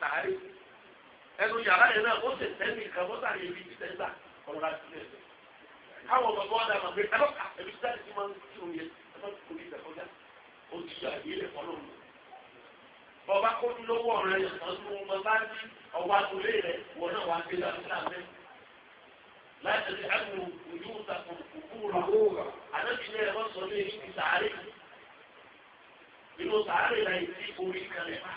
sàárè ẹnu yàrá yẹn náà ó sì tẹ́lẹ̀ nìkan mọ́tà yẹn bí ti tẹ́lẹ̀ ọ̀rọ̀ la ti tẹ́lẹ̀ káwọn ọmọ bọ́ dà máa gbé ẹ lọ́ka ẹbí tí táyì ti máa ń tún yẹ ẹ bá kó ní ìdàkọ́jà ó ti yà yé lẹ̀ fọ́nà mu. bọ́ba kó ní lówó ọ̀rẹ́ yẹn kan tó wọn bá ní ọwọ́ àtúlé rẹ̀ wọn náà wá gbé láti láàmẹ́. láti ẹnu ojú ìtàkùn òkú rà àdébìyẹ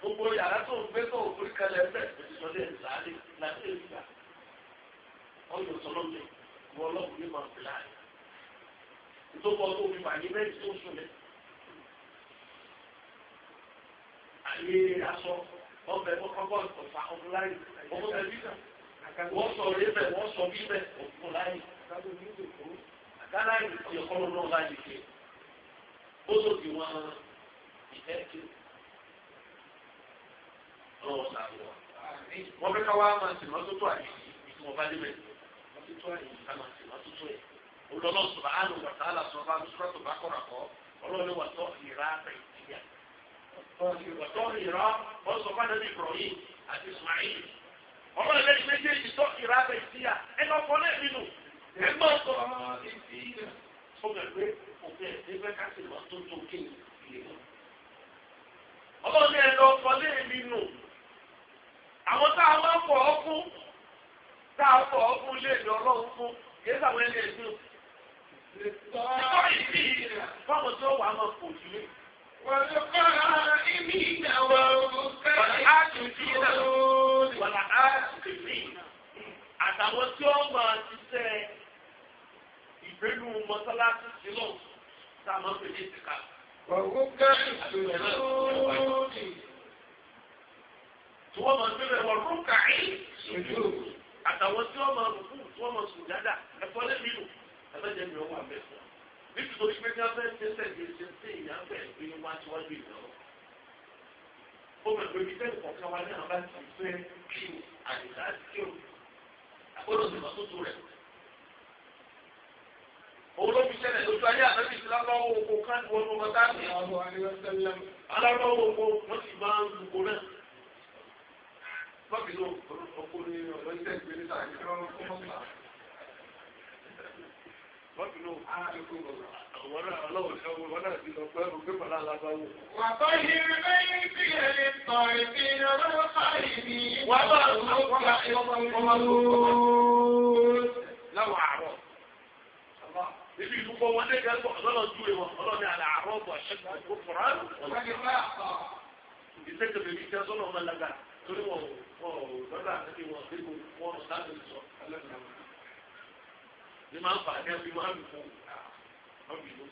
gbogbo yàrá tó ń gbé tó ń forí kalẹ̀ ń bẹ̀ lọ́dẹ̀ ìlàlẹ̀ láti èyíkà ọ̀yọ̀ sọlọ́mẹ ìwọ ọlọ́run ní màá fìlà rẹ̀ ìtòkọ tó fi bàjẹ́ bẹ́ẹ̀ tó sùn lẹ̀. àyè aṣọ ọbẹ̀ ọkọ̀ ọ̀fà ọ̀fúnláyì ọmọ tẹ̀lé kan wọ́n sọ orí bẹ̀ wọ́n sọ bí bẹ̀ ọ̀fúnláyì àgáláyì ti lọ́wọ́ láyé ṣe ó lọ́wọ́ sàlùwọ̀. wọ́n fẹ́ ká wá máa sì máa tótó àyè tí wọ́n bá débẹ̀ wọ́n ti tó àyè ká máa sì máa tótó ẹ̀. olùdọ́lọ́wọ́ sọ̀rọ̀ àánú wọ̀tá àlàsọ̀ bá sọ̀rọ̀ tó bá kọ̀rọ̀ kọ́ ọlọ́ọ̀ni wọ̀tọ́ ìrà àtẹ̀yìntìyà. wọ̀tọ́ ìrà wọ́n sọ fún àdébí Ibrahim àti Ismail. ọlọ́ọ̀ni lẹ́yìn méjèèjì tọ́ ìrà àtẹ̀yìntìyà ẹ lọ kọ́ lẹ́ nínú ẹ gbọ́ sọ ọmọ ẹgbẹ́ òfin ẹgbẹ́ káṣí lọ tó tó kéwì àwọn tá a máa ń fọ̀ ọ́ fún tá a fọ̀ ọ́ fún lè lọ ọlọ́run fún kìí sàwọn ẹni ẹ̀dùn. ìtọ́ ìdí fáwọn tó wà máa fò jù lé. wọ́n kọ́ ara ẹni ìdáwọ̀ òkè. wọ́n á tún sí iná wọ́n á tún sí iná. àtàwọn tí wọ́n máa ṣiṣẹ́ ìgbélú mọ́sálásí sílọ̀ tá a máa ń pè ní ìsìnká. wọ́n kọ́ ìṣòro tí wọ́n máa gbé wọn rúkà yìí sojú àtàwọn tí wọ́n máa rúkú tí wọ́n máa sùn dáadáa ẹ̀fọ́ lẹ́mí nù ẹlẹ́jẹ̀ mi ò wà bẹ́ẹ̀ fún wa nítorí pé kí wọ́n fẹ́ ṣe sẹ́yìn ṣe ṣe ìyá bẹ́ẹ̀ gbé wá síwájú ìnáwó ó mọ̀ pé bíi tẹ́lẹ̀ kọ̀ọ̀kan wa náà bá ti fẹ́ kí àdìsá kí o àgbọ̀dọ̀ sì mọ̀ tó tó rẹ̀ òun ló fi ṣẹlẹ̀ lójú ayé àtàbí ìsìláwọ́ oko kan wọnú ọmọ táàbì alárọ́wọ́ oko lọ́bì ló ọkọ ní ọ̀dọ́ iṣẹ́ ìgbé ní sàrẹ́ kí wọ́n kọ́ mọ́tà. lọ́bì ló ọwọ́ náà ti lọ pé ọgbẹ́ pàdé alágbáwò. wà á yí lẹ́yìn tí ẹ lè tọ̀ ìdí ọlọ́wọ́ báyìí ni. wà á bá ọmọ ọmọ láwọn àárọ̀. Ibi ìlú kọ́ wọlé gẹ́gẹ́ ọlọ́run júwe wọn, ọlọ́run ní àlà àárọ̀ bọ̀ ṣẹ́gun kó fọ̀rọ̀. Ìṣèjọba ìṣẹ́ sọ́nà ọmọ lágbára torí wọn ò wọn ò lọ́dọ̀ àtẹ́bí wọn sí kò wọn ò sáà lè sọ ẹlẹ́dàá wọn. ní máa ń fà ní ẹbí wọn á lù fún wọn bì lù.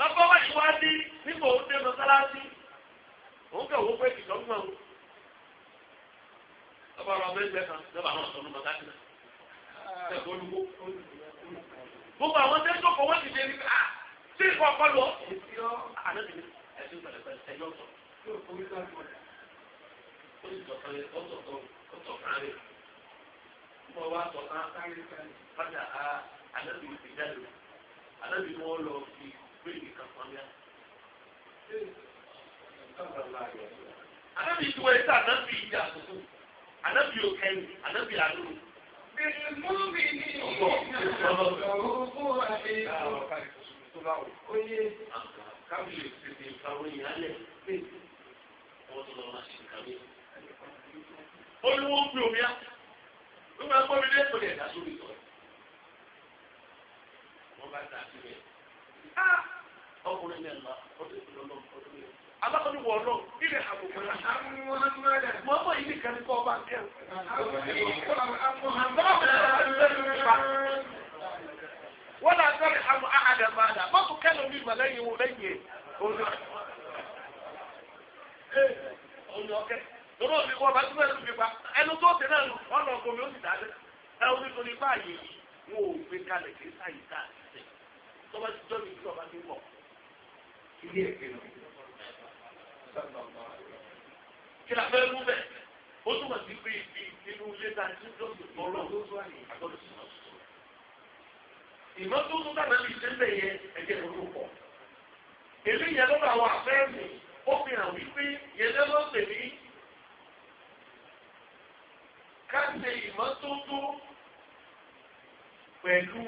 lọ́kọ́ wá ìwádìí nígbà òun dé mọ́sálásí òun kẹ́ òun pé ìtọ́gbọ̀n o. lọ́kọ́ ọ̀rọ̀ ọmọ ẹgbẹ́ kan lọ́ba àwọn ọ̀sán ló máa dájú náà. gbogbo àwọn tẹ́ tó kọ ti dé ní ká sí ìkọ̀ọ̀kọ̀ lọ. ẹ̀sìn pẹ̀lẹ́pẹ̀lẹ́ ẹ̀yọ́ sọ ó sì tọ̀kan yẹn ó tọ̀kan ó tọ̀kan rẹ̀ mo fi bíríkì kan pọn yá. àdàbí ìdúró yìí sàn àdàbí ìyá àkókò àdàbí òkèlè àdàbí àdúró. Ìlúmìnì ọ̀gbọ̀n. Oye kábíyèsí ti ìfàwọn ìyálẹ̀ pé wọ́n tún lọ máa ṣe kàmí olówó ń omi á ló máa gbọ́ mi dé ìpínlẹ̀ ẹ̀dá ìtọ́ wọ́n bá dà síbẹ̀ ọkùnrin náà lọ ọdún ìpínlẹ̀ ọdún ìpínlẹ̀ alákọ̀ọ́dún wọ̀ ọlọ́run ilẹ̀ àbùkù náà wọ́n bọ̀ ilé kan ní kọ́ ọba kẹ́ wọ́n náà sọ̀rọ̀ àmọ́ àhàdàmàdà mọ́tò kẹ́lọ́ mi mà lẹ́yìn wọn lẹ́yìn ẹ̀ ọ̀nà ọ̀nà ọ̀kẹ́ lórí omi kọ́ bá túbọ̀ ẹnu mi pa ẹnu tó tẹ̀ náà ọ̀nà ọkọ mi ó sì dáadé ẹnu nítorí báyìí wọn ò gbé kalẹ̀ kí sáyìí ká àtẹ̀ tọ́ba ti jọ́ mi kí ọba ti wọ̀ ilé ẹ̀kẹ́ lọ. kí la fẹ́ mú bẹ́ẹ̀ ó túmọ̀ sí pé ibi inú ilé ta ti tó ti bọ́ lọ àgọ́dọ̀ sí wọn. ìmọ̀tótó tàbí ibi ìṣẹ́lẹ̀ yẹn ẹ̀jẹ̀ ló ló pọ̀ eléyìí ẹ̀ lọ́dọ̀ àwọn afẹ́ẹ̀mì ó fi hàn wípé yẹn lọ́dọ̀ ká ṣe ìmọ́tótó pẹ̀lú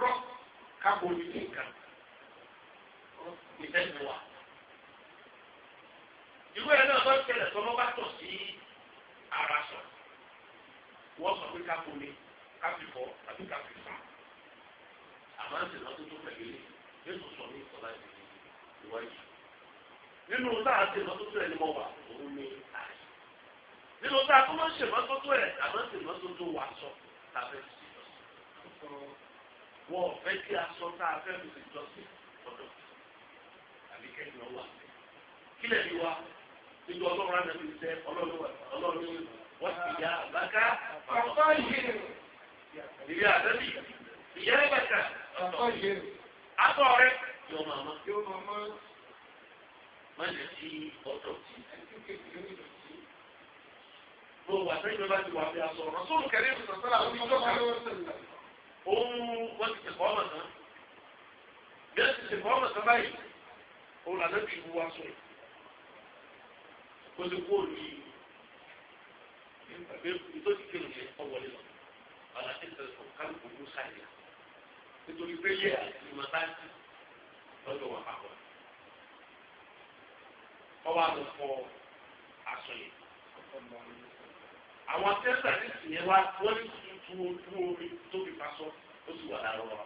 rọ́ọ̀kì kábòlì nìkan ìfẹ́nu wa. Irú ẹ̀ náà lọ ṣẹlẹ̀ tó lọ́ bá tọ̀ sí ara sọ. Wọ́n sọ pé kábòlì káfífọ́ tàbí káfífà. Àmọ́ ń sèlọ́ tó tó pẹ̀lú Jésù sọ ní ìsọ̀lá ìwájú. Nínú táà ń sèlọ́ tó tó ẹni mọ́ wà, òun ni àṣẹ nínú tá a tó máa ń ṣèmọ́tótó ẹ̀ àmọ́ ṣèmọ́tótó wà sọ tàbí wọ́n fẹ́ kí aṣọ tá a fẹ́ lùsì jọ́sìn lọ́dọ̀ àbí kẹ́kẹ́ náà wà sí. kílẹ̀ ni wa nínú ọlọ́run àná mi sẹ́ ọlọ́run wọ́n ti yá àbáká ọ̀pọ̀ yìí. ìrìn àdébì ìyá ẹ̀bẹ̀ta ọ̀pọ̀ yìí. àtọ̀ rẹ yóò máa mọ́ mo wà sẹ́yìn bẹ́ẹ̀ bá ti wà bí a sọ̀rọ̀ náà sóòlù kẹrin mi sọ̀tẹ́lá ló ń tọ́jú ká òun wọ́n ti tẹ̀kọ́ ọmọ tán bí wọ́n ti tẹ̀kọ́ ọmọ lọ fọ aṣọ yẹn àwọn tẹ́sà ní ìyẹn wá wọ́n ní tuntun ojú omi tó fi fa sọ ó sì wà lára wa.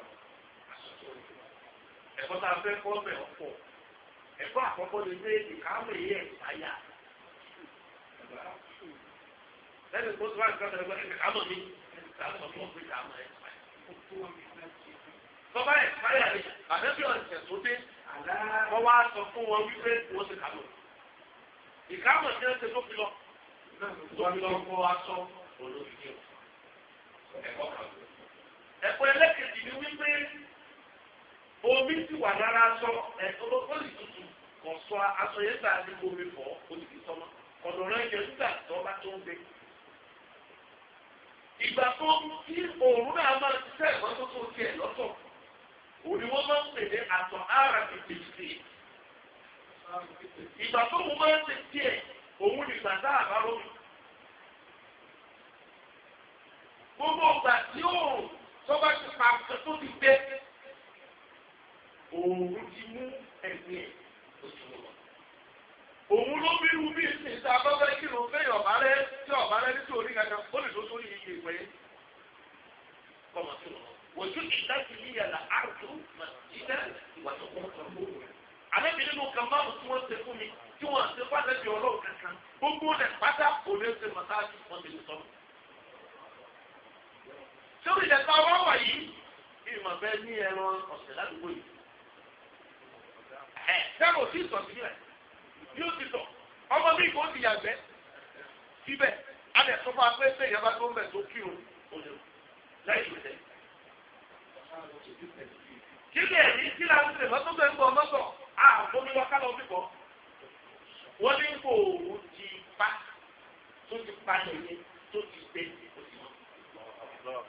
ẹ̀kọ́ tá a fẹ́ kọ́ bẹ̀ ọ̀pọ̀ ẹ̀kọ́ àkọ́kọ́ ni pé ìkáwé yẹ ìpáyà. lẹ́nu tó tó wá nípa tẹ̀lé pé ìkáwé mi ìkáwé mi wọ́n fi ìkáwé ẹ̀ pàyà. tọ́ba ẹ̀ páyà ni àbẹ́bí ọ̀sẹ̀ tó dé wọ́n wá sọ fún wọn wípé wọ́n ti kàwé. ìkáwé mi ti ń ṣe tó fi lọ wọ́n lọ kó aṣọ olóògbé ẹ̀kọ́ kan. ẹ̀kọ́ ẹlẹ́kẹ̀jì ni wípé omi ti wà lára aṣọ ẹ̀kọ́ lórí tutù kò sọ aṣọ yẹn gbà ní omi fọ́ olùdí sọmọ ọ̀dọ̀ rẹ̀ yẹn nígbà tó bá tó ń gbé. ìgbà tó tí òórùn náà máa ti sẹ́ ìmọ́tótó tiẹ̀ lọ́tọ̀ òní wọ́n máa ń pè ní àtọ̀ ara kìkìkì. ìgbà tó mo máa ń ṣe tiẹ̀ òun ni gbàtà àbárò gbogbo ìgbà tí òòrùn sọba ti pa tó ti gbé òòrùn ti mú ẹ̀gbìn ẹ̀ oṣù lọ. òun ló bí irú bí ìsìn tá a bá fẹ́ kí ló fẹ́ ọ̀bá rẹ tí ọ̀bá rẹ nítorí orí kankan ó lè tó sórí iye ìwé kọ́mọ tó lọ. wòjú ìdájú yíyà là á tó màtíjà ìwà tó kọ́ ọ̀rọ̀ lóhùn. àlẹ́ mi nínú kan báwo tí wọ́n ṣe fún mi tí wọ́n ti fàdé bí ọlọ́run kankan gbogbo rẹ̀ pátá kò lè ṣe mọ̀táàtì wọ́n ti lè sọ́nù. sórí ìdẹ́ta wá wà yìí ìmọ̀ bẹ́ẹ̀ ní ẹran ọ̀sẹ̀ ládùúgbò yìí. ẹ̀ o ò tí ì sọ sílẹ̀ yóò ti sọ ọmọ mi kò ti yàgbẹ́ síbẹ̀ á lè sọ fún apẹ́sẹ̀ ìyàbá tó ń bẹ̀ tó kírun òjò láì lòdẹ̀ kí ni ẹ̀rí kí la ń tẹ̀lé mọ́tò bẹ́ẹ̀ ń bọ̀ mọ́tò àbómi lọ ká lọ bí bọ̀ wọ́n ní kò òun ti pa tó ti pa nìyẹn tó ti gbé kò sí wọn.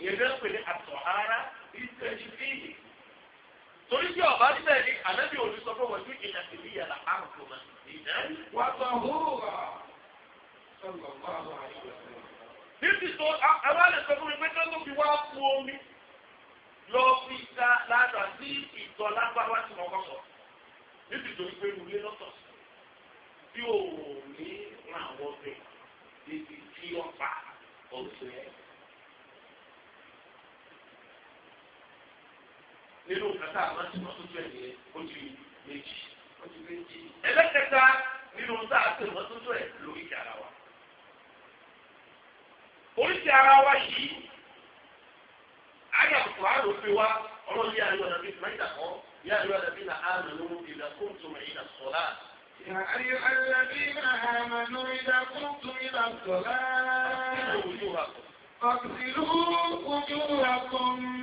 ìyẹn ló ń pè ní àtọ̀hárá ìtẹ̀jú fíìlì. torí bí ọba níbẹ̀ ni ànábì òní sọ pé wọ́n ti ìyá tèmi yàrá àrùn tó máa ń ìdá. wà á tọ̀ hóòrà. níbi tó àwọn àlẹ́ sọ fún mi pé tó fi wá fún omi lọ fi ta ládàá sí ìtọ̀ lágbára tí wọ́n kọ́ sọ níbi tó ń gbé nu lé lọ́tọ̀ tí ò ní ràn àwọn ọbẹ̀ níbi tí wọ́n pa ọ̀sẹ̀ yẹn. nínú kàtà àmọ́ tí wọ́n tó tó ẹ̀yẹ ó ti méjì ó ti méjì. ẹlẹ́kẹta nínú tá a ti wọ́n tó tó ẹ̀ lórí ti ara wa. oríṣi ara wa yìí ayọ̀ kò á wa ọlọ́ọ̀lẹ́ ayọ̀ nàbí máa ń kọ́. يا أيها الذين آمنوا إذا قمتم إلى الصلاة يا أيها الذين آمنوا إذا قمتم إلى الصلاة أغسلوا فاغسلوا وجوهكم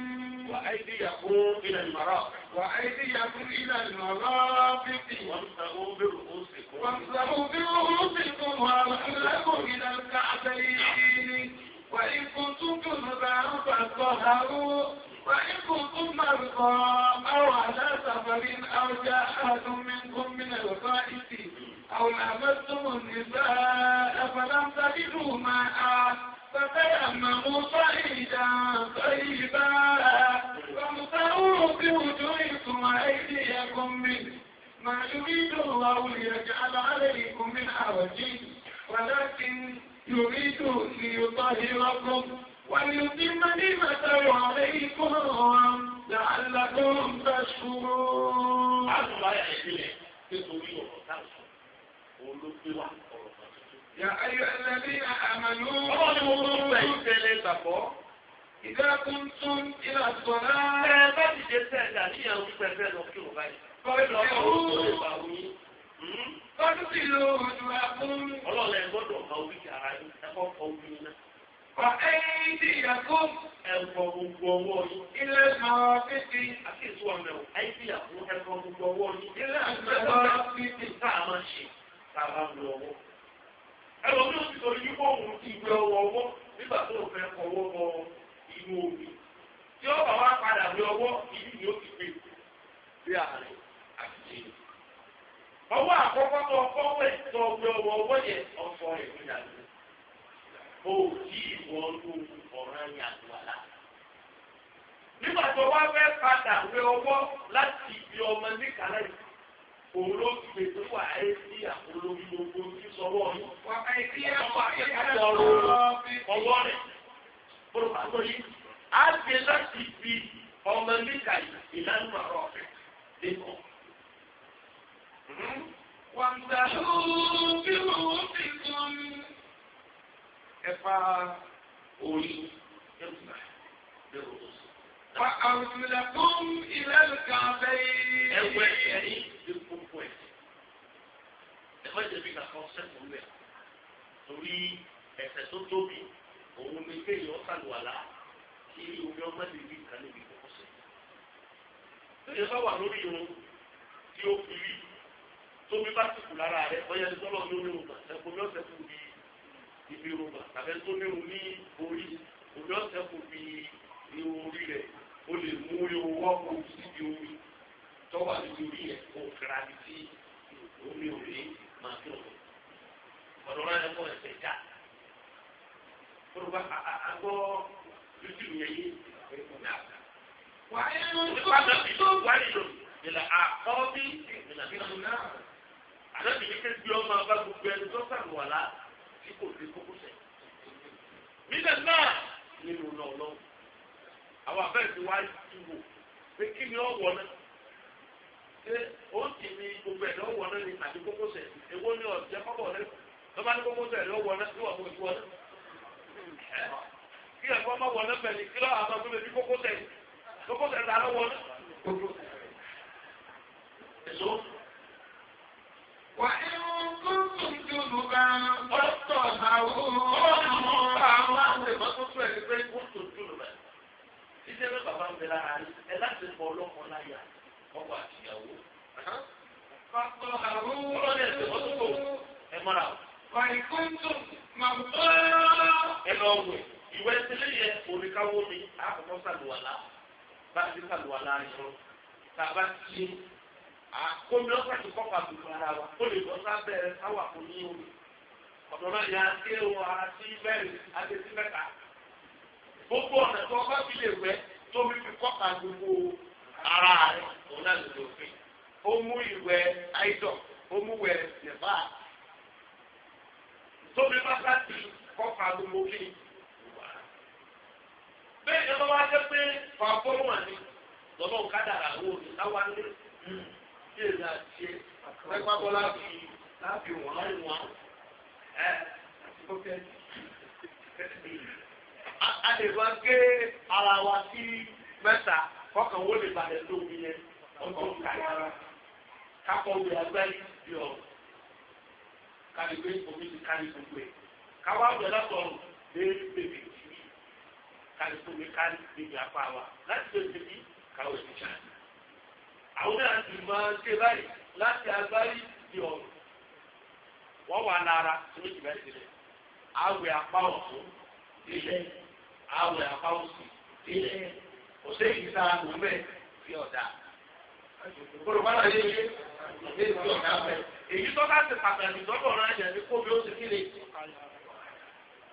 وأيديكم إلى المرافق وأيديكم إلى المرافق وامسحوا برؤوسكم وامسحوا برؤوسكم وأرجلكم إلى الكعبين وإن كنتم جنبا فطهروا فإنكم ثم القاء أو على سفر أو جاء أحد منكم من الغائط أو لمستم النساء فلم تجدوا ماء فتيمموا صعيدا طيبا فامسحوا بوجوهكم وأيديكم منه ما يريد الله ليجعل عليكم من حرج ولكن يريد ليطهركم ويتم نعمته عليكم لعلكم تشكرون. àtúntò ayé ìpínlẹ̀ nítorí ọ̀rọ̀ táwọn olóògbé wà ọ̀rọ̀ kan. يا أيها الذين آمنوا إذا كنتم إلى الصلاة فاغسلوا وجوهكم. ọlọ́ọ̀lẹ́ gbọ́dọ̀ ka orí ara yín ẹ̀kọ́ kọ orí náà. Fa aydiyakum ẹ̀gbọ̀n gbogbo ọwọ́ yìí. Ilé máa fífi àti ìtura mẹ́wọ̀. Aydiyakum ẹ̀gbọ̀n gbogbo ọwọ́ yìí. Ilé máa fífi tá a máa ṣe tá a máa lo ọwọ́. Ẹ̀rọ ní oṣù tó yí fóònù ìwé ọwọ́ ọwọ́ nígbà tó fẹ́ ọwọ́ bọ inú omi. Tí ó bá wá padà lé ọwọ́ ìlú ni ó ti gbé sí àárín àti jìnnì. Ọwọ́ àkọ́kọ́ tó ọkọ́ wẹ̀ tó ọgbẹ́ ọwọ́ ọwọ́ yẹn ọ̀sọ̀ ìpínlẹ̀ o tí ìwọ́nú ọ̀ràn yà lọ́la. nígbà tó wá fẹ́ padà wé ọwọ́ láti ibi ọmọ níkàlẹ́ òun ló fi ètò wà ẹ́ ẹni bá wà lórí irun tí ó fi rí tómi bá ti kù lára rẹ̀ ọyẹ ẹni sọ́lọ́ lórí irun gbà ẹ̀kọ́ mi ọ̀sẹ̀ kù bí ibi irun gbà tàbí tó ní irun ní orí omi ọ̀sẹ̀ kù bí irun orí rẹ̀ o lè mú irun wọ́pọ̀ síbi omi tọ́wà lórí orí yẹn kó kíra bí tí omi ò rí máa tó ọ̀dọ̀ rẹ̀ ẹ̀kọ́ ẹ̀sẹ̀ já kó ló bá àgọ́ lójú ìyẹn yé ẹ̀kọ́ náà ìlà àkọ́bí àdàbí ní kébí ọmọ abá gbogbo ẹni tó fà wà lá tí kò fi kókó sẹ̀. nígbà náà nínú náà lọ́wọ́ àwọn abẹ́ẹ̀sì wá ti wò pé kí ni ọ̀wọ́ náà ṣé ó sì ní gbogbo ẹ̀ lọ́wọ́ náà ni àti kókó sẹ̀ èwo ni ọ̀jẹ́ kọ́bọ̀ náà lọ́ba ní kókó sẹ̀ lọ́wọ́ náà ní wàá mú ìwọ náà. kí ẹ̀fọ́ máa wọ̀ náà bẹ̀ kí lọ́wọ́ àbá lè fi kókó sẹ̀ gbogbo kẹrẹ ta ló wọ gbogbo èso. wà á kún tún dùnú bá ọ̀tọ̀ àwọn ọmọ àwọn àwọn ìmọ̀ tó tún ẹ̀ pé kún tún dùnú bá. títí ẹgbẹ́ bàbá ń bẹ lára rí ẹ láti pọ̀ ọlọ́kan láyà ọkọ àtìyàwó. Fàkọ̀ àwọn ọlọ́dẹ̀ tẹ̀wọ́ tó kò ẹ mọ́ra o. Wà á kún tún màá bọ́. Ẹ lọ wẹ̀ ìwé sílé yẹ oníkàwọ́ mi àkọ́kọ́ sàlùwàlá bá a ti sàlùwà láàyò tàbá ti àkómi ọ̀sàtì kọ́pà gbogbo ara wa ó lè bọ́ sábẹ́ sáwà kò ní omi ọ̀dọ̀ náà ni a ti ń wọ ara sí mẹ́rin àti sí mẹ́ta gbogbo ọ̀nà tó ọkọ̀ fi lè wẹ́ tóbi fi kọ́pà gbogbo ara rẹ̀ òun náà lè lò fi ó mú ìwẹ̀ àìdọ̀ ó mú wẹ̀ nìfà tóbi bá bá ti kọ́pà gbogbo kí ni bẹ́ẹ̀ ni wọ́n wá jẹ́ pé fàbọ́wọ̀n ni lọ́nà òkádàrà wo ni táwa ní bí èmi àti ẹ ẹgbẹ́ abọ́ láti láti wọ́n wọ́n ẹ àtìkọ́kẹ́ a lè máa gé ara wa sí mẹ́ta kọ́kàn wo lè balẹ̀ lómi yẹn ọjọ́ kàyàrá kakọ wí agbáyé bí ọ̀rọ̀ kálí omi ti kálí gbogbo káwá bẹ̀rẹ̀ sọ̀rọ̀ dé bèbè. kálukú mi kárí níbi apá àwọn náà ti ṣe báyìí láti agbárí di ọ̀rùn. wọ́n wà lára tí méjì bá ti rẹ̀ àwẹ̀ apá ọ̀tún ilẹ̀ àwẹ̀ apá òsì ilẹ̀ òṣè ìta òmẹ̀ fi ọ̀dà. Olùkọ́ náà èyí tó bá ti pàtàkì lọ́dọ̀ ọ̀rọ̀ ẹ̀jẹ̀ ní kóbi ó ti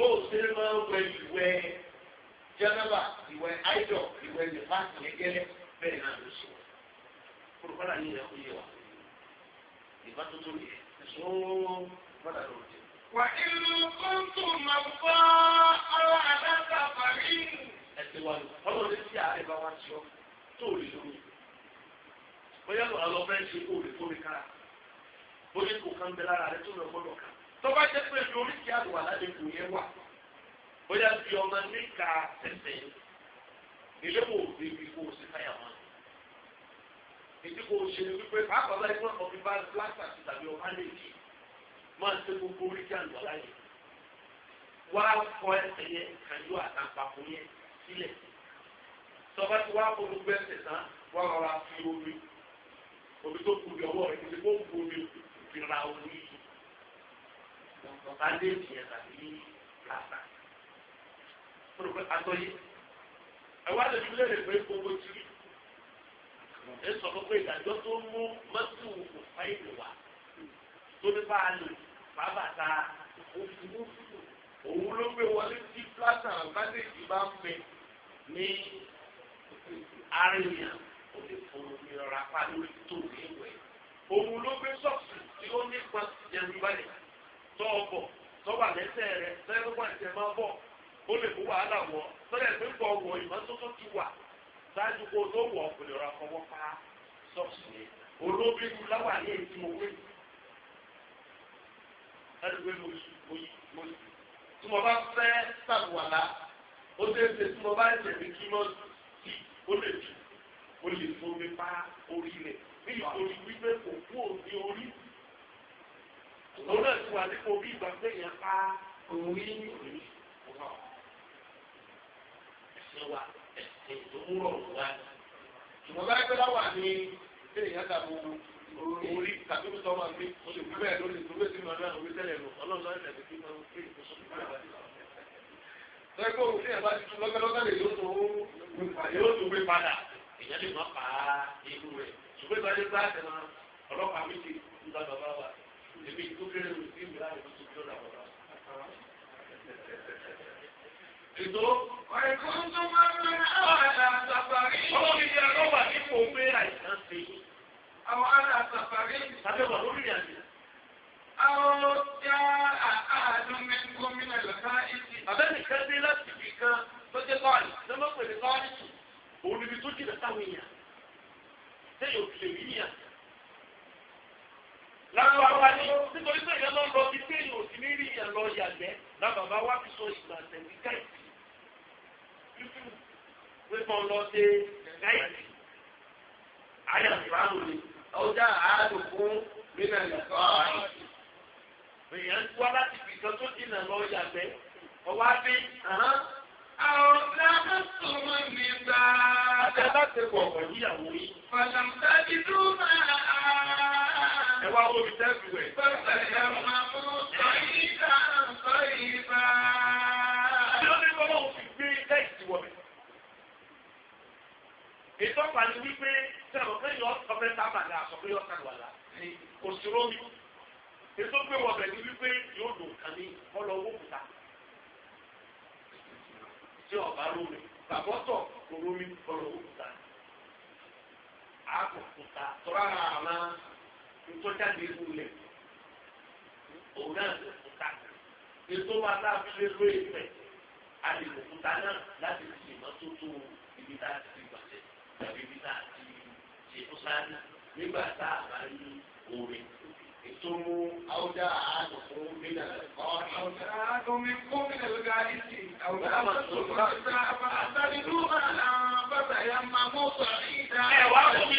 bó o ṣe máa ń wẹ ìwẹ jẹnẹba ìwẹ àìdọ ìwẹ nípa gẹ́gẹ́ bẹ́ẹ̀ náà ló sọ kúròkọlà yìí rẹ kó yé wa ìbá tó tó yẹ ẹsọ bọdà ló dé. wà inú kóńtù máa gbọ́ ọ̀rọ̀ àdáta parí. ẹ ti wà ti àárẹ̀ bá wá sọ tó o lè lórí bóyá lọ́ọ́ lọ́ọ́ ṣe kó o lè tó o kára bóyá kò kán bẹ lára rẹ tó lọ́ọ́ gbọ́dọ̀ kàn tọ́ba jẹ́ pé ní oríṣi àdùwà lálejò yẹn wà bóyá bí ọmọ níka tẹ̀sẹ̀ ilé wo òde bí kò sí táyà wọn. èyí kò ṣe ni wípé pàápàá báyìí wọn kọ fi bá plásà sí tàbí ọmọ àlejò máa ṣe gbogbo oríṣi àdùwà láyè. wá kọ ẹsẹ̀ yẹn kàdú àtàǹpàkò yẹn sílẹ̀. tọ́ba ti wá kó gbogbo ẹsẹ̀ tán wá rọra fi omi omi tó kú bí ọwọ́ rẹ̀ kò bandage yẹn tàbí plasta pòròpé atọ́yé ẹ̀wá lè fi léèrè pé gbogbo tiri ẹ sọ fún pé ìdájọ́ tó mú mọ́tò òfà ìlú wa tó ní bá a lò bàbà ta òfurufú òun ló gbé wọlé tí plasta bandage bá ń pè ní arìnrìn ó lè fún mi rọra pa lórí tó ní ìwẹ̀ òun ló gbé sọ́ọ̀sì tí ó nípa jẹun tọ́ ọ bọ̀ tọ́wà lẹ́sẹ̀ rẹ tẹ́lẹ́gbọ́n ẹ̀sẹ̀ máa bọ̀ ó lè mú wàhálà wọ̀ tọ́lẹ̀ pé wọ̀ ìmọ́tótó ti wà ṣáájú kó tó wọ̀ kò lè ra pa sọ́ọ̀sì ni olóbi lu láwà ní èyí mo wé ẹgbẹ́ mo yí mo yí mo yí tí mo bá fẹ́ sàlùwàlà ó ṣe é ṣe tí mo bá ṣe mí kí mọ́ sí ó lè jù ó lè fún mi pa orí rẹ̀ nítorí wípé kò kú òní orí òun náà ti wà nípò bí ìgbà pé èèyàn pa òun rí ìròyìn ọ̀gá ẹ̀sìn wa ẹ̀sìn tó ń rọrùn wá. ṣùgbọ́n bá ẹgbẹ́ láwà ní ilé ìyá tàbí orí tàbí orí tọ́wọ́ àgbẹ̀ oṣù tó bẹ́ẹ̀ lórí tó bẹ́ẹ̀ sí ìmọ̀ náà orí tẹ́lẹ̀ lọ ọlọ́run lọ́rẹ́ tẹ̀lé kí wọ́n fi ìfọ̀sọ́ tọ́gbọ́n òun ní ẹ̀bá tuntun lọ́gẹ́lọ́gẹ́ lè yóò tó yóò tó gbé padà èèyàn lè má pa irú rẹ̀ ṣùgbọ́n ìbájú bá tẹ̀lé ọlọ́pàá méjì ń bá bàbá wa èmi tó kéré wò sí ìwúlá yìí tó tó dàgbà bá. ètò ẹ̀kún tó máa ń lọ àwọn àtàkàrí. ọlọ́run ìyá ló wà nípò pé àìsàn ṣe. àwọn àtàkàrí. tàbí wà lórí ìyàgbé. àwọn ọjà àádọ́mẹ́ gómìnà lọ́ka ìsì. àbẹ́nìkan dé láti ibì kan tó jẹ́ kọ́ọ̀lì tó mọ̀ pẹ̀lú kọ́ọ̀lì òun níbi tó jìnnà táwọn èèyàn. sẹ́yìn òkèlè yìí yàn lára wa ni nítorí pé ìyẹn lọ lọ bí téèyàn ò sí ní rí ìyẹn lọ yàgbẹ́ náà bàbá wa fi sọ ìgbà tẹ̀lé káìsì pípọ̀ lọ dé káìsì àyà ìbámu ni ọjà àádùkún nínú ẹ̀yọ̀kọ́ àìsí. èèyàn wá láti fi kan tó dínà lọ yàgbẹ́ ọwọ́ abẹ́ àwọn ọ̀gá sọ̀rọ̀ nígbà. àti aláṣẹ kọ̀ọ̀kan yíyàwó yìí. fàlàǹtà ìdúró máa ẹ wá wo mi tẹ́sí wẹ̀. bàbá ẹ̀ máa mú sọ̀yìnká sọ̀yìnbá. kí ló dé bọ́lá òfin gbé tẹ́sí wọ̀ mi? ìtọ́pàá ni wípé sẹ́wọ̀n kẹ́yìn ọ̀pẹ sábà ní aṣọ pé ọ̀sán wà lá kò sí ètò gbé wọ̀bẹ̀ ni wípé yóò dùn kàn ní ọlọ owó kùtà. tí ọ̀bá rómi bàbọ́tọ̀ kò rómi ọlọ owó kùtà. àpò kùtà tọ́ra ìtọ́jáde ìwúlẹ̀ òun náà ló fún ká ètò wa tá a fi lé lórí ìfẹ́ àdìgbòkúta náà láti fi ìmọ́tótó ibi tá a ti fi gbàtẹ́ tàbí ibi tá a ti ṣètò sáré nígbà tá a bá rí omi ètò mú àwùjá àádọ́ fún mílíọ̀nù ẹ̀kọ́. àádọ́ mi kó mílíọ̀nù lóga àdìsí àwùjá àmọ́ tó bá àtàlẹ́dúró àlàáfàtà yà máa mọ́tò àríyìn dáa. ẹ wá fún mi.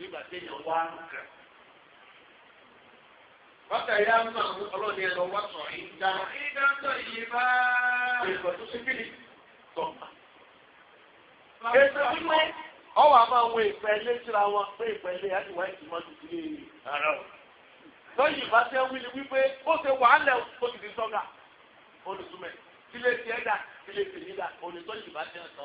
nígbà tí èèyàn wá nǹkan. Bákan ìdá ń sọ àwọn sọ yìí bá. tó ṣe tọ̀mà. a máa wọ ìpẹ́lẹ́ síra wọn pé ìpẹ́lẹ́ àdìwá ìtìmọ́ ti di ara Lọ́yìn ìbá tẹ́ wí ni wípé ó ṣe wàhálẹ̀ ó ti di sọ́gà. Olùsúmẹ̀, sọ.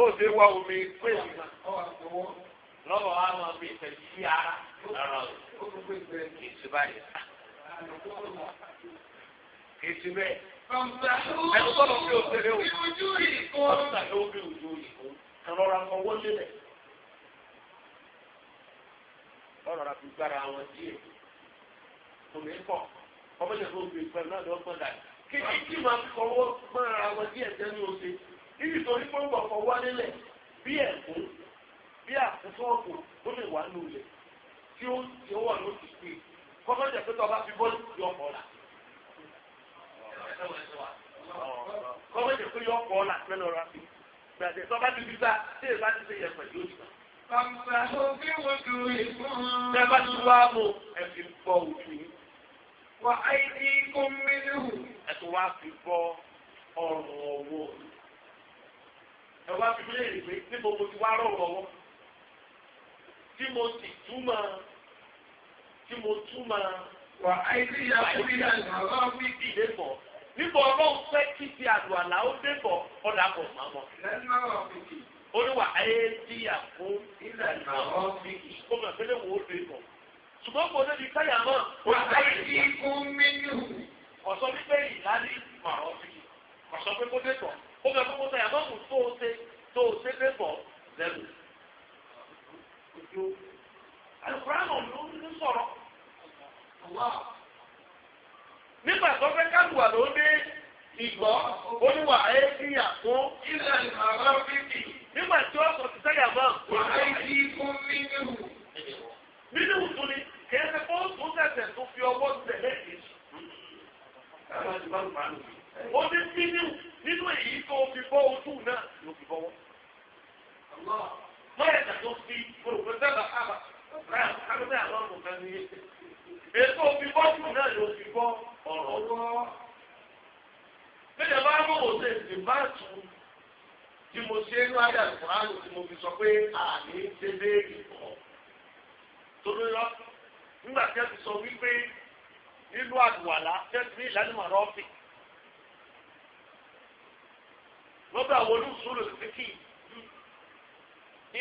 bó ṣe wá omi pé lọ́wọ́ wa máa fi ìtẹ̀jú sí ara lọ́rọ̀ kì í báyìí kì í ṣe bẹ́ẹ̀. ẹ̀rọ fi òṣèré o ọ̀sán ló bí ojú òyìnbó ẹ̀rọ ra kan wọlé lẹ̀. ọ̀rọ̀ ra fi gbára wọn díẹ̀ omi ń pọ̀ ọmọdé tó ń gbé pẹ̀lú náà lọ́gbọ̀n dà kí kí máa kọ́wọ́ máa ra wọn díẹ̀ sẹ́nu ọ̀sẹ̀ nítorí pé gbọ̀ngàn wọlé lẹ̀ bí ẹ̀kún bí àkútọ́ ọ̀gbọ̀n ló lè wà nù lẹ̀ tí ó ti wọ̀ ló ti pè kọ́kọ́ jẹ́ pé tọ́ba fi bọ́ọ̀lù yọ ọkọ̀ ọ̀la. kọ́kọ́ jẹ́ pé yọ ọkọ̀ ọ̀la mẹ́nu ọ̀la fi gbàdé tọ́ba ti fi gbà tí èèyàn ti ṣe yẹn pẹ̀lú òjì Bẹ́ẹ̀ bá ti wá mú ẹ bọ́ òjò Wà á yí kó mi ẹ̀wá fi mí léèrè pé níbo mo ti wá rọ̀rọ̀ wọ́ tí mo sì túmọ̀ tí mo túmọ̀ wà áìsí ya orí àlọ́ wí kí ilé bọ̀ níbo ọlọ́run fẹ́ kí ti àlọ́ àlá ó dé bọ̀ ọ̀dà bọ̀ mọ́ mọ́. ó ní wà áìsí ya fún ìlànà ọ̀fíì kó mọ̀ pé léwu ó dé bọ̀ ṣùgbọ́n kò débi káyà mọ́. wà áìsí fún mínú. ọ̀sọ́ wípé ìlànà ọ̀fíì ọ̀sọ́ pé kó dé bọ̀ ó bẹ fún mọ́tò yàtọ̀ kù tó o ṣe tó o ṣe pépọ̀ zẹ́rù. ojú alukóra náà ló ń sọ̀rọ̀ nígbà tó fẹ́ kálùwà ló dé ìgbọ́ oníwà ẹ́ẹ́dìyà fún ilẹ̀ ìmọ̀ràn fífi. nígbà tí ó sọ ti sẹ́yà máa kó ẹ́ẹ́dì fún mílíù. mílíù tún ni kẹ́sẹ̀ fún tún tẹ̀sẹ̀ tó fi ọwọ́ tẹ̀lé kejì. káwọn ti bá lù bá lù mí ó ní bínú nínú èyí tó fi bọ́ ojú náà ló fi bọ́wọ́. mọ́yàtà tó fi gbogbo sábà ábà kábíyà àwọn ọmọkan ní ètò fi bọ́ ojú náà ló fi bọ́ ọ̀rọ̀ wọ́. bẹ́ẹ̀ bá mọ̀ òde ìdìbàtú tí mo ṣe inú ayé àlùkòránù tí mo fi sọ pé àní ṣe léèrè kọ́. torí lọ nígbà tí a ti sọ wípé nínú àdùwàlá tẹ́sí ìlànà ọ̀rọ̀ ọ̀fìn. lọ́dọ̀ àwọn olùsúlù títí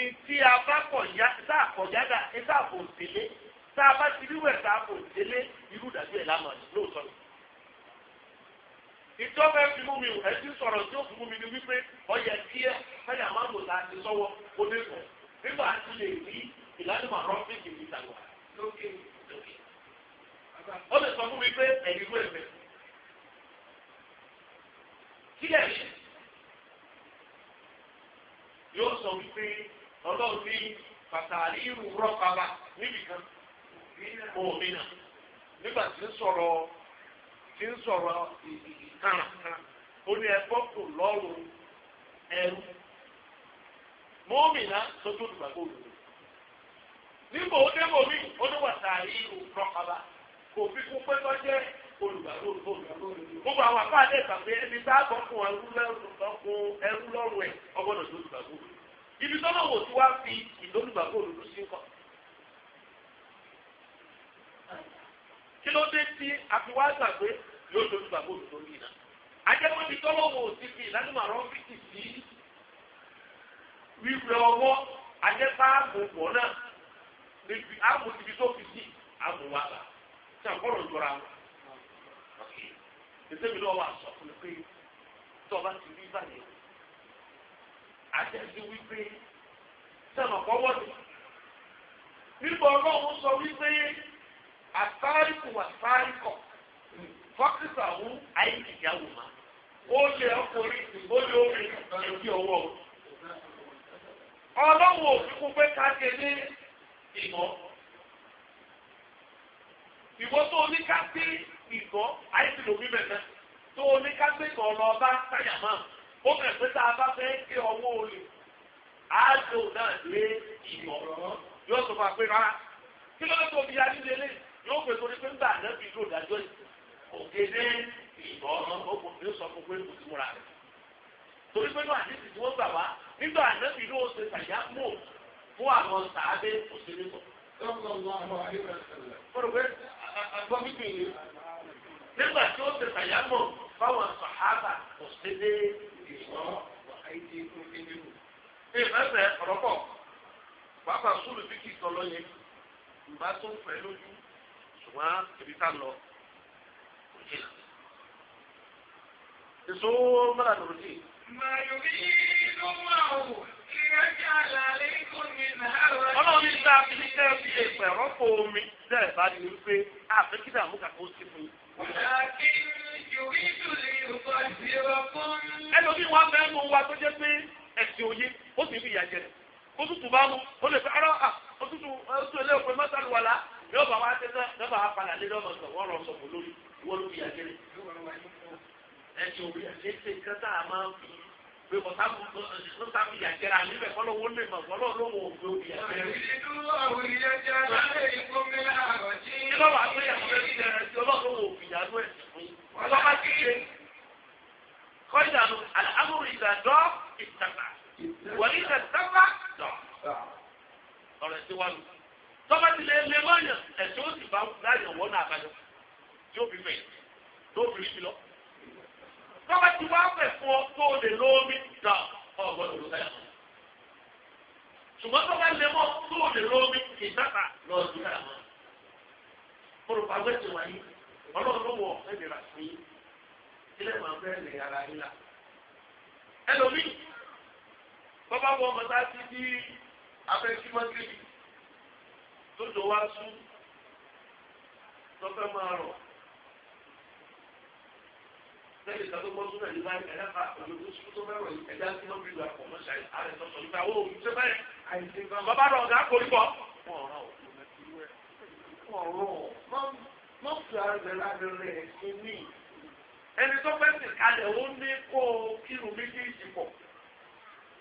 ìtì abákọ̀yá tá àkọ̀yádà tá àkọ̀tẹ̀lé tá a bá ti ríwẹ̀ tá àkọ̀tẹ̀lé irú dàbí ẹ̀ lánàá lóòótọ́ ni. ìjọba fi mú mi ò ẹ ti sọ̀rọ̀ tí ó fi mú mi ni wípé ọyẹ tí ẹ fẹ́yà tá a ti sọ́wọ́ ó lè sọ nígbà tí lè rí ìlànà àrọ́ méjì ní ìtàgbà lókè lókè. ó lè sọ fún mi pé ẹ̀rí rú ẹ̀fẹ̀. kílẹ̀ yìí yóò sọ wípé ọlọ́run ní pàtàkì irú rọ́pàá níbìkan òmí nígbà tí ń sọ̀rọ̀ tí ń sọ̀rọ̀ kàràkàrà ó ní ẹgbọ́ kò lọ́rùn ẹrú mọ́mìnà tó tó dùgbà nígbà ó ó ní rọ́pàá kò fi jẹ́ gbogbo àwọn àpá àdé ìpàgbé ẹni tá a gbọ́ fún ẹrú lọ́rùn ẹ̀ ọgbọ́dọ̀ tó olùgbàgbọ́ ibi tọ́lọ́ wò tí wàá fi ìdólùgbàgbọ́ olùdó sí kọ́. kí ló dé tí àfiwájà pé yóò tó olùgbàgbọ́ olùdó yìí náà ajẹ́pọ̀ ibi tọ́lọ́ wò ti fi ìdánimọ̀ àrọ́ fìtì sí wíwẹ ọwọ́ ajẹ́pọ̀ àmùpọ̀ náà níbi àmùtìbí tó fi sí àmùwàlà tí àkọ́rọ̀ ìsèmi lọ́wọ́ àṣọ fún mi pé tí ọba ti rí báyìí àtẹ̀sí wípé sẹ́nu ọ̀pọ̀wọ́ ni nígbà ọlọ́run sọ wípé àtàríkù àtàríkọ̀ fọ́kítà ọ̀hún àyíkìyàwó ma ó lé ọkùnrin ó lé obìnrin lórí ọwọ́ ọlọ́run òfin kún pé káàkiri ní ìmọ̀ ìwọ́n tó oníkàtí ìkọ́ àìsílò bíbẹ̀ náà tó o ní kágbéǹkọ̀ ọlọ́ọ̀bá táyà máa ó bẹ̀rẹ̀ pé tá a bá fẹ́ gé ọwọ́ olè àádọ́ náà lé ìmọ̀ yóò sọ fún wa pé rárá kí ló tó fi yarí lé lé yóò pè torí pé ń bà náà fi lò dájọ́ yìí ògèdè ìmọ̀ ọ̀gbọ̀n yóò sọ fún pé kò sí múra rẹ̀ torí pé náà àdéhùn tí wọ́n gbà wá nígbà náà fi lóò ṣe tàyà mú fún àwọn sàábé òṣèlú sọ. Sọ́kùnrin àwọn àyè nígbà tí ó ti tàyámọ̀ fáwọn sàhábà kò sí dé ìwọ́n àìdí ikú nínú. ìfẹsẹ̀ ọ̀rọ̀ pọ̀ pàápàá sùúrù bí kì í tọ́lọ́ yẹn ìgbà tó fẹ́ lójú ṣùgbọ́n ibi tá lọ kò jẹ́. èso mọ́lá lòdì sí. màlúù yìí ló máa wò ìrẹ́jà làlẹ́ kò ní nàárọ̀. ọlọ́run ní sáà fi ní kẹ́ fi èèpẹ̀ rọ́pò omi dẹ́ẹ̀ bá ní wípé àfikídà mú kàkó sí fún yìí ẹlòmí wọn bẹ mú wa tó jẹ pé ẹsìn òye ó sì fi ìyà jẹ òtútù bá mú ó lè fẹ ara òtútù òtútù eléyòpé mọ́tàlù wàlá yóò bá wa tẹ́tẹ́ yóò wa padà lé lọ́mọ sọ wọ́n lọ sọ fún lórí wọ́n ló fi ìyà jẹ ẹsìn òye ẹsìn kẹta máa ń fi pé kò sábà tó sábà yà jẹ́ra níbẹ̀ kọ́lọ́ wo lè mọ̀ kọ́lọ́ ló wò ó gbé òbí yà jẹ́ra. ìdílú ọ̀hún yẹ jẹ́ láyé ìkómi láàrọ̀ tí. kí ló wàá pé àwọn ẹbí jẹrẹ sí ọlọ́run wò òbí yà ló ẹ̀ fún yín. ọlọ́pàá ti ṣe kọ́jà ló àmúrò ìdàdọ́ ìtàgbà wọ̀lí ìdàdàgbà dọ̀. ọ̀rọ̀ ẹ̀sìn wa lù. tọ́ba ti lè lè mọ́yàn ẹ̀sìn ó sì bá láyọ̀ wọ́n náà tọ́ba ti wá fẹ̀ fún ọ tó lè lómi dà ọ̀gbọ́dọ̀ ló dáyà. ṣùgbọ́n tọ́ba lè mọ́ tó lè lómi ìdáta lọ́ọ̀dún dáyà mọ́. olùkọ́ àgbẹ̀ ti wáyé ọlọ́run ló wọ̀ ẹ̀ lè rà sí ilé màá fẹ́ lè ara yín la. ẹlòmíì bọ́bá wọ ọmọ sáà ti di abẹ́símọ́gìrì tó dò wá sún lọ́fẹ́ máa rọ̀ sẹ́yìn ìsàtọ́ bọ́ súnà ní báyìí ẹ̀dá fà òjòjú sùkútù mẹ́wàá yìí ẹ̀dá tí wọ́n fi lu àpò mọ́ṣá yìí àrẹ sọ̀tọ̀ nípa owó òjò sẹ́fẹ́ yẹn. bàbá rẹ̀ ọ̀gá kò rí bọ̀. ẹni tó fẹ́ sì kalẹ̀ ó ní kó kírun méjèèjì pọ̀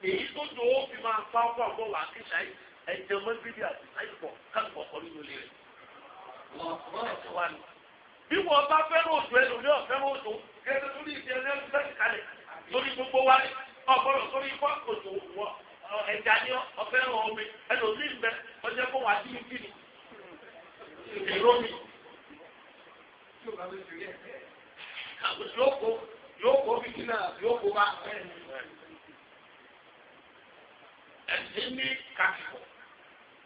èyí tó jọ ó fi máa fa ọkọ̀ ọ̀gbọ̀ wà kí ṣáì ẹ̀jẹ̀ mọ́gbẹ́bí àti ṣáì pọ̀ káàkiri ọ̀kọ́ nínú ilé rẹ̀. bí wọ́n bá fẹ́ràn òjò ẹlòmíràn fẹ́ràn òjò kẹ́tọ́ tó ní ìṣe ẹ̀rọ sẹ́sì kalẹ̀ lórí gbogbo wa ni ọ̀gbọ́dọ̀ sórí ikọ́ òjò wọ ẹ̀dá ni ọ̀fẹ́ omi ẹ̀dá òní ìgbẹ́ ọjọ́ kó wà sí ibi ni èrò mi. yóò kó yóò kó bíbí náà yóò kó bá ẹ̀sìn ní kàkìkọ̀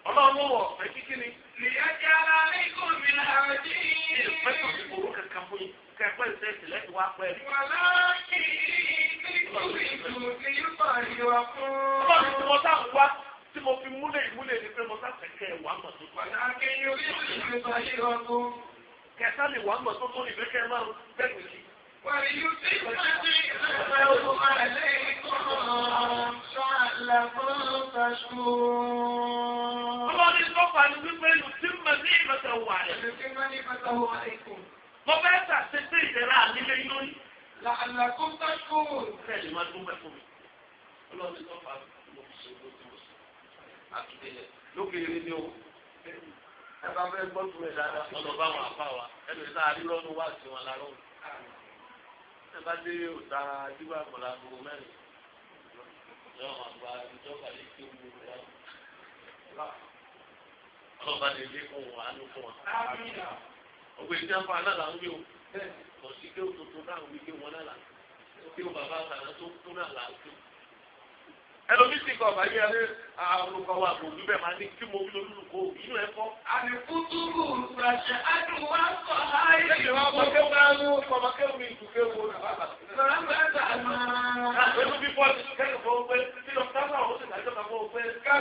ọlọ́run wọ̀ fẹ́ kíkí ni. lìyájà ara rí kò mí lára dín. ìfẹ́ tó ti ború kankan fún yín kẹ̀kọ́ ìṣe ìṣẹ̀lẹ̀ ti wá pẹ́. Wàlá kì í ní ìwé ìdùn ní yúfà ìwà fún. Ọmọ mi ti mọ sáà wá tí mo fi múlẹ̀ ìmúlẹ̀ ní pé mo sáfẹ́ kẹ́ ẹ̀ wàá mọ̀ tó Wàlá kì í ní ìwé ìdùn ní yúfà ìwà fún. Kẹ̀sán ni wàá mọ̀ tó tó ìfẹ́ kẹ́ máa bẹ́ẹ̀ sí. Wàlíyú tí ti ṣẹ̀ṣẹ̀ ọ̀hún àlẹ́ ìkọ̀ọ̀rọ̀ ṣọ́ọ̀lá fún Fàṣù. Ọlọ́run ní mo fẹ́ ṣàṣepé ìdẹ̀ra mi lé lórí. làlà kó bá kó. bẹ́ẹ̀ ni wọ́n dúpẹ́ fún mi. ọlọ́run ní sọ́fà mo fi ṣe lójú oṣù àtúndélẹ̀ lókèrè ni o. ẹ bá fẹ́ gbọ́ tún ẹ̀ dáadáa. ọ̀nà bá wọn àfa wa ẹnu ìta àrílọ́nu wá sí wọn lára òun. ẹ bá dé òta dígbà àgbọ̀lá gbogbo mẹ́rin. ìjọba ìjọba lè ké wu ìlànà. ọlọ́ba lè lé ọgbẹ ìdí afọ aná là ń wí o kò sí kí o tuntun náà wí kí wọn náà là kí o bàbá àtàná tó tún náà là ń tó. ẹlòmí sì kọ bàyí ẹni àlùkò wa kò dúbẹ̀ máa ní kí mo wí lórí kò inú ẹ fọ́. àmì kútùrù ràṣẹ àdùn wa sọ láì. ṣé ìwà ọmọ kéwù náà ló ọmọ kéwù mi ìdùn kéwù náà bàbá. sọ̀rọ̀ bàtà máa. àgbẹ̀lú bí bọ́ọ̀lù kẹ́kọ̀ọ́ fọwọ́ pé nínú táwọn àwọn oṣù tàjọ́ kan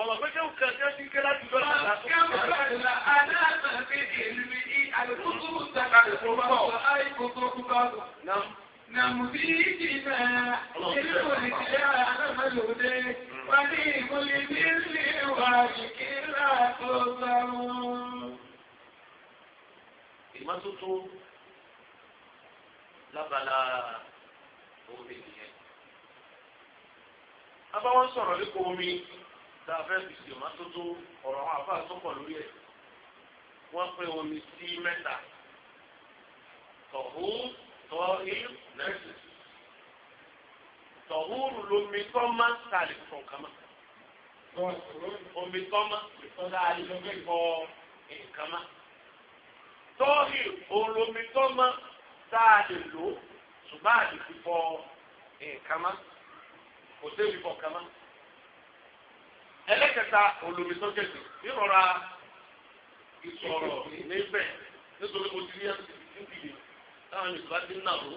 Ọ̀rọ̀ pé kí ó kẹ́ ṣe ń ké láti lọ́la. Kí ó kẹ́ ṣe aláàbà fi ìlú àlùkùkù sàkà ìfowópamọ́ àìkókó kúkọ́. Nàmùdí ìdìbà ìlú òṣìṣẹ́ alábàlódé wà ní ìmúlẹ̀ nílé wà ìkírà tó sáré. Ìmọ́tótó lábala omi nìyẹn bàbá wọn sọ̀rọ̀ nípa omi tá a fẹ́ fìsì mọ́tótó ọ̀rọ̀ àwọn àbá tó pọ̀ lórí ẹ̀ wọ́n pín omi sí mẹ́ta tọ̀hú tọ́ ìlú nẹ́ẹ̀sì tọ̀húrù lomi tọ́mà tàlí fún kama omi tọ́mà tàlí fún kama tọ́hì olomi tọ́mà tàlí lò ṣùgbọ́n àdìsí fún kama kò sébi kọ̀ọ̀kan mọ́. ẹlẹ́kẹta olùmísọ́kẹ̀tì nírọ̀ra ìsọ̀rọ̀ níbẹ̀ nítorí mo ti ní ẹ̀ńtìdì táwọn ìṣúra ti ń nà ló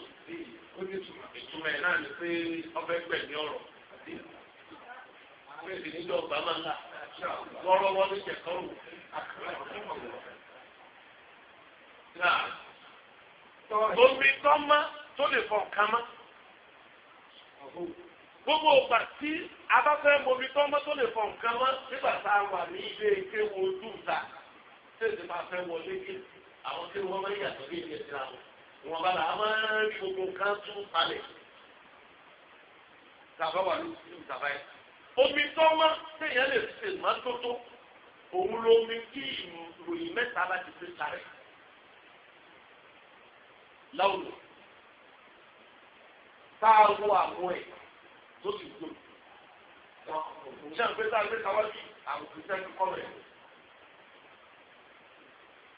ó ní ìtumọ̀ ẹ̀ náà ni pé ọbẹ̀ gbẹ̀mí ọ̀rọ̀ pé èdè níjọ́ ọgbà máa ń là lọ́rọ́wọ́ ní ìjẹ̀kọ́rù omi tọ́ mọ́ tó lè fọ̀ kàn mọ́ gbogbo ìgbà tí abáfẹ́ momi tó ọmọ tó lè fọ nǹkan mọ́ nígbà tá a wà ní ilé ike wo ojú ta tètè máa fẹ́ wọlé ké àwọn tí wọ́n máa ń yàtọ̀ ní ilé ìsira wọn wọn bá làá máa ń rí gbogbo nǹkan tún palẹ̀ tàbá wà ní ìlú tàbá yẹn. omi tó ọmọ téèyàn lè fi ṣe ìmọ́tótó òun lomi kí ìròyìn mẹ́ta bá ti fi sáré láwùjọ tá a wo àwọn ẹ̀ tó sì gbó. ṣé àgbẹ̀ tá a gbé kawá bí àwọn kìrìsìtẹ́nì kọ́ rẹ̀.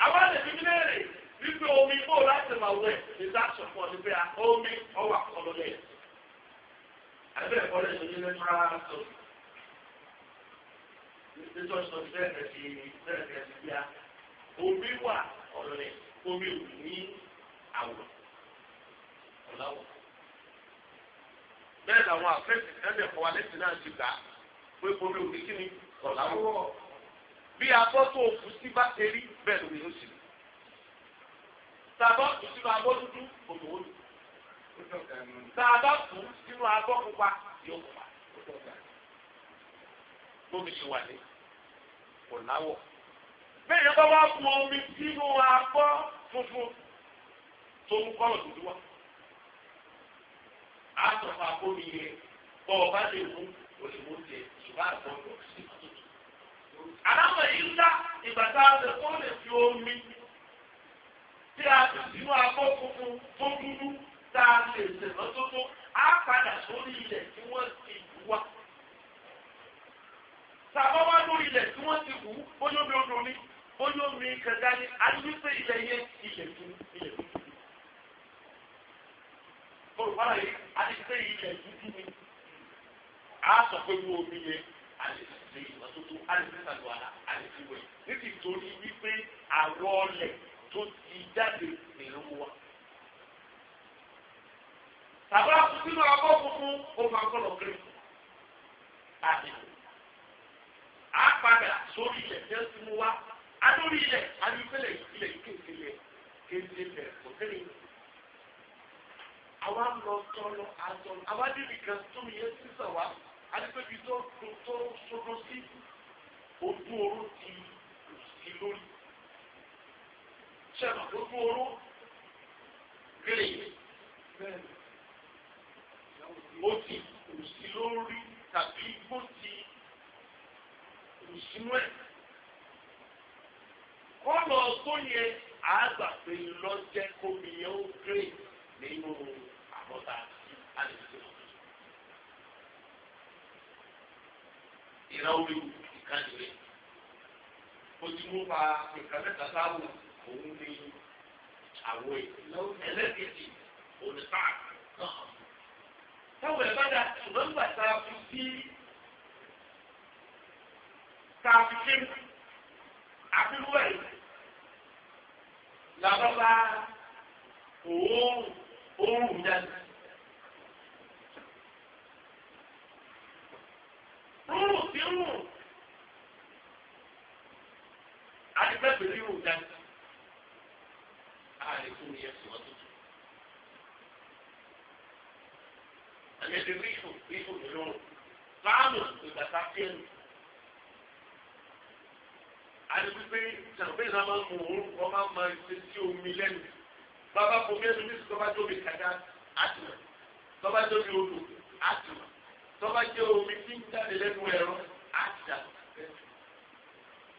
àwọn àlejò mi léèrè wípé omi bò láti máa wẹ̀ nígbà sọ̀pọ̀ ní pé omi ọwọ́ àkọlọ́ lẹ̀. àgbẹ̀ ẹ̀kọ́ rẹ̀ ṣe ní lẹ́tọ́rọ́ sọ. nítorí sọ bẹ́ẹ̀ kẹsì bẹ́ẹ̀ kẹsì bíá omi wà ọ̀lẹ́ omi ò ní àwọ̀ ọ̀làwọ̀ bẹ́ẹ̀ làwọn àfẹ́sì ẹ̀mí ẹ̀kọ́ alẹ́sì náà ti gbà pé orí òkè kí ni ọ̀la wọ̀. bí abọ́tò òfúsí bá ṣe rí bẹ́ẹ̀ lómi ló sì rí. tàbá kù sínú abọ́ dúdú òdòwò lù. tàbá kù sínú abọ́ pupa yóò pupa. lómi ti wà ní ọ̀la wọ̀. bẹ́ẹ̀ ni bá wá bu omi sínú abọ́ funfun tó mú kọ́rọ̀ dúdú wá àtọ̀fà bómi yẹ bọ́ ọ bá lè mú òṣèlú tẹ ṣùgbọ́n àgbọ̀dọ̀ sí. àlámọ̀ yìí ń dá ìgbà tá a lè tó lè fi omi tí a tù sínú abọ́ funfun tó dúdú tá a lè ṣèlọ́tótó á padà sórí ilẹ̀ tí wọ́n ti wá tàbá wá lórí ilẹ̀ tí wọ́n ti wù ó yóò mi odò ni ó yóò mi kẹta ni a ní wípé ilẹ̀ yẹn ilẹ̀ tó ilẹ̀ tó olùfara yìí àdìsẹ́ yìí lẹ̀ dúdú mi a sọ pé wo omi yẹ àdìsẹ́ yìí wàtótó àdìsẹ́ sàlùwàlà àdìsẹ́ wẹ̀ níbi torí wípé àwọ̀ ọlẹ̀ tó ti jáde nìlú wa. tàbá sínú abọ́ funfun ó máa kọ́ lọ kiri àdìsẹ́ a padà sórí ilẹ̀ tẹ́ sí mu wá adórí ilẹ̀ adúgbò ilẹ̀ ìkílẹ̀ ilẹ̀ kéde ilẹ̀ kò tẹ́lẹ̀ yìí àwa lọ tọrọ àtọ àwa débi kan tó yẹ sísè wa adébẹ́bí tó tó sọdọ sí ojú oró ti sí lórí sẹ́nu ojú oró rèé ó ti kò sí lórí tàbí ó ti kò sínú ẹ̀ kọ́lọ̀ tó yẹ àgbà pé lọ́jẹ́ kómi yẹn ó gírè nínú òun kọta alèbìtì lọ. ìnáwó ìkànnìwé ojúmọ pa nǹkan mẹ́ta sáwù òun ní àwọ ẹlẹ́kẹ̀ẹ́sì onípa náà. táwọn ẹ̀ bá dà ṣùgbọ́n nígbà tá a fi sí tá a fi sí àfiwẹ́ làbọ́ bá òórùn òórùn jáde. rúrù sí rù àdìgbẹ́pẹ̀ rírù dáńtà ààrẹ tó ní ẹ̀sìn ọ̀tútù. àyẹ̀dẹ̀ rífù rífù mìíràn fáàmù ìgbàta fíẹ́nu. àdìgbẹ́pẹ́ sàǹfẹ́ náà máa ń mú òun kọ́ máa ń máa ṣe sí omi lẹ́nu. bàbá fomi ẹnu ní sọ́ba tóbi kàdá àtìmọ̀ sọ́ba tóbi odò àtìmọ̀ tọ́ba jẹ́ omi tí ń jáde lẹ́nu ẹ̀rọ àjà.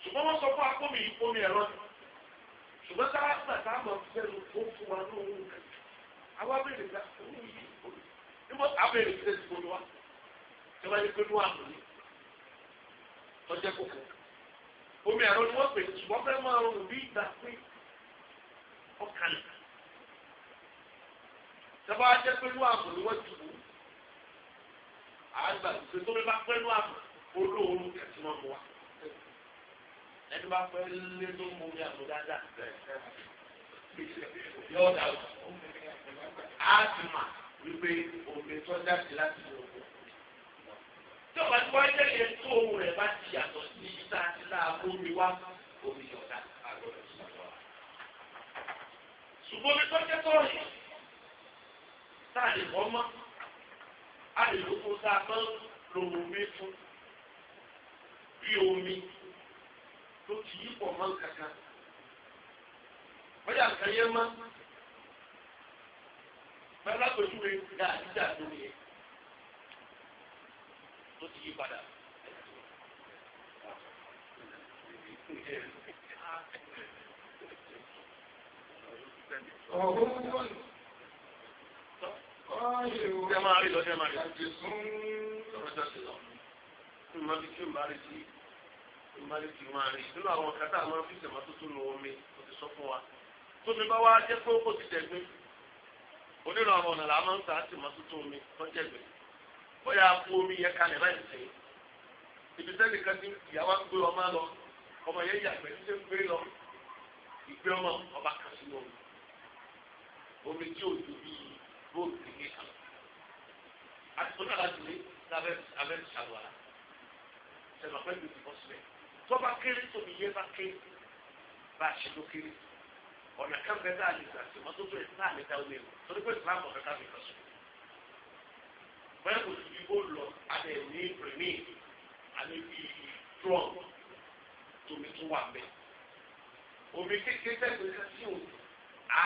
ṣùgbọ́n wọ́n sọ fún akómi yìí fún mi ẹ̀rọ ni. ṣùgbọ́n tá a gbà tá a mọ̀ sẹ́nu ó fún wa ní òun rẹ̀. àwa béèrè ká òun yìí níbo abèrè ṣe ti gbóni wa. tọ́ba yẹ pé ní wàá mú ni. tọ́jà kókó. omi ẹ̀rọ ni wọ́n pè ṣùgbọ́n fẹ́ máa rọrùn bí ìgbà pé ọkàlẹ̀. tọ́ba jẹ́ pé ní wàá mú wọ́n ti wù ú àgbà tó tó bá pẹ́ nù àmọ́ olóòórùn kẹ̀sí máa mú wa ẹni bá pẹ́ lé tó mú mi àmọ́ dáadáa yóò dà o á ti mà wípé òfin tó dási láti lò ó tí ọba tí wọ́n jẹ́ yẹn tó ohun rẹ̀ bá ti yàtọ̀ sí ìta àti láàbò mi wá omi yọ̀dá àgbọ̀dọ̀ sọ̀rọ̀ ṣùgbọ́n mi tó jẹ́ tọ́ọ̀rì táà lè bọ́ mọ́ àlùkò tá a máa ń omi fún bí omi tó ti yí pọ̀ mọ́ kankan bóyá nǹkan yẹn mọ́ pẹ̀lú rẹ̀ dá àdídà lórí ẹ̀ tó ti yí padà. Oh, ṣe máa rí lọ ṣe máa rí lọ. Ìmọ̀ bí kí n bá rí sí n bá rí sí máa rí. Nínú àwọn kàtà máa fi tẹ̀mọ́ tó tún lọ omi kò ti sọ fún wa. Tómi bá wá jẹ́ pé ó ti tẹ̀gbẹ́. Onírọ̀ àwọn ọ̀nà làá máa ń ta tẹ̀mọ́ tó tún omi tó jẹ̀gbẹ́. Bóyá a fún omi yẹn kalẹ̀ láì sẹ́yìn. Ibi sẹ́ni kan ti ìyàwó gbé ọmọ lọ. Ọmọ yẹn yàgbẹ́ tí ṣe ń gbé lọ. Ìgbé ọmọ ọba kà sínú omi. Omi tí ò ju bíi bóòlù ti ní àlọ́ àtìkò náà láti rí lábẹ́ abẹ́ ìṣàlùwàlà ṣẹlẹ̀ ọ̀pẹ́ mi ti bọ́ sílẹ̀ tó bá kéré tómi yé bá ké bá a ṣe ló kéré ọ̀nà kẹ́mẹ́ bá a lè gbà sí mọ́tò tó yẹ bá a lè dá omi mọ́ torí pé ìsìlámù ọ̀fẹ́ ká fi kàn sùn. bẹ́ẹ̀ kò sí ibo lọ abẹ́ ní pèmí àlẹ́ bí drọ́m tómi tó wà mẹ́. omi kékeré tẹ́gbẹ̀ẹ́ sí òun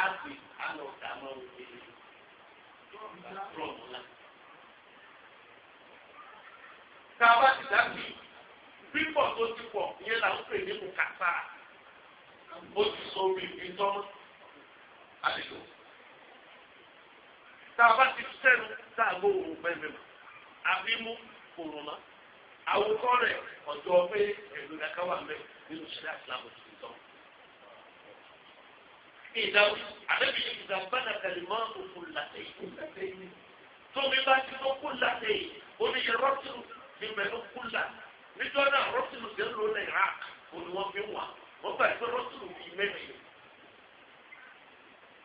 àgbè àlọ́ ọ̀dà máa ń wọlé rọ̀mù tá a bá ti dá sí pípọ̀ tó ti pọ̀ ìyẹn là ń pè ní bùkátàrà ó ti sọ ìbí tọ́mọ́ àdìgbò. tá a bá ti sẹ́nu tá a gbọ́ òun bẹ́ẹ̀ mọ́ àbí mú òun mọ́ àwòkọ́ rẹ̀ ọ̀dọ́ pé ẹ̀rù ìdákáwà mẹ́ nínú ṣẹlẹ̀ àti làbọ̀ tó ti tọ́ ìdá àdébí ìdá bàtà kàlímọ́ òfò làtẹ̀ yìí tómi bá ti tó kú làtẹ̀ yìí oníṣẹ́ rọ́tìlù ti mẹ́lú kú là nítorí náà rọ́tìlù ti ń lò ní iraq òní wọ́n fi wà wọ́n gbà pé rọ́tìlù ti mẹ́rin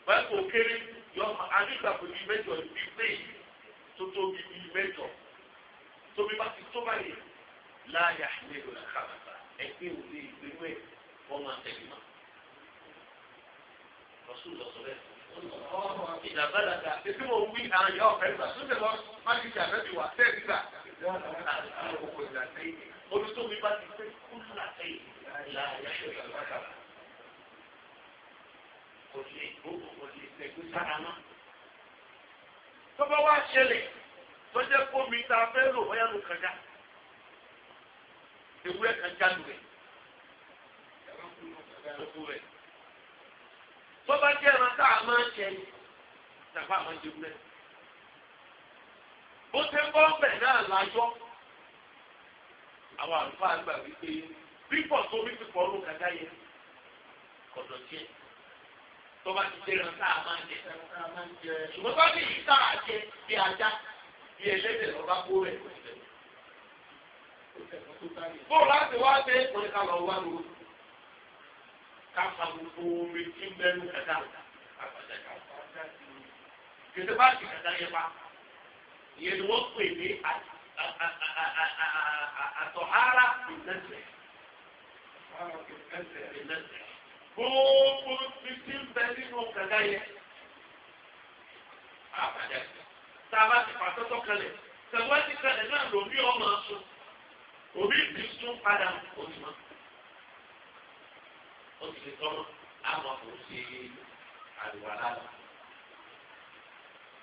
báyìí kò kéré yọ àdìgbàpọ̀ bíi mẹ́jọ bíi bẹ́ẹ̀ tó tóbi bíi mẹ́jọ tómi bá ti tó báyìí láàyè àìlè lọ́la kàbàtà ẹ̀ òde ìgbéwẹ̀ ọmọ àtẹ̀lé náà. Rasul lọ sọ bẹ́ẹ̀. Ìjàmbára ta ètò mo wí àwọn ìyá ọ̀fẹ́ gbà tó tẹ̀lọ́ má ti jà fẹ́bi wà tẹ́ gbígbà. Olùsọ́mi bá ti pé kúlù àtẹ̀yìn láàyè àṣẹ ìgbà kò lè gbogbo kò lè tẹ̀gbẹ́ sára náà. Tọ́ba wá ṣẹlẹ̀ tó jẹ́ kómi tá a fẹ́ lò wáyà ló kọjá. Ewúrẹ́ kan já lù rẹ̀. Ẹ̀rọ kúrò rẹ̀ bó bá jẹ́ ẹran tá a máa ń jẹ ni tàbá àwọn jẹ wúlẹ̀. bó ṣe ń bọ́ bẹ̀ náà lájọ́ àwọn àlùfáà gbà wípé pípọ̀ tó bí pípọ̀ ló kàdá yẹ kọ̀dọ̀ jẹ́ tó bá ti jẹ́ ẹran tá a máa ń jẹ ṣùgbọ́n bá ní ìta àjẹ bí ajá bí ẹlẹ́dẹ̀ lọ́ba kó rẹ̀ kó bó o láti wá dé oníkàlọ́ wá lóru káfa gbogbo omi tí ń bẹnu kàtà àgbàdo kàtà. Kìtì bá ti kàtà yẹn pa. Ìyẹn ni wọ́n pè ní àtọ̀hárà ìdẹ́sẹ̀. Gbogbo omi tí ń bẹ nínú kàtà yẹn. Àgbàdo kàtà. Tá a bá ti pàtó tó kalẹ̀. Tẹ̀wé ti kalẹ̀ náà lòmí ọmọ sùn. Òbí ti sún padà òtún ó ti fi tán àmọ́ kò ṣe àlùwà lára.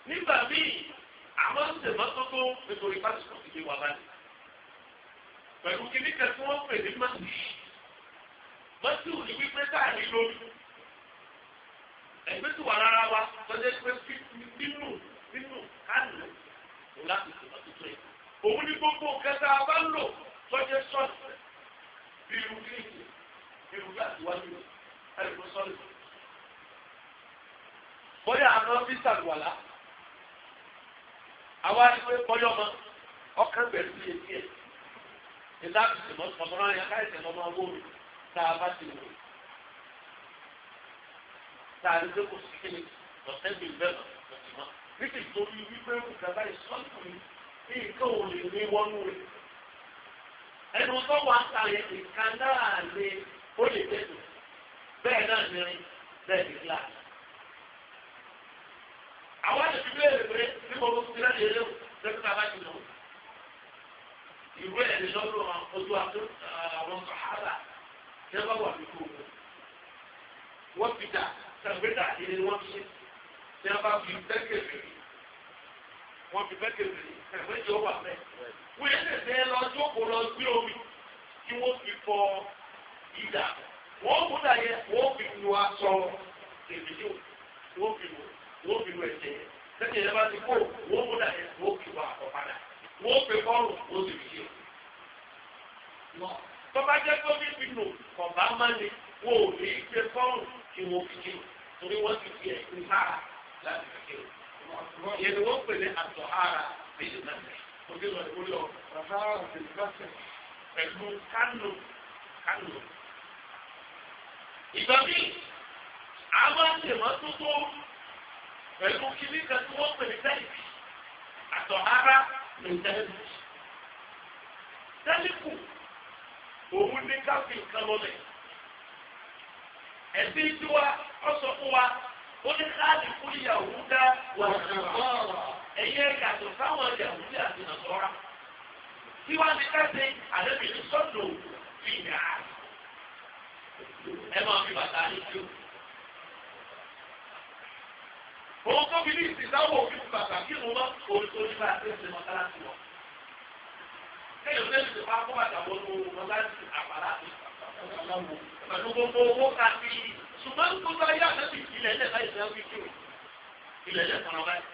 nígbà míì àmọ́ ń tẹ̀ mọ́tótó nítorí pásítọ̀ ti gbé wa báyìí. pẹ̀lú kíní kan tí wọ́n pè ní mọ́tì mọ́tì ò ní wípé táà ní lórí. ẹgbẹ́ tí wà rárá wa tọ́jú pé nínú nínú kánú òun láti tẹ̀ mọ́tótó yìí. òun ní gbogbo kẹta bá lò tọ́jú sọ́ọ̀tì bí irú kíní irúgbà síwájú ẹ̀rọ sọ́ọ̀lù. bóyá àwọn bísà lù wàlá àwa ni wọ́n kọ́yọ́ mọ́ ọkàn bẹ̀rù sí etí ẹ̀ ìdá ìsìnmọ́ ọ̀mọ́rán yẹn káyọ̀sẹ̀ lọ́mọ owó mi tá a bá ti wò tá a lè dé kò sí kí ni lọ́sẹ̀ mi bẹ́ẹ̀ lọ lọ́sẹ̀ mọ́ nítorí torí wípé nǹkan báyìí sọ́ọ̀tù mi ní nǹkan ò ní wọ́nú rẹ̀ ẹnu tó wà á ta yẹn nǹkan ó lè tẹ̀sù bẹ́ẹ̀ náà ní rí bẹ́ẹ̀ ní kíláàsì. àwọn àti bíbélì rẹ̀ pé bí mo bó ti rẹ́ lé léwu dókítà bá ti lò ó ìwé ẹ̀rí lọ́dún ojú àtún ah, àwọn sàhálà ṣé wọ́n wà lóko wọ́n fi dà sàgbéta ìdí ni wọ́n ṣe ṣé wọ́n bá fi bẹ́kẹ̀rì wọ́n fi bẹ́kẹ̀rì ẹ̀fẹ́ jọ wà mẹ́. wọ́n yẹn tẹ̀sẹ̀ lọ jókòó lọ gbé omi kí wọ́n fi fọ ìdá wọ́n mú dà yẹ wọ́n fi nu aṣọ èmi yóò wọ́n fi nu wọ́n fi nu ẹ̀jẹ̀ yẹ lẹ́yìn ìyẹn bá ti kó wọ́n mú dà yẹ wọ́n fi wà ọ̀ padà wọ́n fi kọ́rùn wọ́n sì fi yẹ. tọ́ba jẹ́ pé fífi nù ọ̀bá máa ní wọ́n ò ní gbé kọ́rùn kí wọ́n fi yẹ torí wọ́n ti fi ẹ̀ ń sára láti fi yẹ. ìyẹn ni wọ́n pè ní àtọ̀hárà bíi nàìjíríà òbí lọ ìwúlẹ̀ ọ̀ ìgbà míì a máa ń tèmọ́tótó pẹ̀lú kíní kan tí wọ́n pè ní tẹ́lifì àtọ̀hárá ní tẹ́lifì. tẹ́lifù òun ní káfí nǹkan lọ́lẹ̀. ẹ̀sìn tiwa ọ sọ fún wa ó ní káàdì fún ìyàwó dá wà nàbọ̀rọ̀ ẹ̀yẹ yàtọ̀ sáwọn ìyàwó dá àti nàbọ̀rọ̀. tiwa ní ká àlẹ́ mi ní sọ́dọ̀ ìyá ẹ máa fi bàtà yín jó. òun tó fi ní ìsìnkáwò òfin fún bàtà kí òun má òun tó ní bá a ṣe ń ṣe mọ́sálásí lọ. kéèyàn lè ṣe fáwọn bàtà wọn ló mọ́sálásí àpàlà pẹ̀lú gbogbo owó káfí ṣùgbọ́n gbogbo ayé àtẹ́bí ilẹ̀ ilẹ̀ báyìí ṣe ń fi kí o ilẹ̀ ilẹ̀ kan báyìí.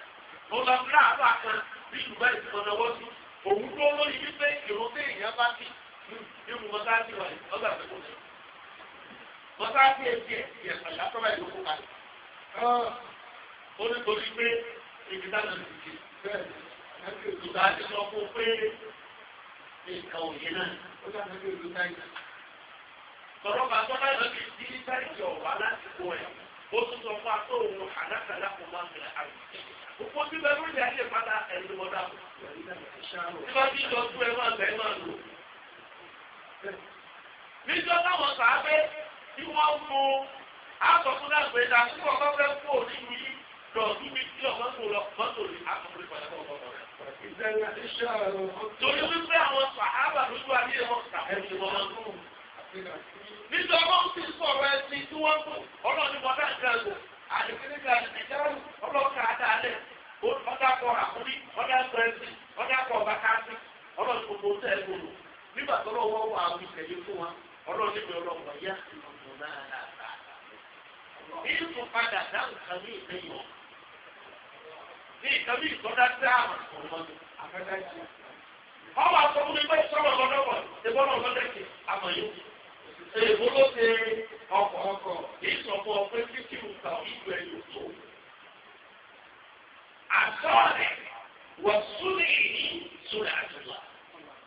mo lọ sí àbá kan bí ṣùgbọ́n ìtàn náwó sí òun tó lórí wípé ìròtẹ́ ìyẹn bá ti ní ìmúmọ́sáàtì wà ní ọgbà àtẹ́kọ̀ọ́ bọ́sá bí ẹsẹ̀ ẹ̀ pẹ̀lú àtọ́lá ìlú kó kalẹ̀. Ah, ó ní torí pé ibi dáná ti di ìgbà tí sọ fún pé nǹkan òye náà ó dáná bí olú táyì. sọ̀rọ̀ bá tọ́lá ìlú ti di táyì ọ̀wá láti kó ẹ̀ ó tún sọ fún ató òun àdákàlà kò máa ń bẹ̀rẹ̀ àrùn. Òpó tí bẹ́ẹ̀ ló yà padà ẹ̀rù ọ̀dà. Tí wọ́n ti jọ fún ẹ máa bẹ̀ẹ́ máa lò. Níjọ́ táwọn sàá bẹ́ẹ̀ tí wọ́n ń mu aṣọ fún náà pé ta tí wọ́n bá fẹ́ kú òní mi lọ sí mi tí ọ̀gá tó lọ mọ́tò lè àkọ́kọ́rẹ́ padà bọ̀ bọ̀ bọ̀. torí wípé àwọn sàhábà lójú ayé wọn sàhẹ́bí wọn máa ń mú. nítorí wọn ti sọ̀rọ̀ ẹsìn tí wọ́n mú ọlọ́run ní bọ́dá ìgbàgbọ́ àdìgbélé ga ẹ̀jẹ̀ ọlọ́ọ̀ka àdáálẹ̀ ọ̀dà kọ àkúrí ọ̀dà kọ ẹsìn ọ̀dà kọ bàkàtì ọlọ́run gbogbo tẹ̀ ẹ̀ gbòòrò nígbà tó lọ́wọ́ wọ àwọn ìṣẹ̀lẹ̀ fún wa ọlọ́run níbi ọlọ́run ọ̀yá ìmọ̀ máa là bá. Èyí tó padà dáhùn kan ní ìlú yìí. Ní ìtọ́jú ìtọ́já dáhùn ọ̀rọ̀ àfẹ́fẹ́ sí. Ọwọ́ àtọ́ fún mi pé sọ́wọ́ lọ́dọ̀wọ̀ ṣẹ́gbọ́n náà lọ́dẹ̀ kì àmọ̀ yóò. Èèbó ló ṣe ọkọ̀ ọkọ̀. Èyí sọ fún ọ pé fífi ìta ìlú ẹ̀ yóò tó. Àtọ́rẹ̀ wọ̀ súnì ìní súnì àtúnlá.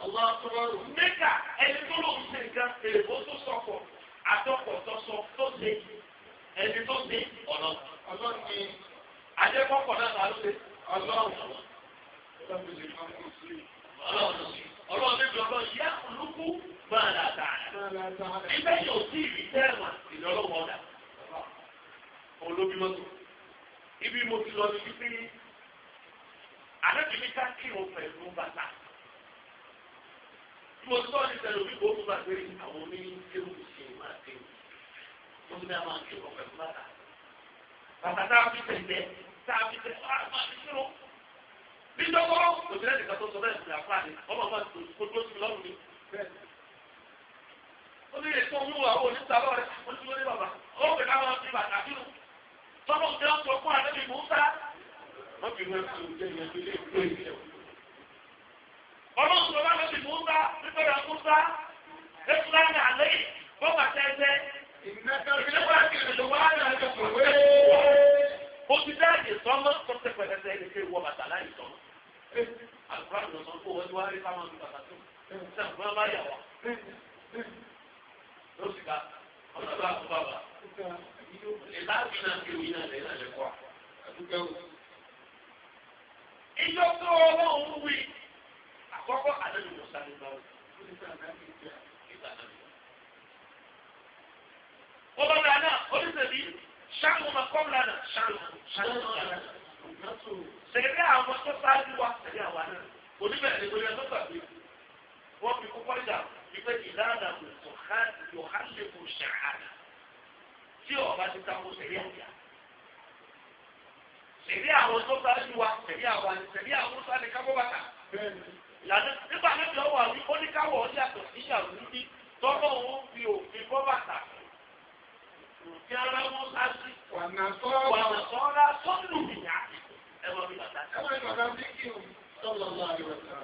Ọlọ́run mẹ́ta ẹni tó lóun ṣe nǹkan èèbó tó sọ̀kọ̀ atọ́kọ̀ tó sọ tó ṣe ẹni tó ṣe ọ̀nà ọlọ́run ni adékọ́kọ̀ náà ta ló ṣe ọlọ́run ọlọ́run ọlọ́run níbi ọlọ́run yá olúkú máa là dáadáa ibẹ̀ yóò sí ìtẹ́ẹ̀mà ìlọ́lọ́wọ́ ọ̀dà olóbi mọ́tò ibi mo ti lọ ní wípé àdébìmí ká kírun pẹ̀lú bàtà mo sọ ní sẹ́lẹ̀ òbí kò fún àgbẹ̀ àwọn oníyìn tí ó ṣe máa dé o mo ní a máa ń kéwọ́ pẹ̀lú bàtà bàtà tá a fi tẹ̀lé tá a fi tẹ̀lé a máa fi dúró nídọ́gbọ́ òbílẹ̀ nìkan tó sọ bẹ́ẹ̀ fún àpá ni ọmọ máa tó kó tó sí lọ́rùn mi bẹ́ẹ̀ ó ní èso ń wà ó ní sábà rẹ̀ ó ní wọlé bàbá ó pè káwọn fi bàtà bínú tọ́lọ́ ọlọ́run tó bá lọ sí múta nítorí múta ẹ̀fúlá ní alẹ́ fọ́ọ̀mù àtẹ́gbẹ́. ìnáwó àti ìdòwò àná ẹ̀jẹ̀ kò wé. ó ti dá àyè sọ́mọ́ tó ti pẹ̀lẹ́sẹ̀ ẹni tí ìwọ ìjọ tó ọlọ́run wí àkọ́kọ́ àdéhùn musa ní báwo. wọ́n bá dáa náà oníṣẹ́bí ṣáàmù máa kọ́ lánà ṣáàmù ṣáàmù lánà. sèkèrè àwọn tó sáájú wa sẹ́yìn àwa náà oníbẹ̀rẹ̀ ni wọ́n yẹ lọ́gbà pé wọ́n fi kókó ìjà wípé ìdáàdà kò yọ̀hálẹ̀kù ṣàhádà tí ọba ti ta ko sẹ̀rí àjà sẹ̀rí àwọn tó sáájú wa sẹ̀rí àwa sẹ̀rí àwọn tó sáájú kábọ́ bàtà ìyàtọ̀ nígbà méjì ọwọ́ àbí oníkàwọ̀ yàtọ̀ sí yàrúbí tọ́lọ́ òun fi òfin bọ́ bàtà kí ara wọn bá sí. wàhánà sọ́ra sọ́nù ìyá ẹ̀rọ mi bàtà. ẹ̀rọ mi bàtà sí kí o sọ́lọ́ lọ àyè wọ̀tà.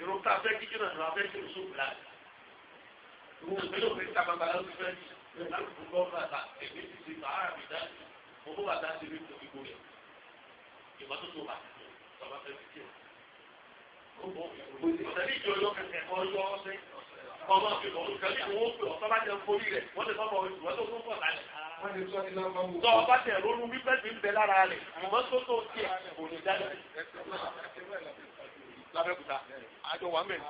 Èrò tá a fẹ́ kíkí náà ló fẹ́ kí o sóògùn láti. Ìwọ̀n ìgbélé òfin tábàbà lọ́sí fẹ́ kí. Láti fún bọ́ọ̀lù àtà èmi ti owó bàtà ti rí ìtòkì gbòòrè ìgbà tó tó bàtà bàbá fẹ́ fi kí o. Òtẹ̀lí ìjọ yọ kẹ̀kẹ́ kọ́ yọ ọ́sẹ́. Ọmọ fi bọ̀ òtẹ̀lí ìwọ pé ọ̀sán bá jẹ forí rẹ̀ wọ́n lè sọ́mọ ìwọ́n tó tó pọ̀ lálẹ́. Tọ́ ọba tẹ̀ ronú wípé ti ń bẹ lára rẹ̀ àmọ́ tó tó tiẹ̀ kò ní dálẹ̀. Lábẹ́kúta, àjọ wà mẹ́rin.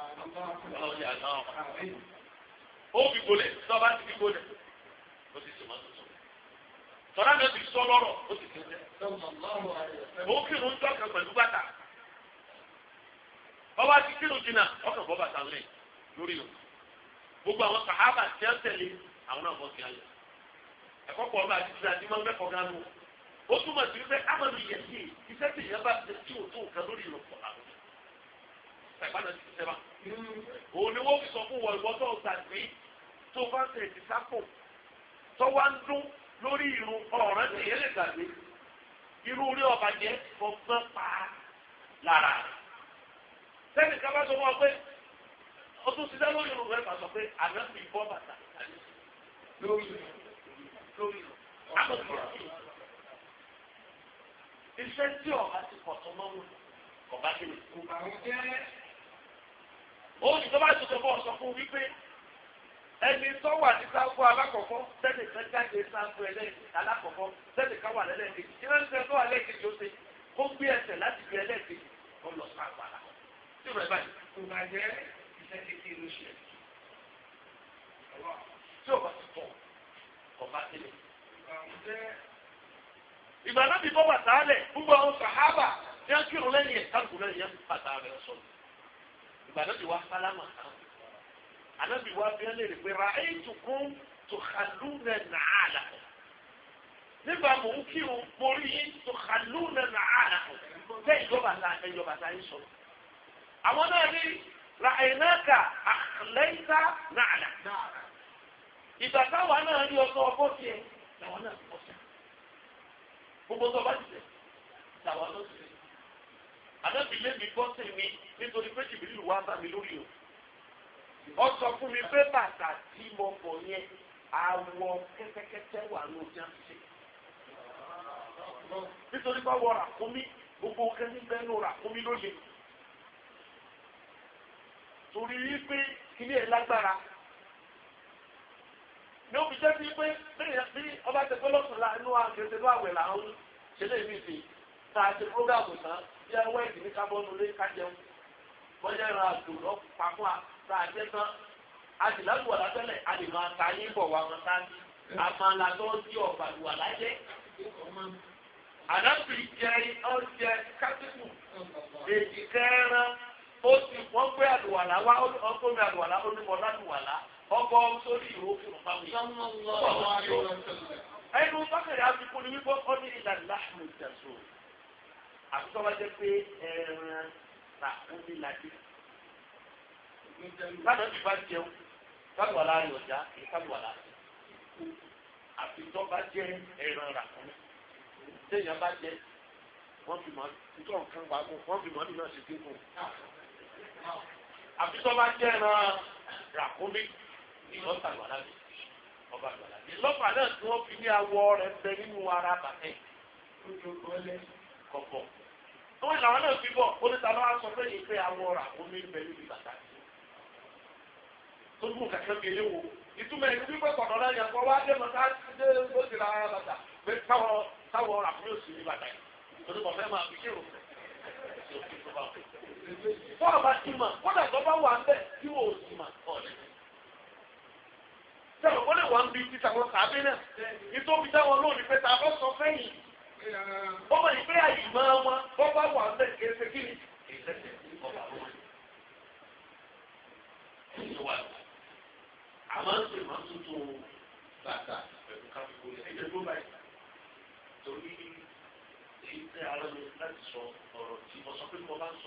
Ó fi gbolẹ̀, tọ́ bá ti fi gbolẹ̀, ó ti sùn mọ́ tuntun. tọ́lá náà ti sọ lọ́rọ̀ ó sì kéde. ó kírun ń tọ́kàn pẹ̀lú bàtà. ọba ti kírun jìnnà ọkàn bọ́ bàtà lórí o. gbogbo àwọn sàhábà tí wọ́n tẹ̀lé àwọn náà bọ́ sí ayọ̀. ẹ̀kọ́ pọ̀ ọba àti ìdílé àti máa ń mẹ́kọ̀ọ́ ó túmọ̀ sí wípé amadu yẹ iṣẹ́ tí ìyẹn bá ti tí ò tó nǹkan lórí ìrọ̀pọ̀ náà ti òun ni wọ́n fi sọ fún wọ lórí irun ọ̀rẹ́ tí yẹn gbàgbé irú orí ọba jẹ́ fọgbọ́n pa lára sẹ́ni ká bá sọ wọn pé ó tún ti dá lórí irun rẹ̀ pàṣọ pé àná fi bọ́ bàtà lórí lórí àgbẹ̀kọ̀. iṣẹ́ tí ọba ti pọ̀ tó mọ́wọ́ ọba ti lè kú. ó ní tó bá ti sọ fún ọ sọ fún wípé ẹni tó wà ní sáfù alákọ̀ọ́kọ́ sẹ́ni kan jáde sáfù ẹlẹ́ẹ̀kejì alákọ̀ọ́kọ́ sẹ́ni kan wà lẹ́lẹ́ẹ̀kejì ìrẹ́ ń sẹ́ni tó wà lẹ́ẹ̀kejì ó ṣe kó gbé ẹsẹ̀ láti fi ẹlẹ́ẹ̀kejì kó lọ sáfù alákọ̀ọ́kọ́. tí o bá bá yìí tó bá jẹ́ iṣẹ́ kékeré ló ṣe tí o bá ti tọ̀ ọba tẹ̀lé. ìgbà náà bí bọ́wà sálẹ̀ gbogbo àwọn sàhábà yẹn kírun lẹ́yìn ẹ̀ anábì wa bí wọn lè rí pé ra'aytukum tukhalluna nàálà nígbà mò ń kírun mo rí yín tukhalluna nàálà bẹ́ẹ̀ ìjọba ta ìjọba ta yín sọ̀rọ̀ àwọn náà ní ra'aynaka akhlaita nàálà ìgbà táwa náà rí ọsọ ọgbọ́n tiẹ̀ làwọn náà kọ́ sí gbogbo tó bá ti tẹ̀ làwọn náà ti tẹ̀ lé mi gbọ́ sí nítorí pé jìbìlì wà bá mi lórí o ó sọ fún mi pé bàtà tí mo bọ̀ yẹn àwọ̀ kẹ́tẹ́kẹ́tẹ́ wà ló jẹ́ ṣe. nítorí bá wọ ràkúnmí gbogbo kẹ́ni bẹ́ẹ̀ ló ràkúnmí lóye. torí wípé kíní ẹ̀ lágbára ní òbí jẹ́ bíi pé bí ọba ti pé lọ́sùn la inú àgbẹ̀sẹ̀ ló àwẹ̀ làwọn ṣe lè mí sí ta àti prógáàmù tán bí ẹwẹ́ ìdí ní kábọ́nù lé kájẹun bọ́jà ìran àdùn lọ́pàá fún wa tá a jẹ́ tán a sì láti wà látẹ́lẹ̀ a lè máa ta yín bọ̀ wá wọn sáájú àmàlà tó ń di ọ̀gbà wà láyé àdábì jẹ ọjẹ kásìkù èjì kẹrin ó ti wọ́n gbé àlùwàlá wá ọkọ mi àlùwàlá ó ní mọ lálùwàlá ọgbọ sórí ìró fún báwí. ẹnu bákàrẹ àfikún ni wípé ó ní ìlànà láàmú ìjà sóò àtúntò wájẹ pé ẹran tàkùn ní làdí lánàá ti bá jẹun káwọ láàrin ọjà káwọ láàrin àfi tó bá jẹ ẹran rà fún mi téèyàn bá jẹ wọn fi mọ nítorí nǹkan pa mọ wọn fi mọ nínú ọsẹ tó kù àfi tó bá jẹ ẹran rà fún mi ìlọ kàwọ láàrin ọba àgbàlá yìí lọ́pàá náà tí wọ́n fi ní awọ rẹ̀ bẹ nínú ara bàtẹ́ kọ̀pọ̀. wọ́n làwọn náà fi bọ̀ oníta lọ́wọ́ sọ pé awọ rà omi bẹ níbi bàtà tó dùn kàkẹ́ bí eléwo ìtumọ̀ ẹni wípé kọ̀dọ̀ náà yẹn kọ́ wá dé mọ̀ sáà dé ó ti ra bàtà pé káwọ káwọ àfúrò sí ní bàtà yìí torí kọ̀ fẹ́ máa fi kírun fún àbá ti mà kódà tó bá wà bẹ́ẹ̀ tí wò ó ti mà ọ̀lẹ́ sẹ́wọ̀n ó lè wà ń bi títa wọn kàbí náà ìtòbi táwọn lónìí pé tá a bá sọ fẹ́yìn ó mọ̀ ìpé àyè máa wọn bó bá wà bẹ́ẹ̀ kéésì kí ni èyí tẹ̀sí ọ̀bà wọn a máa ń ṣe máa tuntun bàtà pẹ̀lú káfíkó ní ẹ̀jẹ̀ tó báyìí torí èyí tẹ́ ara mi láti sọ ọ̀rọ̀ tí mo sọ pé mo bá ń sọ